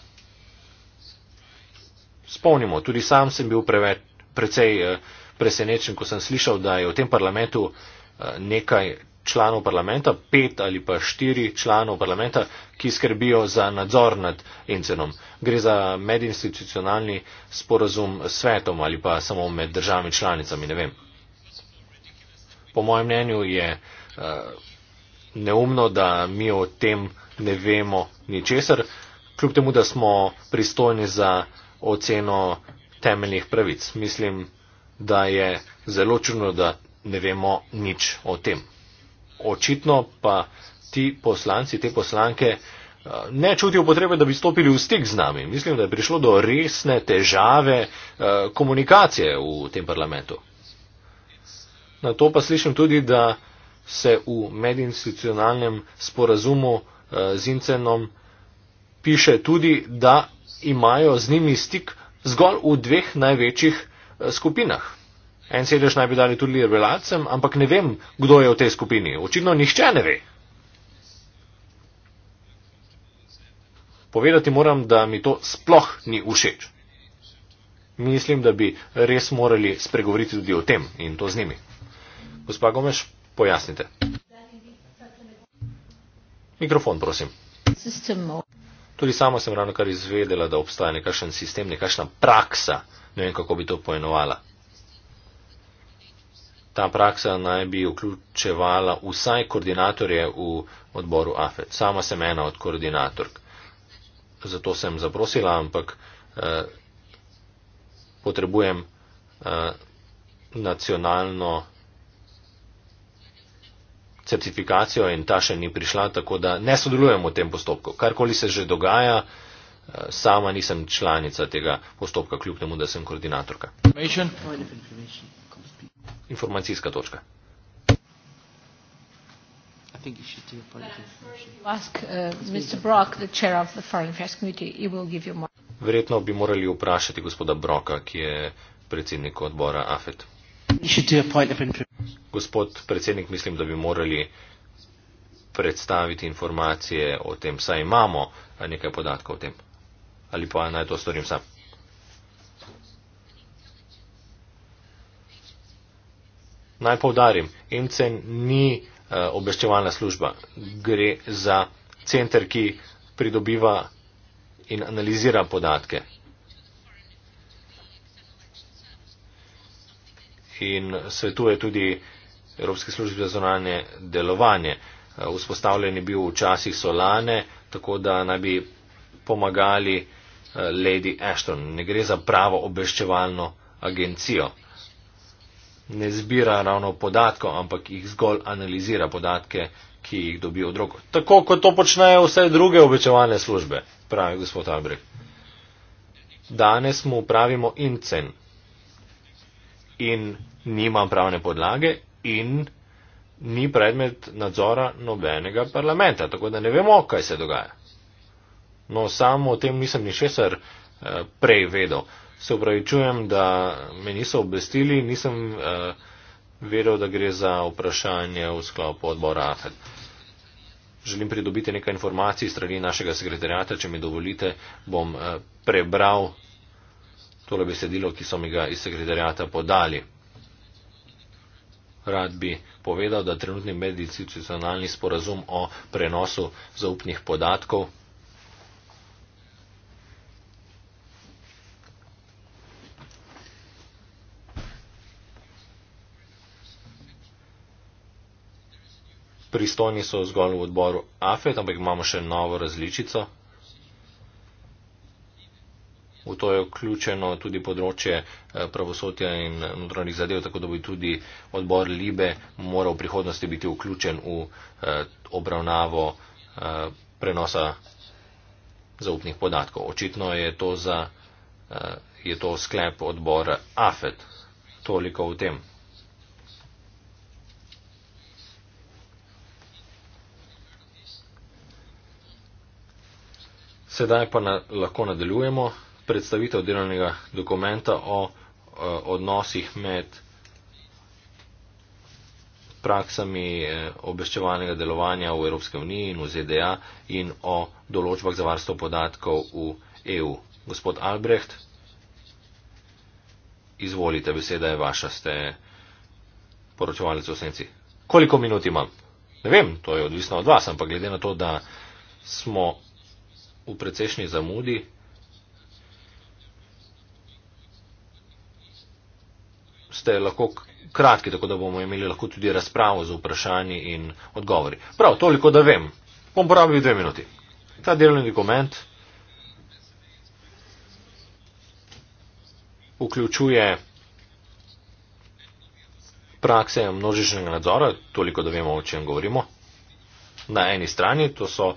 Spomnimo, tudi sam sem bil preveč, precej eh, presenečen, ko sem slišal, da je v tem parlamentu eh, nekaj članov parlamenta, pet ali pa štiri članov parlamenta, ki skrbijo za nadzor nad encenom. Gre za medinstitucionalni sporazum s svetom ali pa samo med državami članicami, ne vem. Po mojem mnenju je eh, neumno, da mi o tem ne vemo ničesar, kljub temu, da smo pristojni za oceno temeljnih pravic. Mislim, da je zelo čudno, da ne vemo nič o tem. Očitno pa ti poslanci, te poslanke eh, ne čutijo potrebe, da bi stopili v stik z nami. Mislim, da je prišlo do resne težave eh, komunikacije v tem parlamentu. Na to pa slišim tudi, da se v medinstitucionalnem sporazumu eh, z Incenom piše tudi, da imajo z njimi stik zgolj v dveh največjih eh, skupinah. En sedež naj bi dali tudi rebelacem, ampak ne vem, kdo je v tej skupini. Očitno nihče ne ve. Povedati moram, da mi to sploh ni všeč. Mislim, da bi res morali spregovoriti tudi o tem in to z njimi. Gospa Gomeš, pojasnite. Mikrofon, prosim. Tudi sama sem ravno kar izvedela, da obstaja nekakšen sistem, nekakšna praksa, ne vem kako bi to pojenovala. Ta praksa naj bi vključevala vsaj koordinatorje v odboru AFED. Sama sem ena od koordinatork. Zato sem zaprosila, ampak eh, potrebujem eh, nacionalno certifikacijo in ta še ni prišla, tako da ne sodelujem v tem postopku. Karkoli se že dogaja, eh, sama nisem članica tega postopka, kljub temu, da sem koordinatorka. Informacijska točka. Uh, Verjetno bi morali vprašati gospoda Broka, ki je predsednik odbora AFET. You should do a point of interest. Gospod predsednik, mislim, da bi morali predstaviti informacije o tem, saj imamo nekaj podatkov o tem. Ali pa naj to storim sam. Naj povdarim, IMCEN ni eh, obveščevalna služba. Gre za center, ki pridobiva in analizira podatke. in svetuje tudi Evropske službe za zonanje delovanje. Eh, vzpostavljen je bil včasih solane, tako da naj bi pomagali eh, Lady Ashton. Ne gre za pravo obveščevalno agencijo. Ne zbira ravno podatkov, ampak jih zgolj analizira podatke, ki jih dobijo od drugo. Tako kot to počnejo vse druge obveščevalne službe, pravi gospod Albrecht. Danes mu pravimo incen, in nimam pravne podlage in ni predmet nadzora nobenega parlamenta, tako da ne vemo, kaj se dogaja. No, samo o tem nisem ni šesar eh, prej vedel. Se upravičujem, da me niso obvestili, nisem eh, vedel, da gre za vprašanje v sklopu odbora AFED. Želim pridobiti nekaj informacij strani našega sekretarjata, če mi dovolite, bom eh, prebral tole besedilo, ki so mi ga iz sekretarjata podali. Rad bi povedal, da trenutni medicinalni sporazum o prenosu zaupnih podatkov Pristojni so zgolj v odboru AFET, ampak imamo še novo različico v to je vključeno tudi področje eh, pravosodja in eh, notranjih zadev, tako da bi tudi odbor Libe moral v prihodnosti biti vključen v eh, obravnavo prenosa zaupnih podatkov. Očitno je to, za, je to sklep odbora AFED. Toliko o tem. Sedaj pa na, lahko nadaljujemo predstavitev delovnega dokumenta o e, odnosih med praksami e, obveščevalnega delovanja v Evropske unije in v ZDA in o določbah za varstvo podatkov v EU. Gospod Albrecht, izvolite, beseda je vaša, ste poročevalec v senci. Koliko minut imam? Ne vem, to je odvisno od vas, ampak glede na to, da smo v precejšnji zamudi, ste lahko kratki, tako da bomo imeli lahko tudi razpravo z vprašanji in odgovori. Prav, toliko, da vem. Bom porabil dve minuti. Ta delovni dokument vključuje prakse množičnega nadzora, toliko, da vemo, o čem govorimo. Na eni strani to so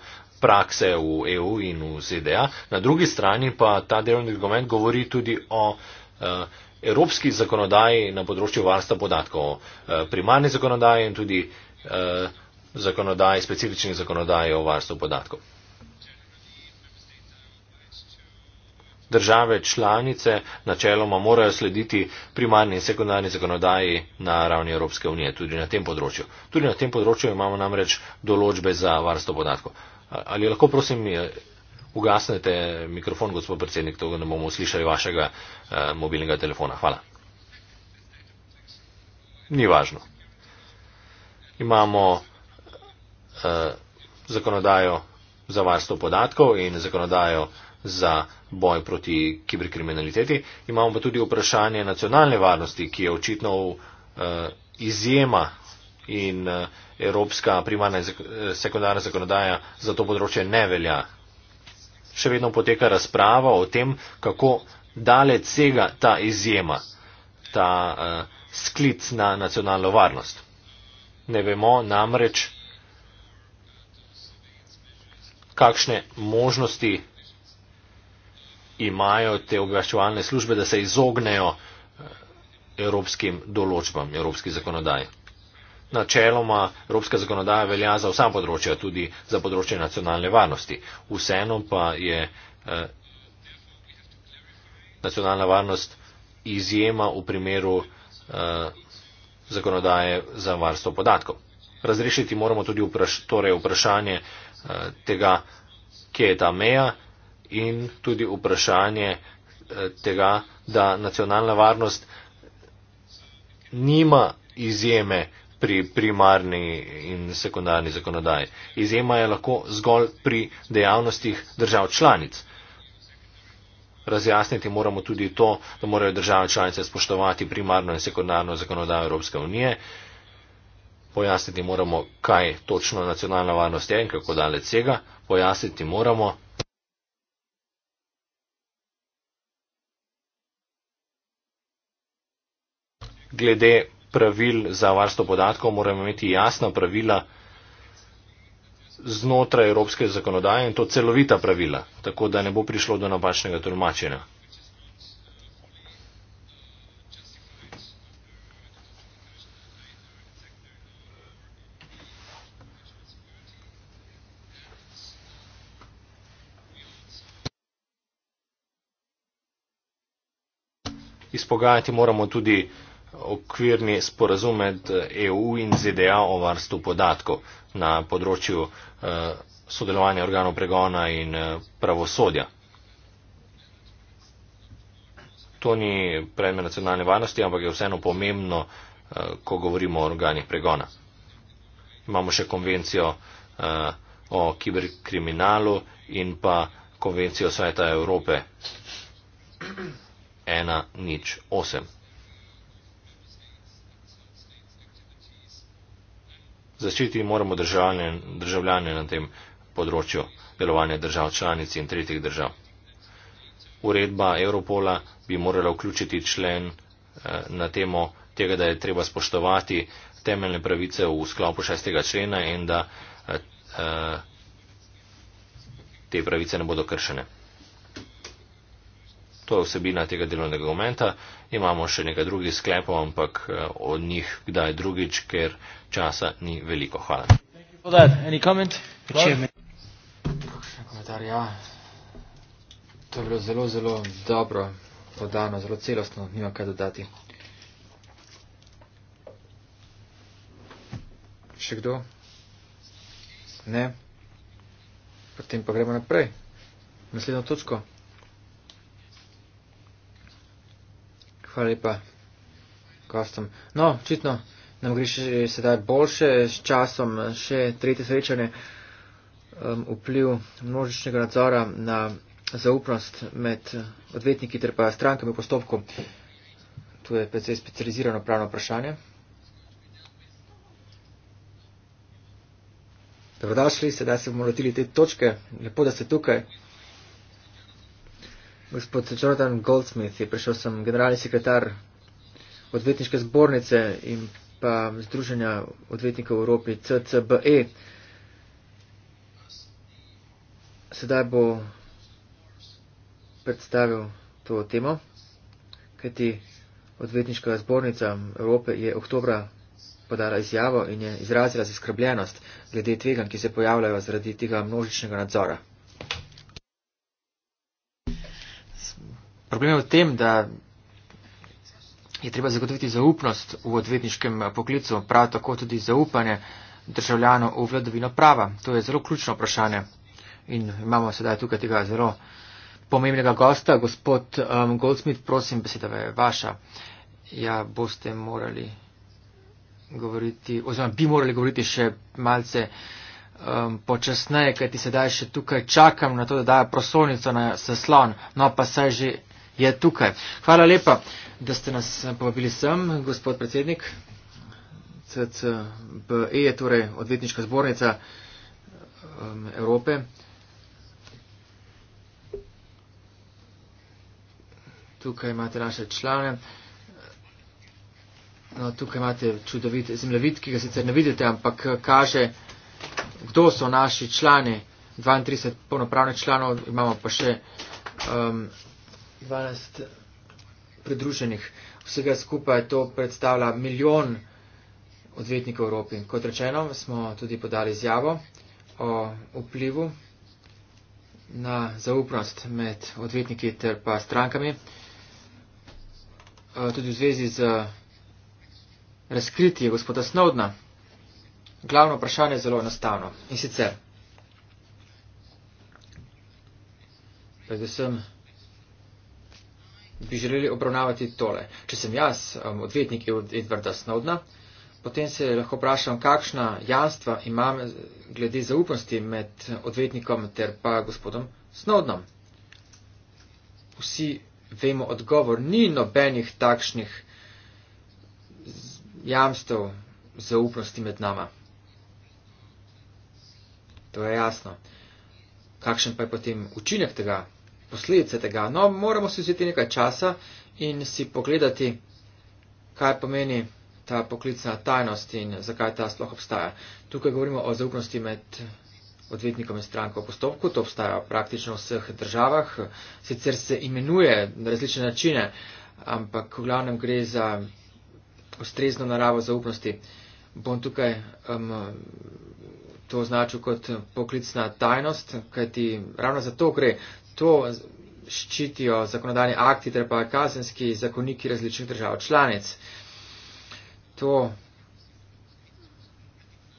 prakse v EU in v ZDA, na drugi strani pa ta delovni dokument govori tudi o uh, evropski zakonodaji na področju varstva podatkov, eh, primarni zakonodaji in tudi eh, zakonodaji, specifični zakonodaji o varstvu podatkov. Države članice načeloma morajo slediti primarni in sekundarni zakonodaji na ravni Evropske unije, tudi na tem področju. Tudi na tem področju imamo namreč določbe za varstvo podatkov. Ali lahko prosim eh, Ugasnete mikrofon, gospod predsednik, to ne bomo slišali vašega eh, mobilnega telefona. Hvala. Ni važno. Imamo eh, zakonodajo za varstvo podatkov in zakonodajo za boj proti kiberkriminaliteti. Imamo pa tudi vprašanje nacionalne varnosti, ki je očitno v, eh, izjema in eh, evropska primarna in eh, sekundarna zakonodaja za to področje ne velja še vedno poteka razprava o tem, kako daleč sega ta izjema, ta uh, sklic na nacionalno varnost. Ne vemo namreč, kakšne možnosti imajo te obveščevalne službe, da se izognejo eh, evropskim določbam, evropski zakonodaji načeloma evropska zakonodaja velja za vsa področja, tudi za področje nacionalne varnosti. Vseeno pa je eh, nacionalna varnost izjema v primeru eh, zakonodaje za varstvo podatkov. Razrešiti moramo tudi vpraš torej vprašanje eh, tega, kje je ta meja in tudi vprašanje eh, tega, da nacionalna varnost nima izjeme pri primarni in sekundarni zakonodaji. Izjema je lahko zgolj pri dejavnostih držav članic. Razjasniti moramo tudi to, da morajo države članice spoštovati primarno in sekundarno zakonodajo Evropske unije. Pojasniti moramo, kaj točno nacionalna varnost je in kako daleč sega. Pojasniti moramo. Glede pravil za varstvo podatkov, moramo imeti jasna pravila znotraj evropske zakonodaje in to celovita pravila, tako da ne bo prišlo do napačnega tolmačenja. Izpogajati moramo tudi okvirni sporazum med EU eh, e in ZDA o varstvu podatkov na področju eh, sodelovanja organov pregona in eh, pravosodja. To ni predmet nacionalne varnosti, ampak je vseeno pomembno, ko govorimo o organih pregona. Imamo še konvencijo o kiberkriminalu in pa konvencijo Sveta Evrope 1.08. Zaščiti moramo državljane, državljane na tem področju delovanja držav članic in tretjih držav. Uredba Europola bi morala vključiti člen eh, na temo tega, da je treba spoštovati temeljne pravice v sklopu šestega člena in da eh, eh, te pravice ne bodo kršene. To je vsebina tega delovnega momenta. Imamo še nekaj drugih sklepov, ampak eh, od njih kdaj drugič, ker časa ni veliko. Hvala. Ja. To je bilo zelo, zelo dobro podano, zelo celostno, nima kaj dodati. Še kdo? Ne? Potem pa gremo naprej. Naslednjo točko. Hvala lepa, Kostom. No, očitno nam gre še sedaj boljše, s časom še tretje srečanje um, vpliv množičnega nadzora na zaupnost med odvetniki ter pa strankami v postopku. To je precej specializirano pravno vprašanje. Dobrodošli, sedaj se bomo lotili te točke. Lepo, da ste tukaj. Gospod Jordan Goldsmith je prišel sem generalni sekretar odvetniške zbornice in pa Združenja odvetnikov v Evropi CCBE. Sedaj bo predstavil to temo, kajti odvetniška zbornica Evrope je oktobra podala izjavo in je izrazila zaskrbljenost glede tvegan, ki se pojavljajo zaradi tega množičnega nadzora. Problem je v tem, da je treba zagotoviti zaupnost v odvetniškem poklicu, prav tako tudi zaupanje državljanov v vladovino prava. To je zelo ključno vprašanje. In imamo sedaj tukaj tega zelo pomembnega gosta, gospod um, Goldsmith, prosim, beseda je vaša. Ja, boste morali govoriti, oziroma bi morali govoriti še malce um, počasneje, kajti sedaj še tukaj čakam na to, da dajo prosolnico na zaslon. No, pa saj že je tukaj. Hvala lepa, da ste nas eh, povabili sem, gospod predsednik CCBE, torej odvetniška zbornica um, Evrope. Tukaj imate naše člane. No, tukaj imate čudovit zemljevid, ki ga sicer ne vidite, ampak eh, kaže, kdo so naši člani. 32 polnopravnih članov, imamo pa še um, 12 pridruženih. Vsega skupaj to predstavlja milijon odvetnikov v Evropi. Kot rečeno, smo tudi podali izjavo o vplivu na zaupnost med odvetniki ter pa strankami. Eh, tudi v zvezi z razkriti gospoda Snowdna, glavno vprašanje je zelo enostavno. In sicer, predvsem, bi želeli obravnavati tole. Če sem jaz um, odvetnik Edvarda Snowdna, potem se lahko vprašam, kakšna jamstva imam glede zaupnosti med odvetnikom ter pa gospodom Snowdnom. Vsi vemo odgovor, ni nobenih takšnih jamstev zaupnosti med nama. To je jasno. Kakšen pa je potem učinek tega? posledice tega. No, moramo si vzeti nekaj časa in si pogledati, kaj pomeni ta poklicna tajnost in zakaj ta sploh obstaja. Tukaj govorimo o zaupnosti med odvetnikom in stranko v postopku, to obstaja praktično v vseh državah, sicer se imenuje na različne načine, ampak v glavnem gre za ustrezno naravo zaupnosti. Bom tukaj um, to označil kot poklicna tajnost, kajti ravno za to gre to ščitijo zakonodajni akti, ter pa kazenski zakoniki različnih držav članic. To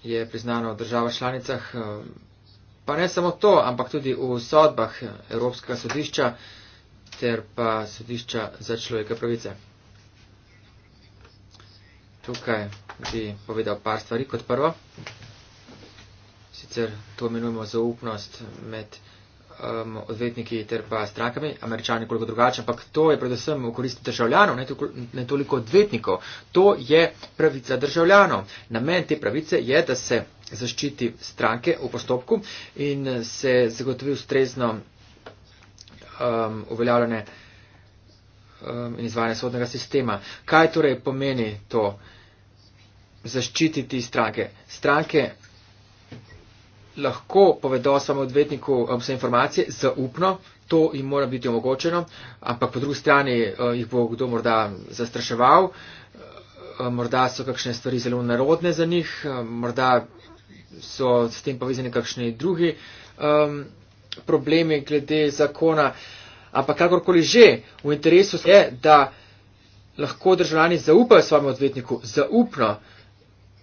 je priznano v državah članicah, eh, pa ne samo to, ampak tudi v sodbah Evropskega sodišča ter pa sodišča za človeka pravice. Tukaj bi povedal par stvari kot prvo. Sicer to imenujemo zaupnost med um, odvetniki ter pa strankami, američani koliko drugače, ampak to je predvsem v korist državljanov, ne, toliko, ne toliko odvetnikov. To je pravica državljanov. Namen te pravice je, da se zaščiti stranke v postopku in se zagotovi ustrezno um, uveljavljanje um, in izvajanje sodnega sistema. Kaj torej pomeni to? Zaščititi stranke. Stranke lahko povedo samo odvetniku eh, vse informacije, zaupno, to jim mora biti omogočeno, ampak po drugi strani eh, jih bo kdo morda zastraševal, eh, morda so kakšne stvari zelo narodne za njih, morda so s tem povezani kakšni drugi um, problemi glede zakona, ampak kakorkoli že, v interesu je, da lahko državljani zaupajo svojemu odvetniku, zaupno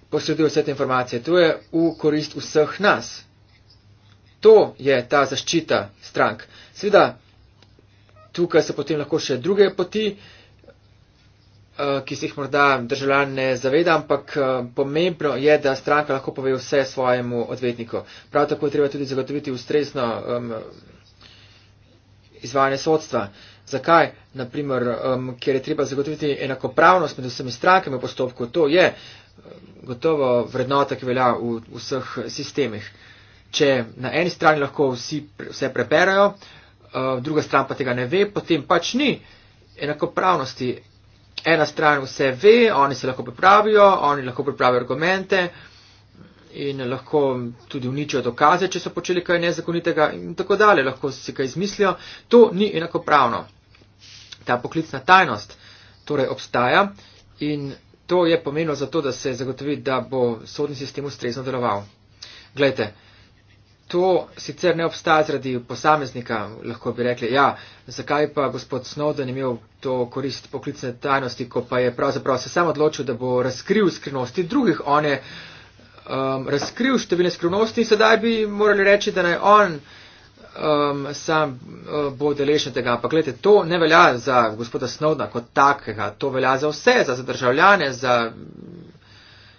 posreduje vse te informacije. To je v korist vseh nas. To je ta zaščita strank. Sveda, tukaj so potem lahko še druge poti, eh, ki se jih morda državljan ne zaveda, ampak eh, pomembno je, da stranka lahko pove vse svojemu odvetniku. Prav tako je treba tudi zagotoviti ustrezno um, izvajanje sodstva. Zakaj? Naprimer, um, ker je treba zagotoviti enakopravnost med vsemi strankami v postopku. To je, uh, gotovo vrednota, ki velja v vseh sistemih. Če na eni strani lahko vsi vse preberajo, eh, druga stran pa tega ne ve, potem pač ni enakopravnosti. Ena stran vse ve, oni se lahko pripravijo, oni lahko pripravijo argumente in lahko tudi uničijo dokaze, če so počeli kaj nezakonitega in tako dalje, lahko si kaj izmislijo. To ni enakopravno. Ta poklicna tajnost torej obstaja in To je pomenilo zato, da se zagotovi, da bo sodni sistem ustrezno deloval. Glejte, to sicer ne obstaja zradi posameznika, lahko bi rekli, ja, zakaj pa gospod Snowden imel to korist poklicne tajnosti, ko pa je pravzaprav se sam odločil, da bo razkril skrivnosti drugih, on je um, razkril številne skrivnosti in sedaj bi morali reči, da naj on um, sam uh, bo deležen tega. Ampak gledajte, to ne velja za gospoda Snowdena kot takega, to velja za vse, za državljane, za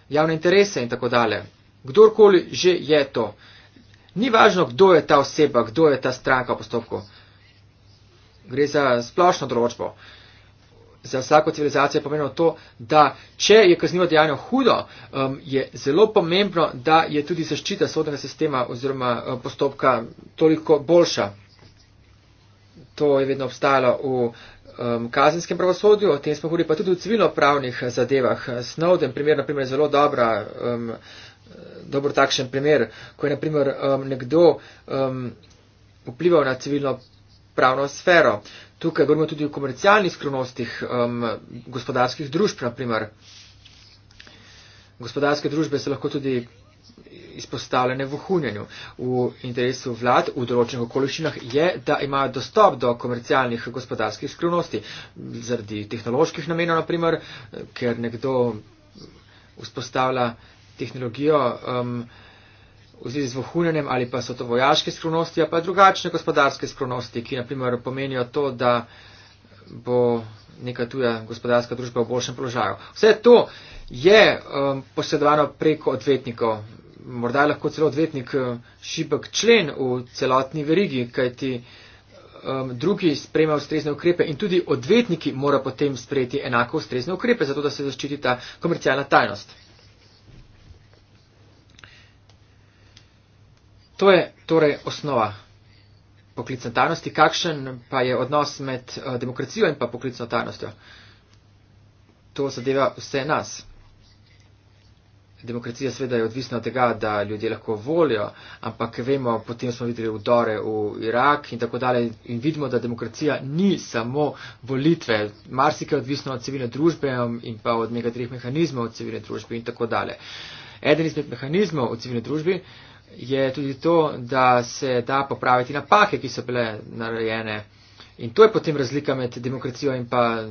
javne interese in tako dalje. Kdorkoli že je to. Ni važno, kdo je ta oseba, kdo je ta stranka v postopku. Gre za splošno določbo. Uh, za vsako civilizacijo je pomenilo to, da če je kaznivo dejanje hudo, um, je zelo pomembno, da je tudi zaščita sodnega sistema oziroma uh, postopka toliko boljša. To je vedno obstajalo v um, kazenskem pravosodju, o tem smo govorili pa tudi v civilno-pravnih uh, zadevah. Snowden, primer, naprimer, je zelo dobra, um, dobro takšen primer, ko je naprimer um, nekdo um, vplival na civilno-pravno sfero. Uh, Tukaj govorimo tudi o komercialnih skrivnostih um, gospodarskih družb, naprimer. Gospodarske družbe so lahko tudi izpostavljene v hunjenju. V interesu vlad v določenih okoliščinah je, da imajo dostop do komercialnih gospodarskih skrivnosti, zaradi tehnoloških namenov, naprimer, ker nekdo vzpostavlja tehnologijo. Um, v zvezi z vohunjenjem ali pa so to vojaške skrivnosti, pa drugačne gospodarske skrivnosti, ki naprimer pomenijo to, da bo neka tuja gospodarska družba v boljšem položaju. Vse to je um, posredovano preko odvetnikov. Morda je lahko celo odvetnik uh, šibek člen v celotni verigi, kajti um, drugi sprejme ustrezne ukrepe in tudi odvetniki mora potem sprejeti enako ustrezne ukrepe, zato da se zaščiti ta komercialna tajnost. To je torej osnova poklicne tajnosti. Kakšen pa je odnos med eh, demokracijo in pa poklicno tajnostjo? To zadeva vse nas. Demokracija seveda je odvisna od tega, da ljudje lahko volijo, ampak vemo, potem smo videli vdore v Irak in tako dalje in vidimo, da demokracija ni samo volitve. Marsik je odvisno od civilne družbe in pa od nekaterih mehanizmov v civilne družbi in tako dalje. Eden izmed mehanizmov v civilne družbi uh, je tudi to, da se da popraviti napake, ki so bile narejene. In to je potem razlika med demokracijo in pa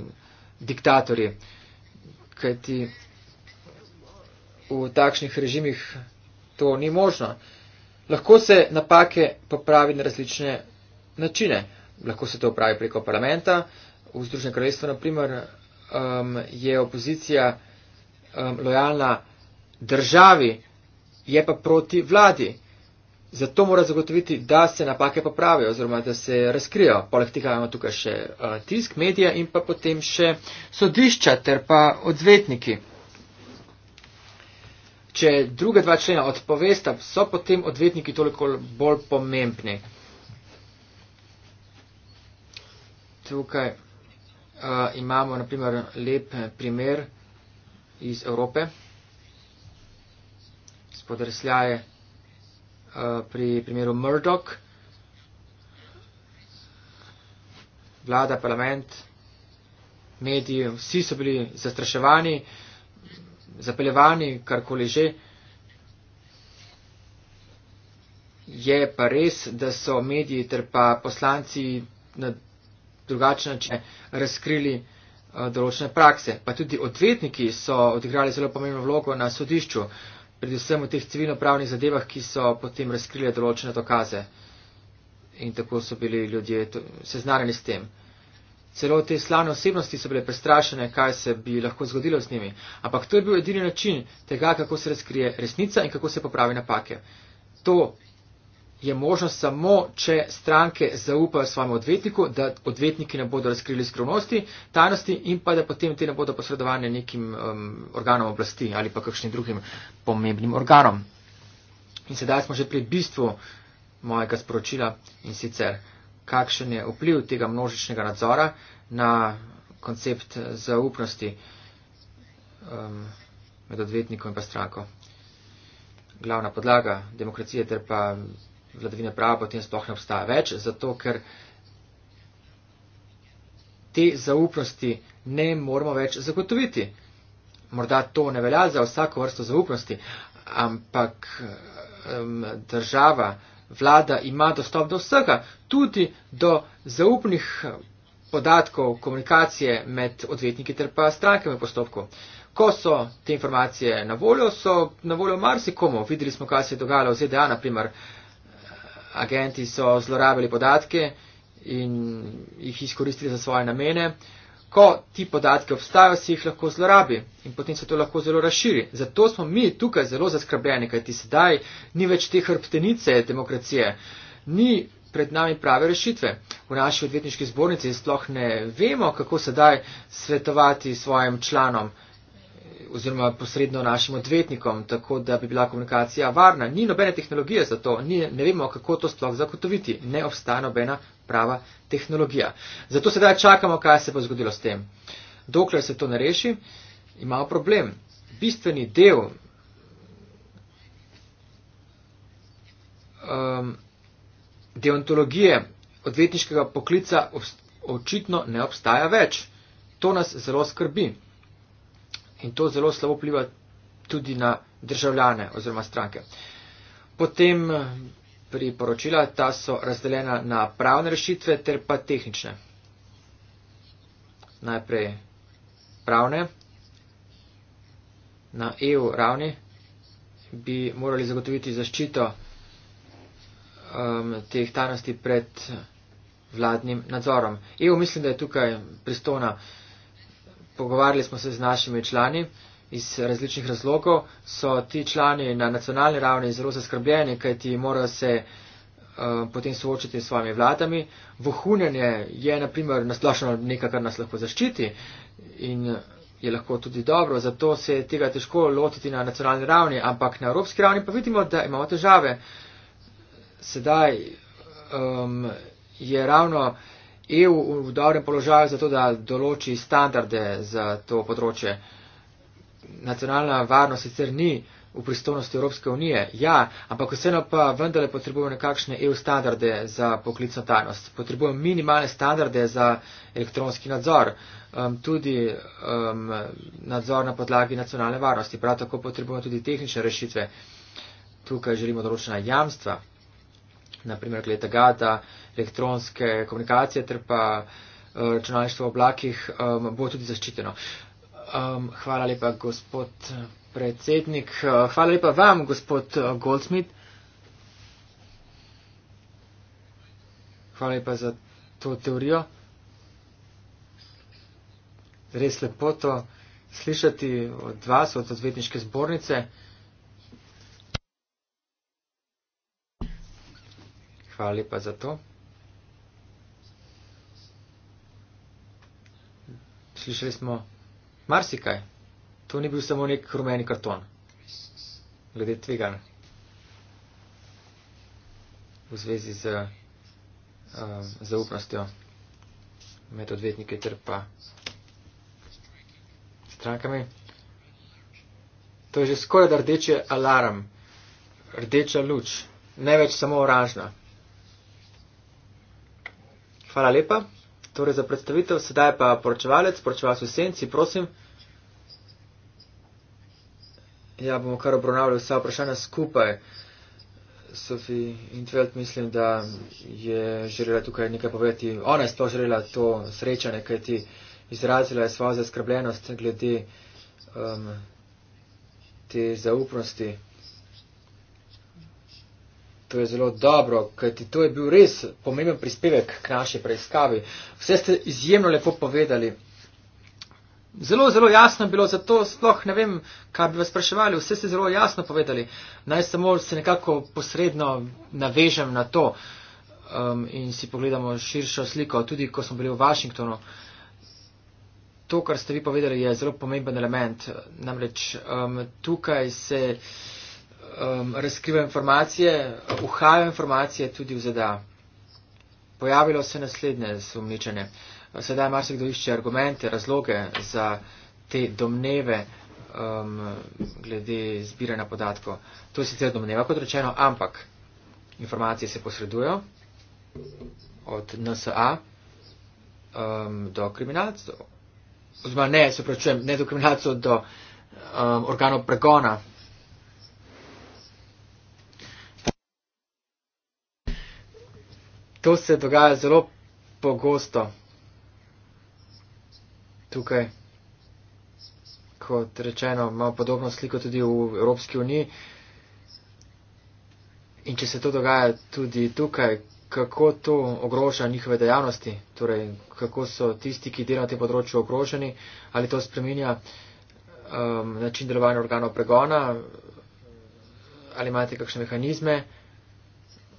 diktatorji. Kajti v takšnih režimih to ni možno. Lahko se napake popravi na različne načine. Lahko se to upravi preko parlamenta. V Združenem kraljestvu, naprimer, um, je opozicija um, lojalna državi, je pa proti vladi. Zato mora zagotoviti, da se napake popravijo oziroma da se razkrijo. Poleg tega imamo tukaj še eh, tisk, medije in pa potem še sodišča ter pa odvetniki. Če druge dva člena odpovesta, so potem odvetniki toliko bolj pomembni. Tukaj uh, imamo naprimer lep primer iz Evrope spodrsljaje uh, pri primeru Murdoch. Vlada, parlament, mediji, vsi so bili zastraševani, zapeljevani, karkoli že. Je pa res, da so mediji ter pa poslanci na drugačen način razkrili eh, določene prakse. Pa tudi odvetniki so odigrali zelo pomembno vlogo na sodišču. Uh, predvsem v teh civilno-pravnih zadevah, ki so potem razkrile določene dokaze. In tako so bili ljudje seznanjeni s tem. Celo te slavne osebnosti so bile prestrašene, kaj se bi lahko zgodilo z njimi. Ampak to je bil edini način tega, kako se razkrije resnica in kako se popravi napake. To je možno samo, če stranke zaupajo svojemu odvetniku, da odvetniki ne bodo razkrili skrivnosti, tajnosti in pa da potem te ne bodo posredovane nekim um, organom oblasti ali pa kakšnim drugim pomembnim organom. In sedaj smo že pri bistvu mojega sporočila in sicer, kakšen je vpliv tega množičnega nadzora na koncept zaupnosti um, med odvetnikom in pa stranko. Glavna podlaga demokracije ter pa vladavine prava potem sploh ne obstaja več, zato ker te zaupnosti ne moramo več zagotoviti. Morda to ne velja za vsako vrsto zaupnosti, ampak um, država, vlada ima dostop do vsega, tudi do zaupnih podatkov komunikacije med odvetniki ter pa strankami v postopku. Ko so te informacije na voljo, so na voljo marsikomu. Videli smo, kaj se je dogajalo v ZDA, na primer. Uh, agenti so zlorabili podatke in jih izkoristili za svoje namene. Ko ti podatki obstajajo, si jih lahko zlorabi in potem se to lahko zelo razširi. Zato smo mi tukaj zelo zaskrbljeni, kajti sedaj ni več te hrbtenice demokracije, ni pred nami prave rešitve. V naši odvetniški zbornici sploh ne vemo, kako sedaj svetovati svojim članom, oziroma posredno našim odvetnikom, tako da bi bila komunikacija varna. Ni nobene tehnologije za to, ni, ne vemo, kako to sploh zagotoviti. Ne obstaja nobena prava tehnologija. Zato sedaj čakamo, kaj se bo zgodilo s tem. Dokler se to ne reši, imamo problem. Bistveni del um, deontologije odvetniškega poklica očitno ne obstaja več. To nas zelo skrbi in to zelo slabo pliva tudi na državljane oziroma stranke. Potem eh, priporočila, ta so razdeljena na pravne rešitve ter pa tehnične. Najprej pravne. Na EU ravni bi morali zagotoviti zaščito um, teh tajnosti pred vladnim nadzorom. EU mislim, da je tukaj pristona. Uh, pogovarjali smo se z našimi člani iz različnih razlogov. So ti člani na nacionalni ravni zelo zaskrbljeni, kajti morajo se uh, potem soočiti s svojimi vladami. Vohunjanje je naprimer nasplošno nekaj, kar nas lahko zaščiti in je lahko tudi dobro, zato se je tega težko lotiti na nacionalni ravni, ampak na evropski ravni pa vidimo, da imamo težave. Sedaj um, je ravno. EU v dobrem položaju zato, da določi standarde za to področje. Nacionalna varnost sicer ni v pristojnosti Evropske unije, ja, ampak vseeno pa vendarle potrebujemo nekakšne EU standarde za poklicno tajnost. Potrebujemo minimalne standarde za elektronski nadzor, um, tudi um, nadzor na podlagi nacionalne varnosti. Prav tako potrebujemo tudi tehnične rešitve. Tukaj želimo določena jamstva, naprimer glede tega, da. Gada, elektronske komunikacije ter pa eh, računalništvo v oblakih um, bo tudi zaščiteno. Um, hvala lepa, gospod predsednik. Eh, hvala lepa vam, gospod eh, Goldsmith. Hvala lepa za to teorijo. Res lepo to slišati od vas, od odvetniške zbornice. Hvala lepa za to. slišali smo marsikaj. To ni bil samo nek rumeni karton. Glede tvegan. V zvezi z um, zaupnostjo med odvetniki ter pa strankami. To je že skoraj da rdeče alarm, rdeča luč, ne več samo oranžna. Hvala lepa. Torej za predstavitev, sedaj pa poročevalec, poročevalec v senci, prosim. Ja, bomo kar obravnavali vsa vprašanja skupaj. Sofi Intveld mislim, da je želela tukaj nekaj povedati. Ona je sploh želela to srečanje, kaj ti izrazila je svojo zaskrbljenost glede um, te zaupnosti. To je zelo dobro, kajti to je bil res pomemben prispevek k naši preiskavi. Vse ste izjemno lepo povedali. Zelo, zelo jasno je bilo, zato sploh ne vem, kaj bi vas spraševali. Vse ste zelo jasno povedali. Naj samo se nekako posredno navežem na to um, in si pogledamo širšo sliko. Tudi, ko smo bili v Washingtonu, to, kar ste vi povedali, je zelo pomemben element. Namreč um, tukaj se um, razkriva informacije, uhaja informacije tudi v ZDA. Pojavilo se naslednje sumničenje. Sedaj marsikdo išče argumente, razloge za te domneve um, glede zbiranja podatkov. To je sicer domneva, kot rečeno, ampak informacije se posredujo od NSA um, do kriminalcev. Oziroma ne, se pravčujem, ne do kriminalcev, do um, organov pregona to se dogaja zelo pogosto tukaj. Kot rečeno, imamo podobno sliko tudi v Evropski uniji. In če se to dogaja tudi tukaj, kako to ogroža njihove dejavnosti, torej kako so tisti, ki delajo na tem področju ogroženi, ali to spreminja um, način delovanja organov pregona, ali imate kakšne mehanizme,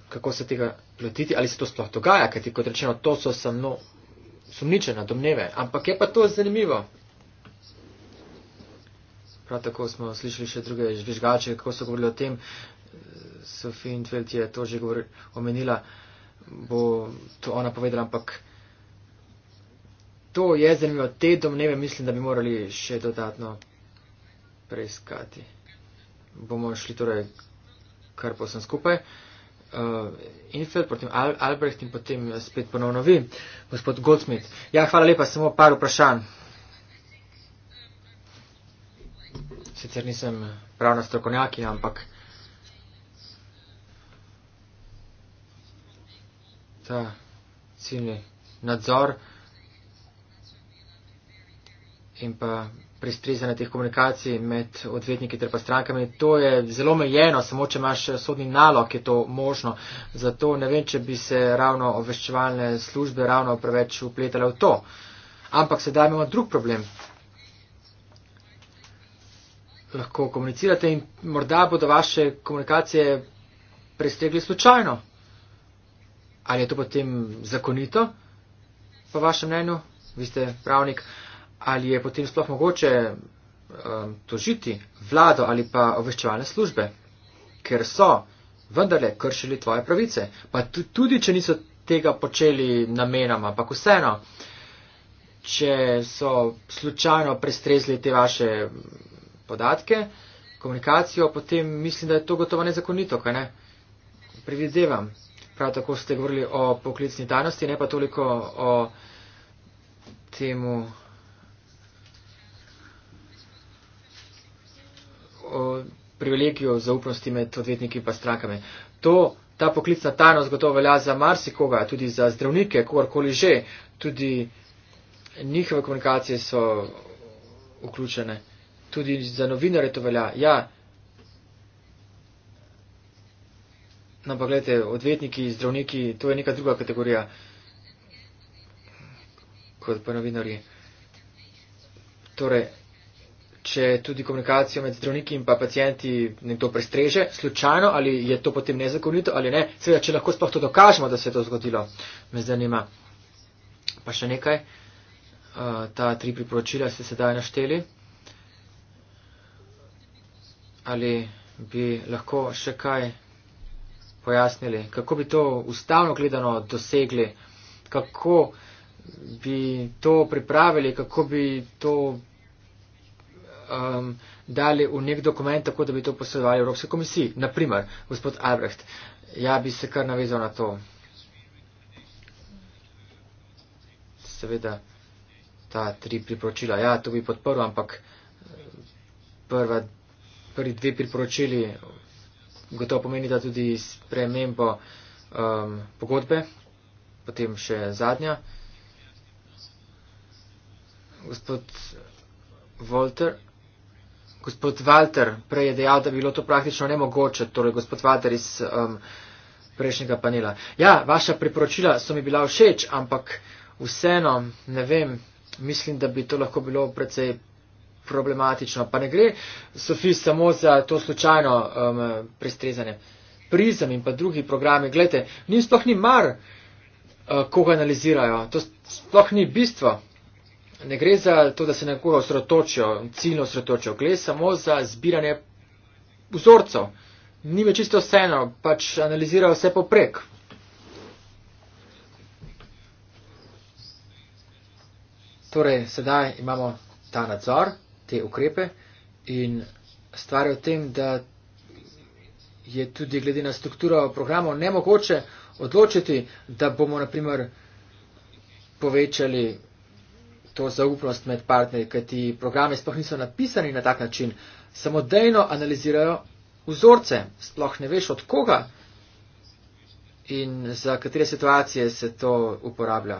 kako se tega lotiti, ali se to sploh dogaja, kajti kot rečeno, to so samo sumničene domneve, ampak je pa to zanimivo. Prav tako smo slišali še druge žvižgače, kako so govorili o tem. Sofi Intveld je to že govor, omenila, bo to ona povedala, ampak to je zanimivo. Te domneve mislim, da bi morali še dodatno preiskati. Bomo šli torej kar posem skupaj. Uh, uh, Infeld, potem Al Albrecht in potem eh, spet ponovno vi, gospod Goldsmith. Ja, hvala lepa, samo par vprašanj. Sicer nisem pravna strokovnjaki, ampak. Ta ciljni nadzor in pa prestrezanje teh komunikacij med odvetniki ter pa strankami. To je zelo mejeno, samo če imaš eh, sodni nalog, je to možno. Zato ne vem, če bi se ravno obveščevalne službe ravno preveč upletale v to. Ampak sedaj imamo drug problem. Lahko komunicirate in morda bodo vaše komunikacije prestregli slučajno. Ali je to potem zakonito, po vašem mnenju? Vi ste pravnik ali je potem sploh mogoče um, tožiti vlado ali pa obveščevalne službe, ker so vendarle kršili tvoje pravice, pa tudi, če niso tega počeli namenoma, pa vseeno, če so slučajno prestrezli te vaše podatke, komunikacijo, potem mislim, da je to gotovo nezakonito, kaj ne? Privizevam. Prav tako ste govorili o poklicni tajnosti, ne pa toliko o temu. privilegijo zaupnosti med odvetniki in strankami. To, ta poklicna tajnost gotovo velja za marsikoga, tudi za zdravnike, kogarkoli že, tudi njihove komunikacije so vključene, tudi za novinare to velja. Ja, no, ampak gledajte, odvetniki, zdravniki, to je neka druga kategorija kot pa novinari. Torej, če tudi komunikacijo med zdravniki in pa pacijenti nekdo prestreže, slučajno ali je to potem nezakonito ali ne. Seveda, če lahko sploh to dokažemo, da se je to zgodilo, me zanima. Pa še nekaj. Uh, ta tri priporočila ste sedaj našteli. Ali bi lahko še kaj pojasnili, kako bi to ustavno gledano dosegli, kako bi to pripravili, kako bi to um, dali v nek dokument, tako da bi to posredovali Evropske komisiji. Naprimer, gospod Albrecht, ja bi se kar navezal na to. Seveda, ta tri priporočila, ja, to bi podprl, ampak prva, prvi dve priporočili gotovo pomeni, da tudi spremembo um, pogodbe, potem še zadnja. Gospod Volter, Gospod Walter prej je dejal, da bi bilo to praktično nemogoče, torej gospod Walter iz um, prejšnjega panela. Ja, vaša priporočila so mi bila všeč, ampak vseeno, ne vem, mislim, da bi to lahko bilo precej problematično. Pa ne gre, Sofi, samo za to slučajno um, prestrezanje. Prizem in pa drugi programi, gledajte, njim sploh ni mar, uh, koga analizirajo, to sploh ni bistvo ne gre za to, da se nekoga osredotočijo, ciljno osredotočijo, gre samo za zbiranje vzorcev. Ni me čisto vseeno, pač analizirajo vse poprek. Torej, sedaj imamo ta nadzor, te ukrepe in stvar je v tem, da je tudi glede na strukturo programov nemogoče odločiti, da bomo naprimer povečali to zaupnost med partnerji, ker ti programe sploh niso napisani na tak način, samodejno analizirajo vzorce, sploh ne veš od koga in za katere situacije se to uporablja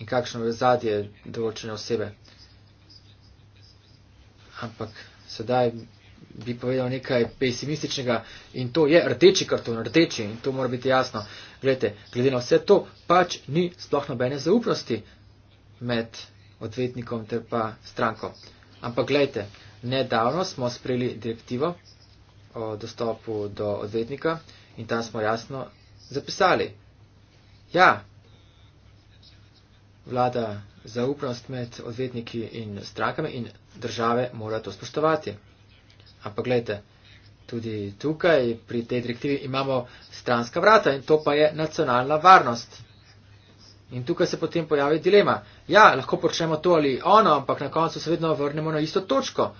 in kakšno je zadje določene osebe. Ampak sedaj bi povedal nekaj pesimističnega in to je rdeči karton, rdeči in to mora biti jasno. Glede, glede na vse to, pač ni sploh nobene zaupnosti med odvetnikom ter pa stranko. Ampak gledajte, nedavno smo sprejeli direktivo o dostopu do odvetnika in tam smo jasno zapisali. Ja, vlada zaupnost med odvetniki in strankami in države mora to spoštovati. Ampak gledajte, tudi tukaj pri tej direktivi imamo stranska vrata in to pa je nacionalna varnost. In tukaj se potem pojavi dilema. Ja, lahko počnemo to ali ono, ampak na koncu se vedno vrnemo na isto točko.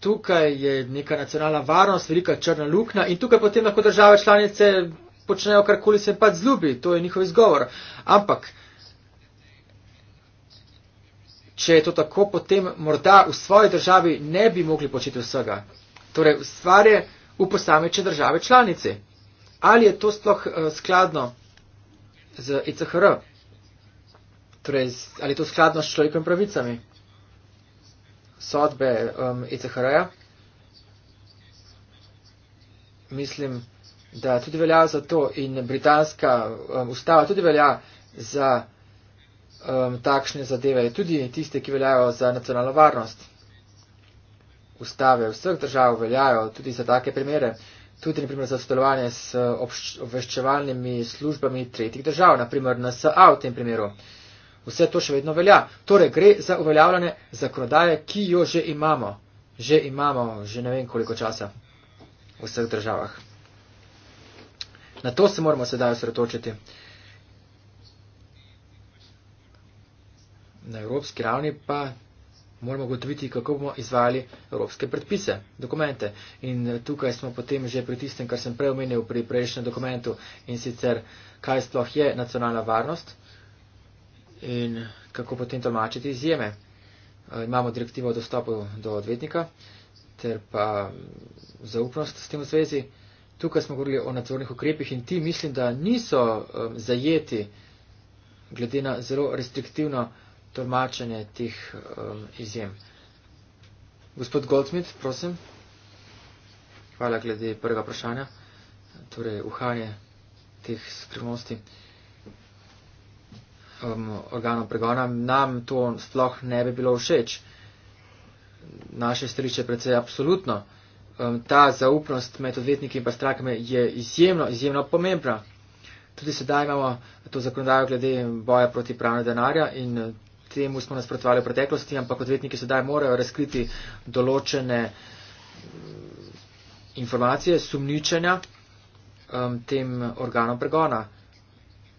Tukaj je neka nacionalna varnost, velika črna luknja in tukaj potem lahko države članice počnejo karkoli se jim pač zlubi. To je njihov izgovor. Ampak, če je to tako, potem morda v svoji državi ne bi mogli početi vsega. Torej, stvar je v posameče države članice. Ali je to sploh eh, skladno z ECHR? Torej, ali je to skladno s človekovimi pravicami? Sodbe um, ECHR-ja? Mislim, da tudi velja za to in britanska um, ustava tudi velja za um, takšne zadeve, tudi tiste, ki veljajo za nacionalno varnost ustave vseh držav veljajo tudi za take primere, tudi naprimer za sodelovanje s obveščevalnimi službami tretjih držav, naprimer NSA v tem primeru. Vse to še vedno velja. Torej gre za uveljavljanje zakonodaje, ki jo že imamo. Že imamo, že ne vem koliko časa v vseh državah. Na to se moramo sedaj osredotočiti. Na evropski ravni pa moramo gotoviti, kako bomo izvajali evropske predpise, dokumente. In eh, tukaj smo potem že pri tistem, kar sem prej omenil pri prejšnjem dokumentu in sicer, kaj sploh je nacionalna varnost in kako potem tolmačiti izjeme. Eh, imamo direktivo o dostopu do odvetnika ter pa mm, zaupnost s tem v zvezi. Tukaj smo govorili o nadzornih ukrepih in ti mislim, da niso eh, zajeti glede na zelo restriktivno tolmačenje tih um, izjem. Gospod Goldsmit, prosim. Hvala glede prvega vprašanja, torej uhanje teh skrivnosti um, organov pregona. Nam to sploh ne bi bilo všeč. Naše stališče predvsej absolutno. Um, ta zaupnost med odvetniki in pa strakami je izjemno, izjemno pomembna. Tudi sedaj imamo to zakonodajo glede boja proti pravne denarja in temu smo nasprotovali v preteklosti, ampak odvetniki sedaj morajo razkriti določene mm, informacije, sumničenja um, tem organom pregona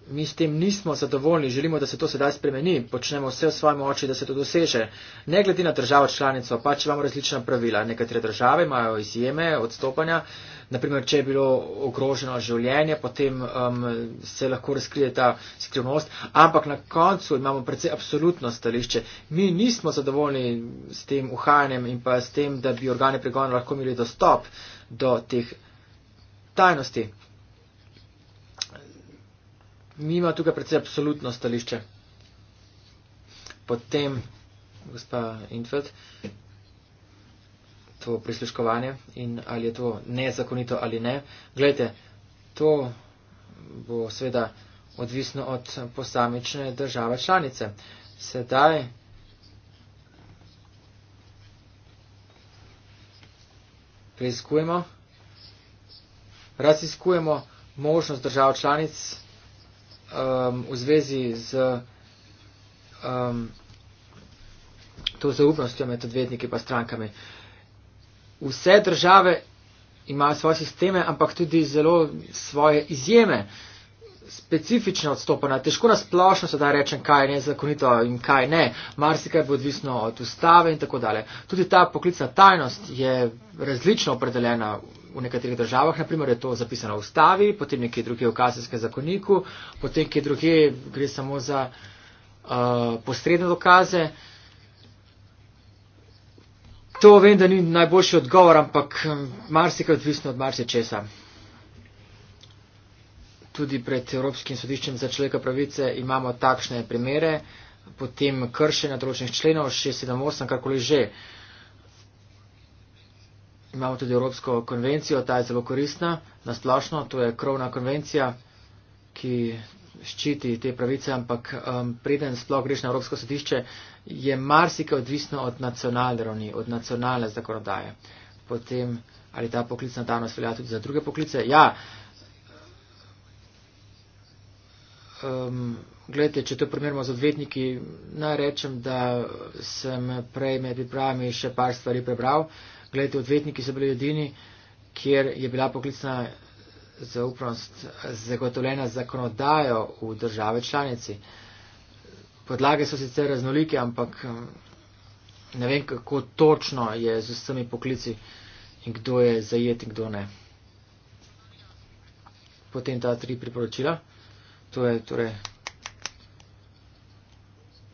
mi s tem nismo zadovoljni, želimo, da se to sedaj spremeni, počnemo vse v svojem oči, da se to doseže. Ne glede na državo članico, pač imamo različna pravila. Nekatere države imajo izjeme, odstopanja. Naprimer, če je bilo ogroženo življenje, potem um, se lahko razkrije ta skrivnost. Ampak na koncu imamo predvsej absolutno stališče. Mi nismo zadovoljni s tem uhajanjem in pa s tem, da bi organe pregona lahko imeli dostop do teh tajnosti. Mi imamo tukaj predvsej absolutno stališče. Potem, gospa Infeld, to prisluškovanje in ali je to nezakonito ali ne. Glejte, to bo seveda odvisno od posamične države članice. Sedaj. Preiskujemo, raziskujemo možnost držav članic, um, v zvezi z um, to zaupnostjo med odvetniki pa strankami. Vse države imajo svoje sisteme, ampak tudi zelo svoje izjeme, specifične odstopanja. Težko na splošno se da rečem, kaj je nezakonito in kaj ne. Marsikaj bo odvisno od ustave in tako dalje. Tudi ta poklicna tajnost je različno opredeljena v nekaterih državah, naprimer je to zapisano v ustavi, potem nekje druge v kazenskem zakoniku, potem nekje druge gre samo za uh, posredne dokaze. To vem, da ni najboljši odgovor, ampak um, marsikaj odvisno od marsičesa. Tudi pred Evropskim sodiščem za človeka pravice imamo takšne primere, potem kršenja določenih členov 678, karkoli že. Uh, Imamo tudi Evropsko konvencijo, ta je zelo koristna, nasplošno, to je krovna konvencija, ki ščiti te pravice, ampak um, preden sploh greš na Evropsko sodišče, je marsikaj odvisno od nacionalne ravni, od nacionalne zakonodaje. Potem, ali ta poklicna danost velja tudi za druge poklice? Ja. Um, Gledajte, če to primerjamo z odvetniki, naj rečem, da sem prej med pripravami še par stvari prebral. Uh, Glede, odvetniki so bili edini, kjer je bila poklicna zaupnost zagotovljena zakonodajo v države članici. Podlage so sicer raznolike, ampak mm, ne vem, kako točno je z vsemi poklici in kdo je zajet in kdo ne. Potem ta tri priporočila. To je torej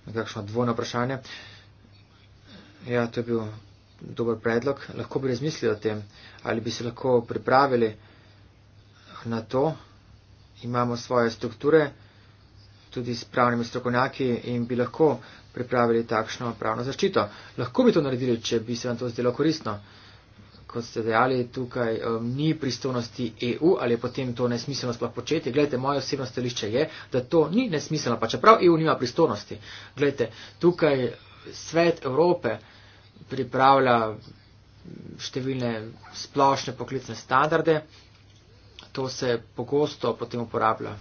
nekakšno dvojno vprašanje. Ja, to je bil dober predlog, lahko bi razmislili o tem, ali bi se lahko pripravili na to. Imamo svoje strukture, tudi s pravnimi strokovnjaki in bi lahko pripravili takšno pravno zaščito. Lahko bi to naredili, če bi se vam to zdelo koristno. Kot ste dejali, tukaj um, ni pristojnosti EU ali je potem to nesmiselno sploh početi. Glejte, moje osebno stališče je, da to ni nesmiselno, pa čeprav EU nima pristojnosti. Glejte, tukaj svet Evrope pripravlja številne splošne poklicne standarde. To se pogosto potem uporablja,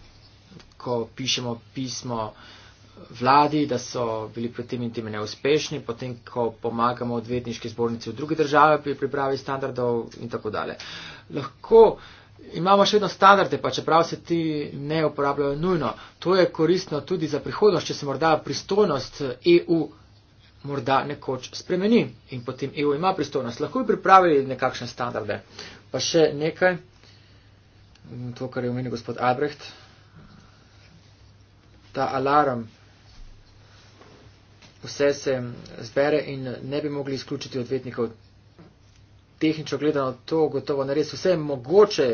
ko pišemo pismo vladi, da so bili pri tem in tem neuspešni, potem, ko pomagamo odvetniški zbornici v drugi državi pri pripravi standardov in tako dalje. Lahko imamo še vedno standarde, pa čeprav se ti ne uporabljajo nujno, to je koristno tudi za prihodnost, če se morda pristojnost EU morda nekoč spremeni in potem EU ima pristojnost. Lahko bi pripravili nekakšne standarde. Pa še nekaj, mm, to, kar je omenil gospod Abrecht, ta alarm vse se zbere in ne bi mogli izključiti odvetnikov. Tehnično gledano to gotovo nares vse je mogoče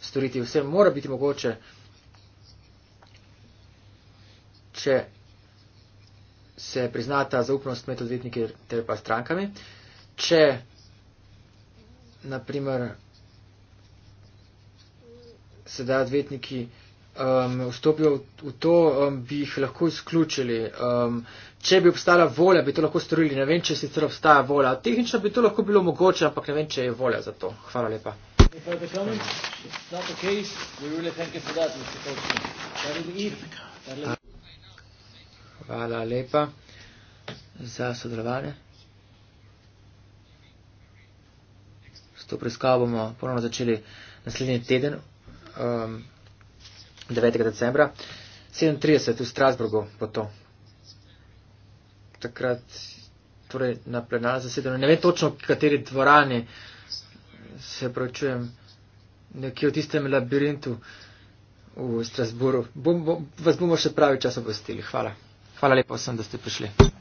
storiti, vse mora biti mogoče. Če se priznata zaupnost med odvetniki ter pa strankami. Če, naprimer, sedaj odvetniki um, vstopijo v, v to, um, bi jih lahko izključili. Um, če bi obstala volja, bi to lahko storili. Ne vem, če sicer obstaja volja. Tehnično bi to lahko bilo mogoče, ampak ne vem, če je volja za to. Hvala lepa. Uh, Hvala lepa za sodelovanje. S to preiskavo bomo ponovno začeli naslednji teden, um, 9. decembra, 37 v Strasburgu po to. Takrat, torej na plenarno zasedanje, ne vem točno, kateri dvorani se pravičujem, nekje v tistem labirintu v Strasburu. Bom, bom, vas bomo še pravi čas obvestili. Hvala. Hvala lepa vsem, da ste prišli.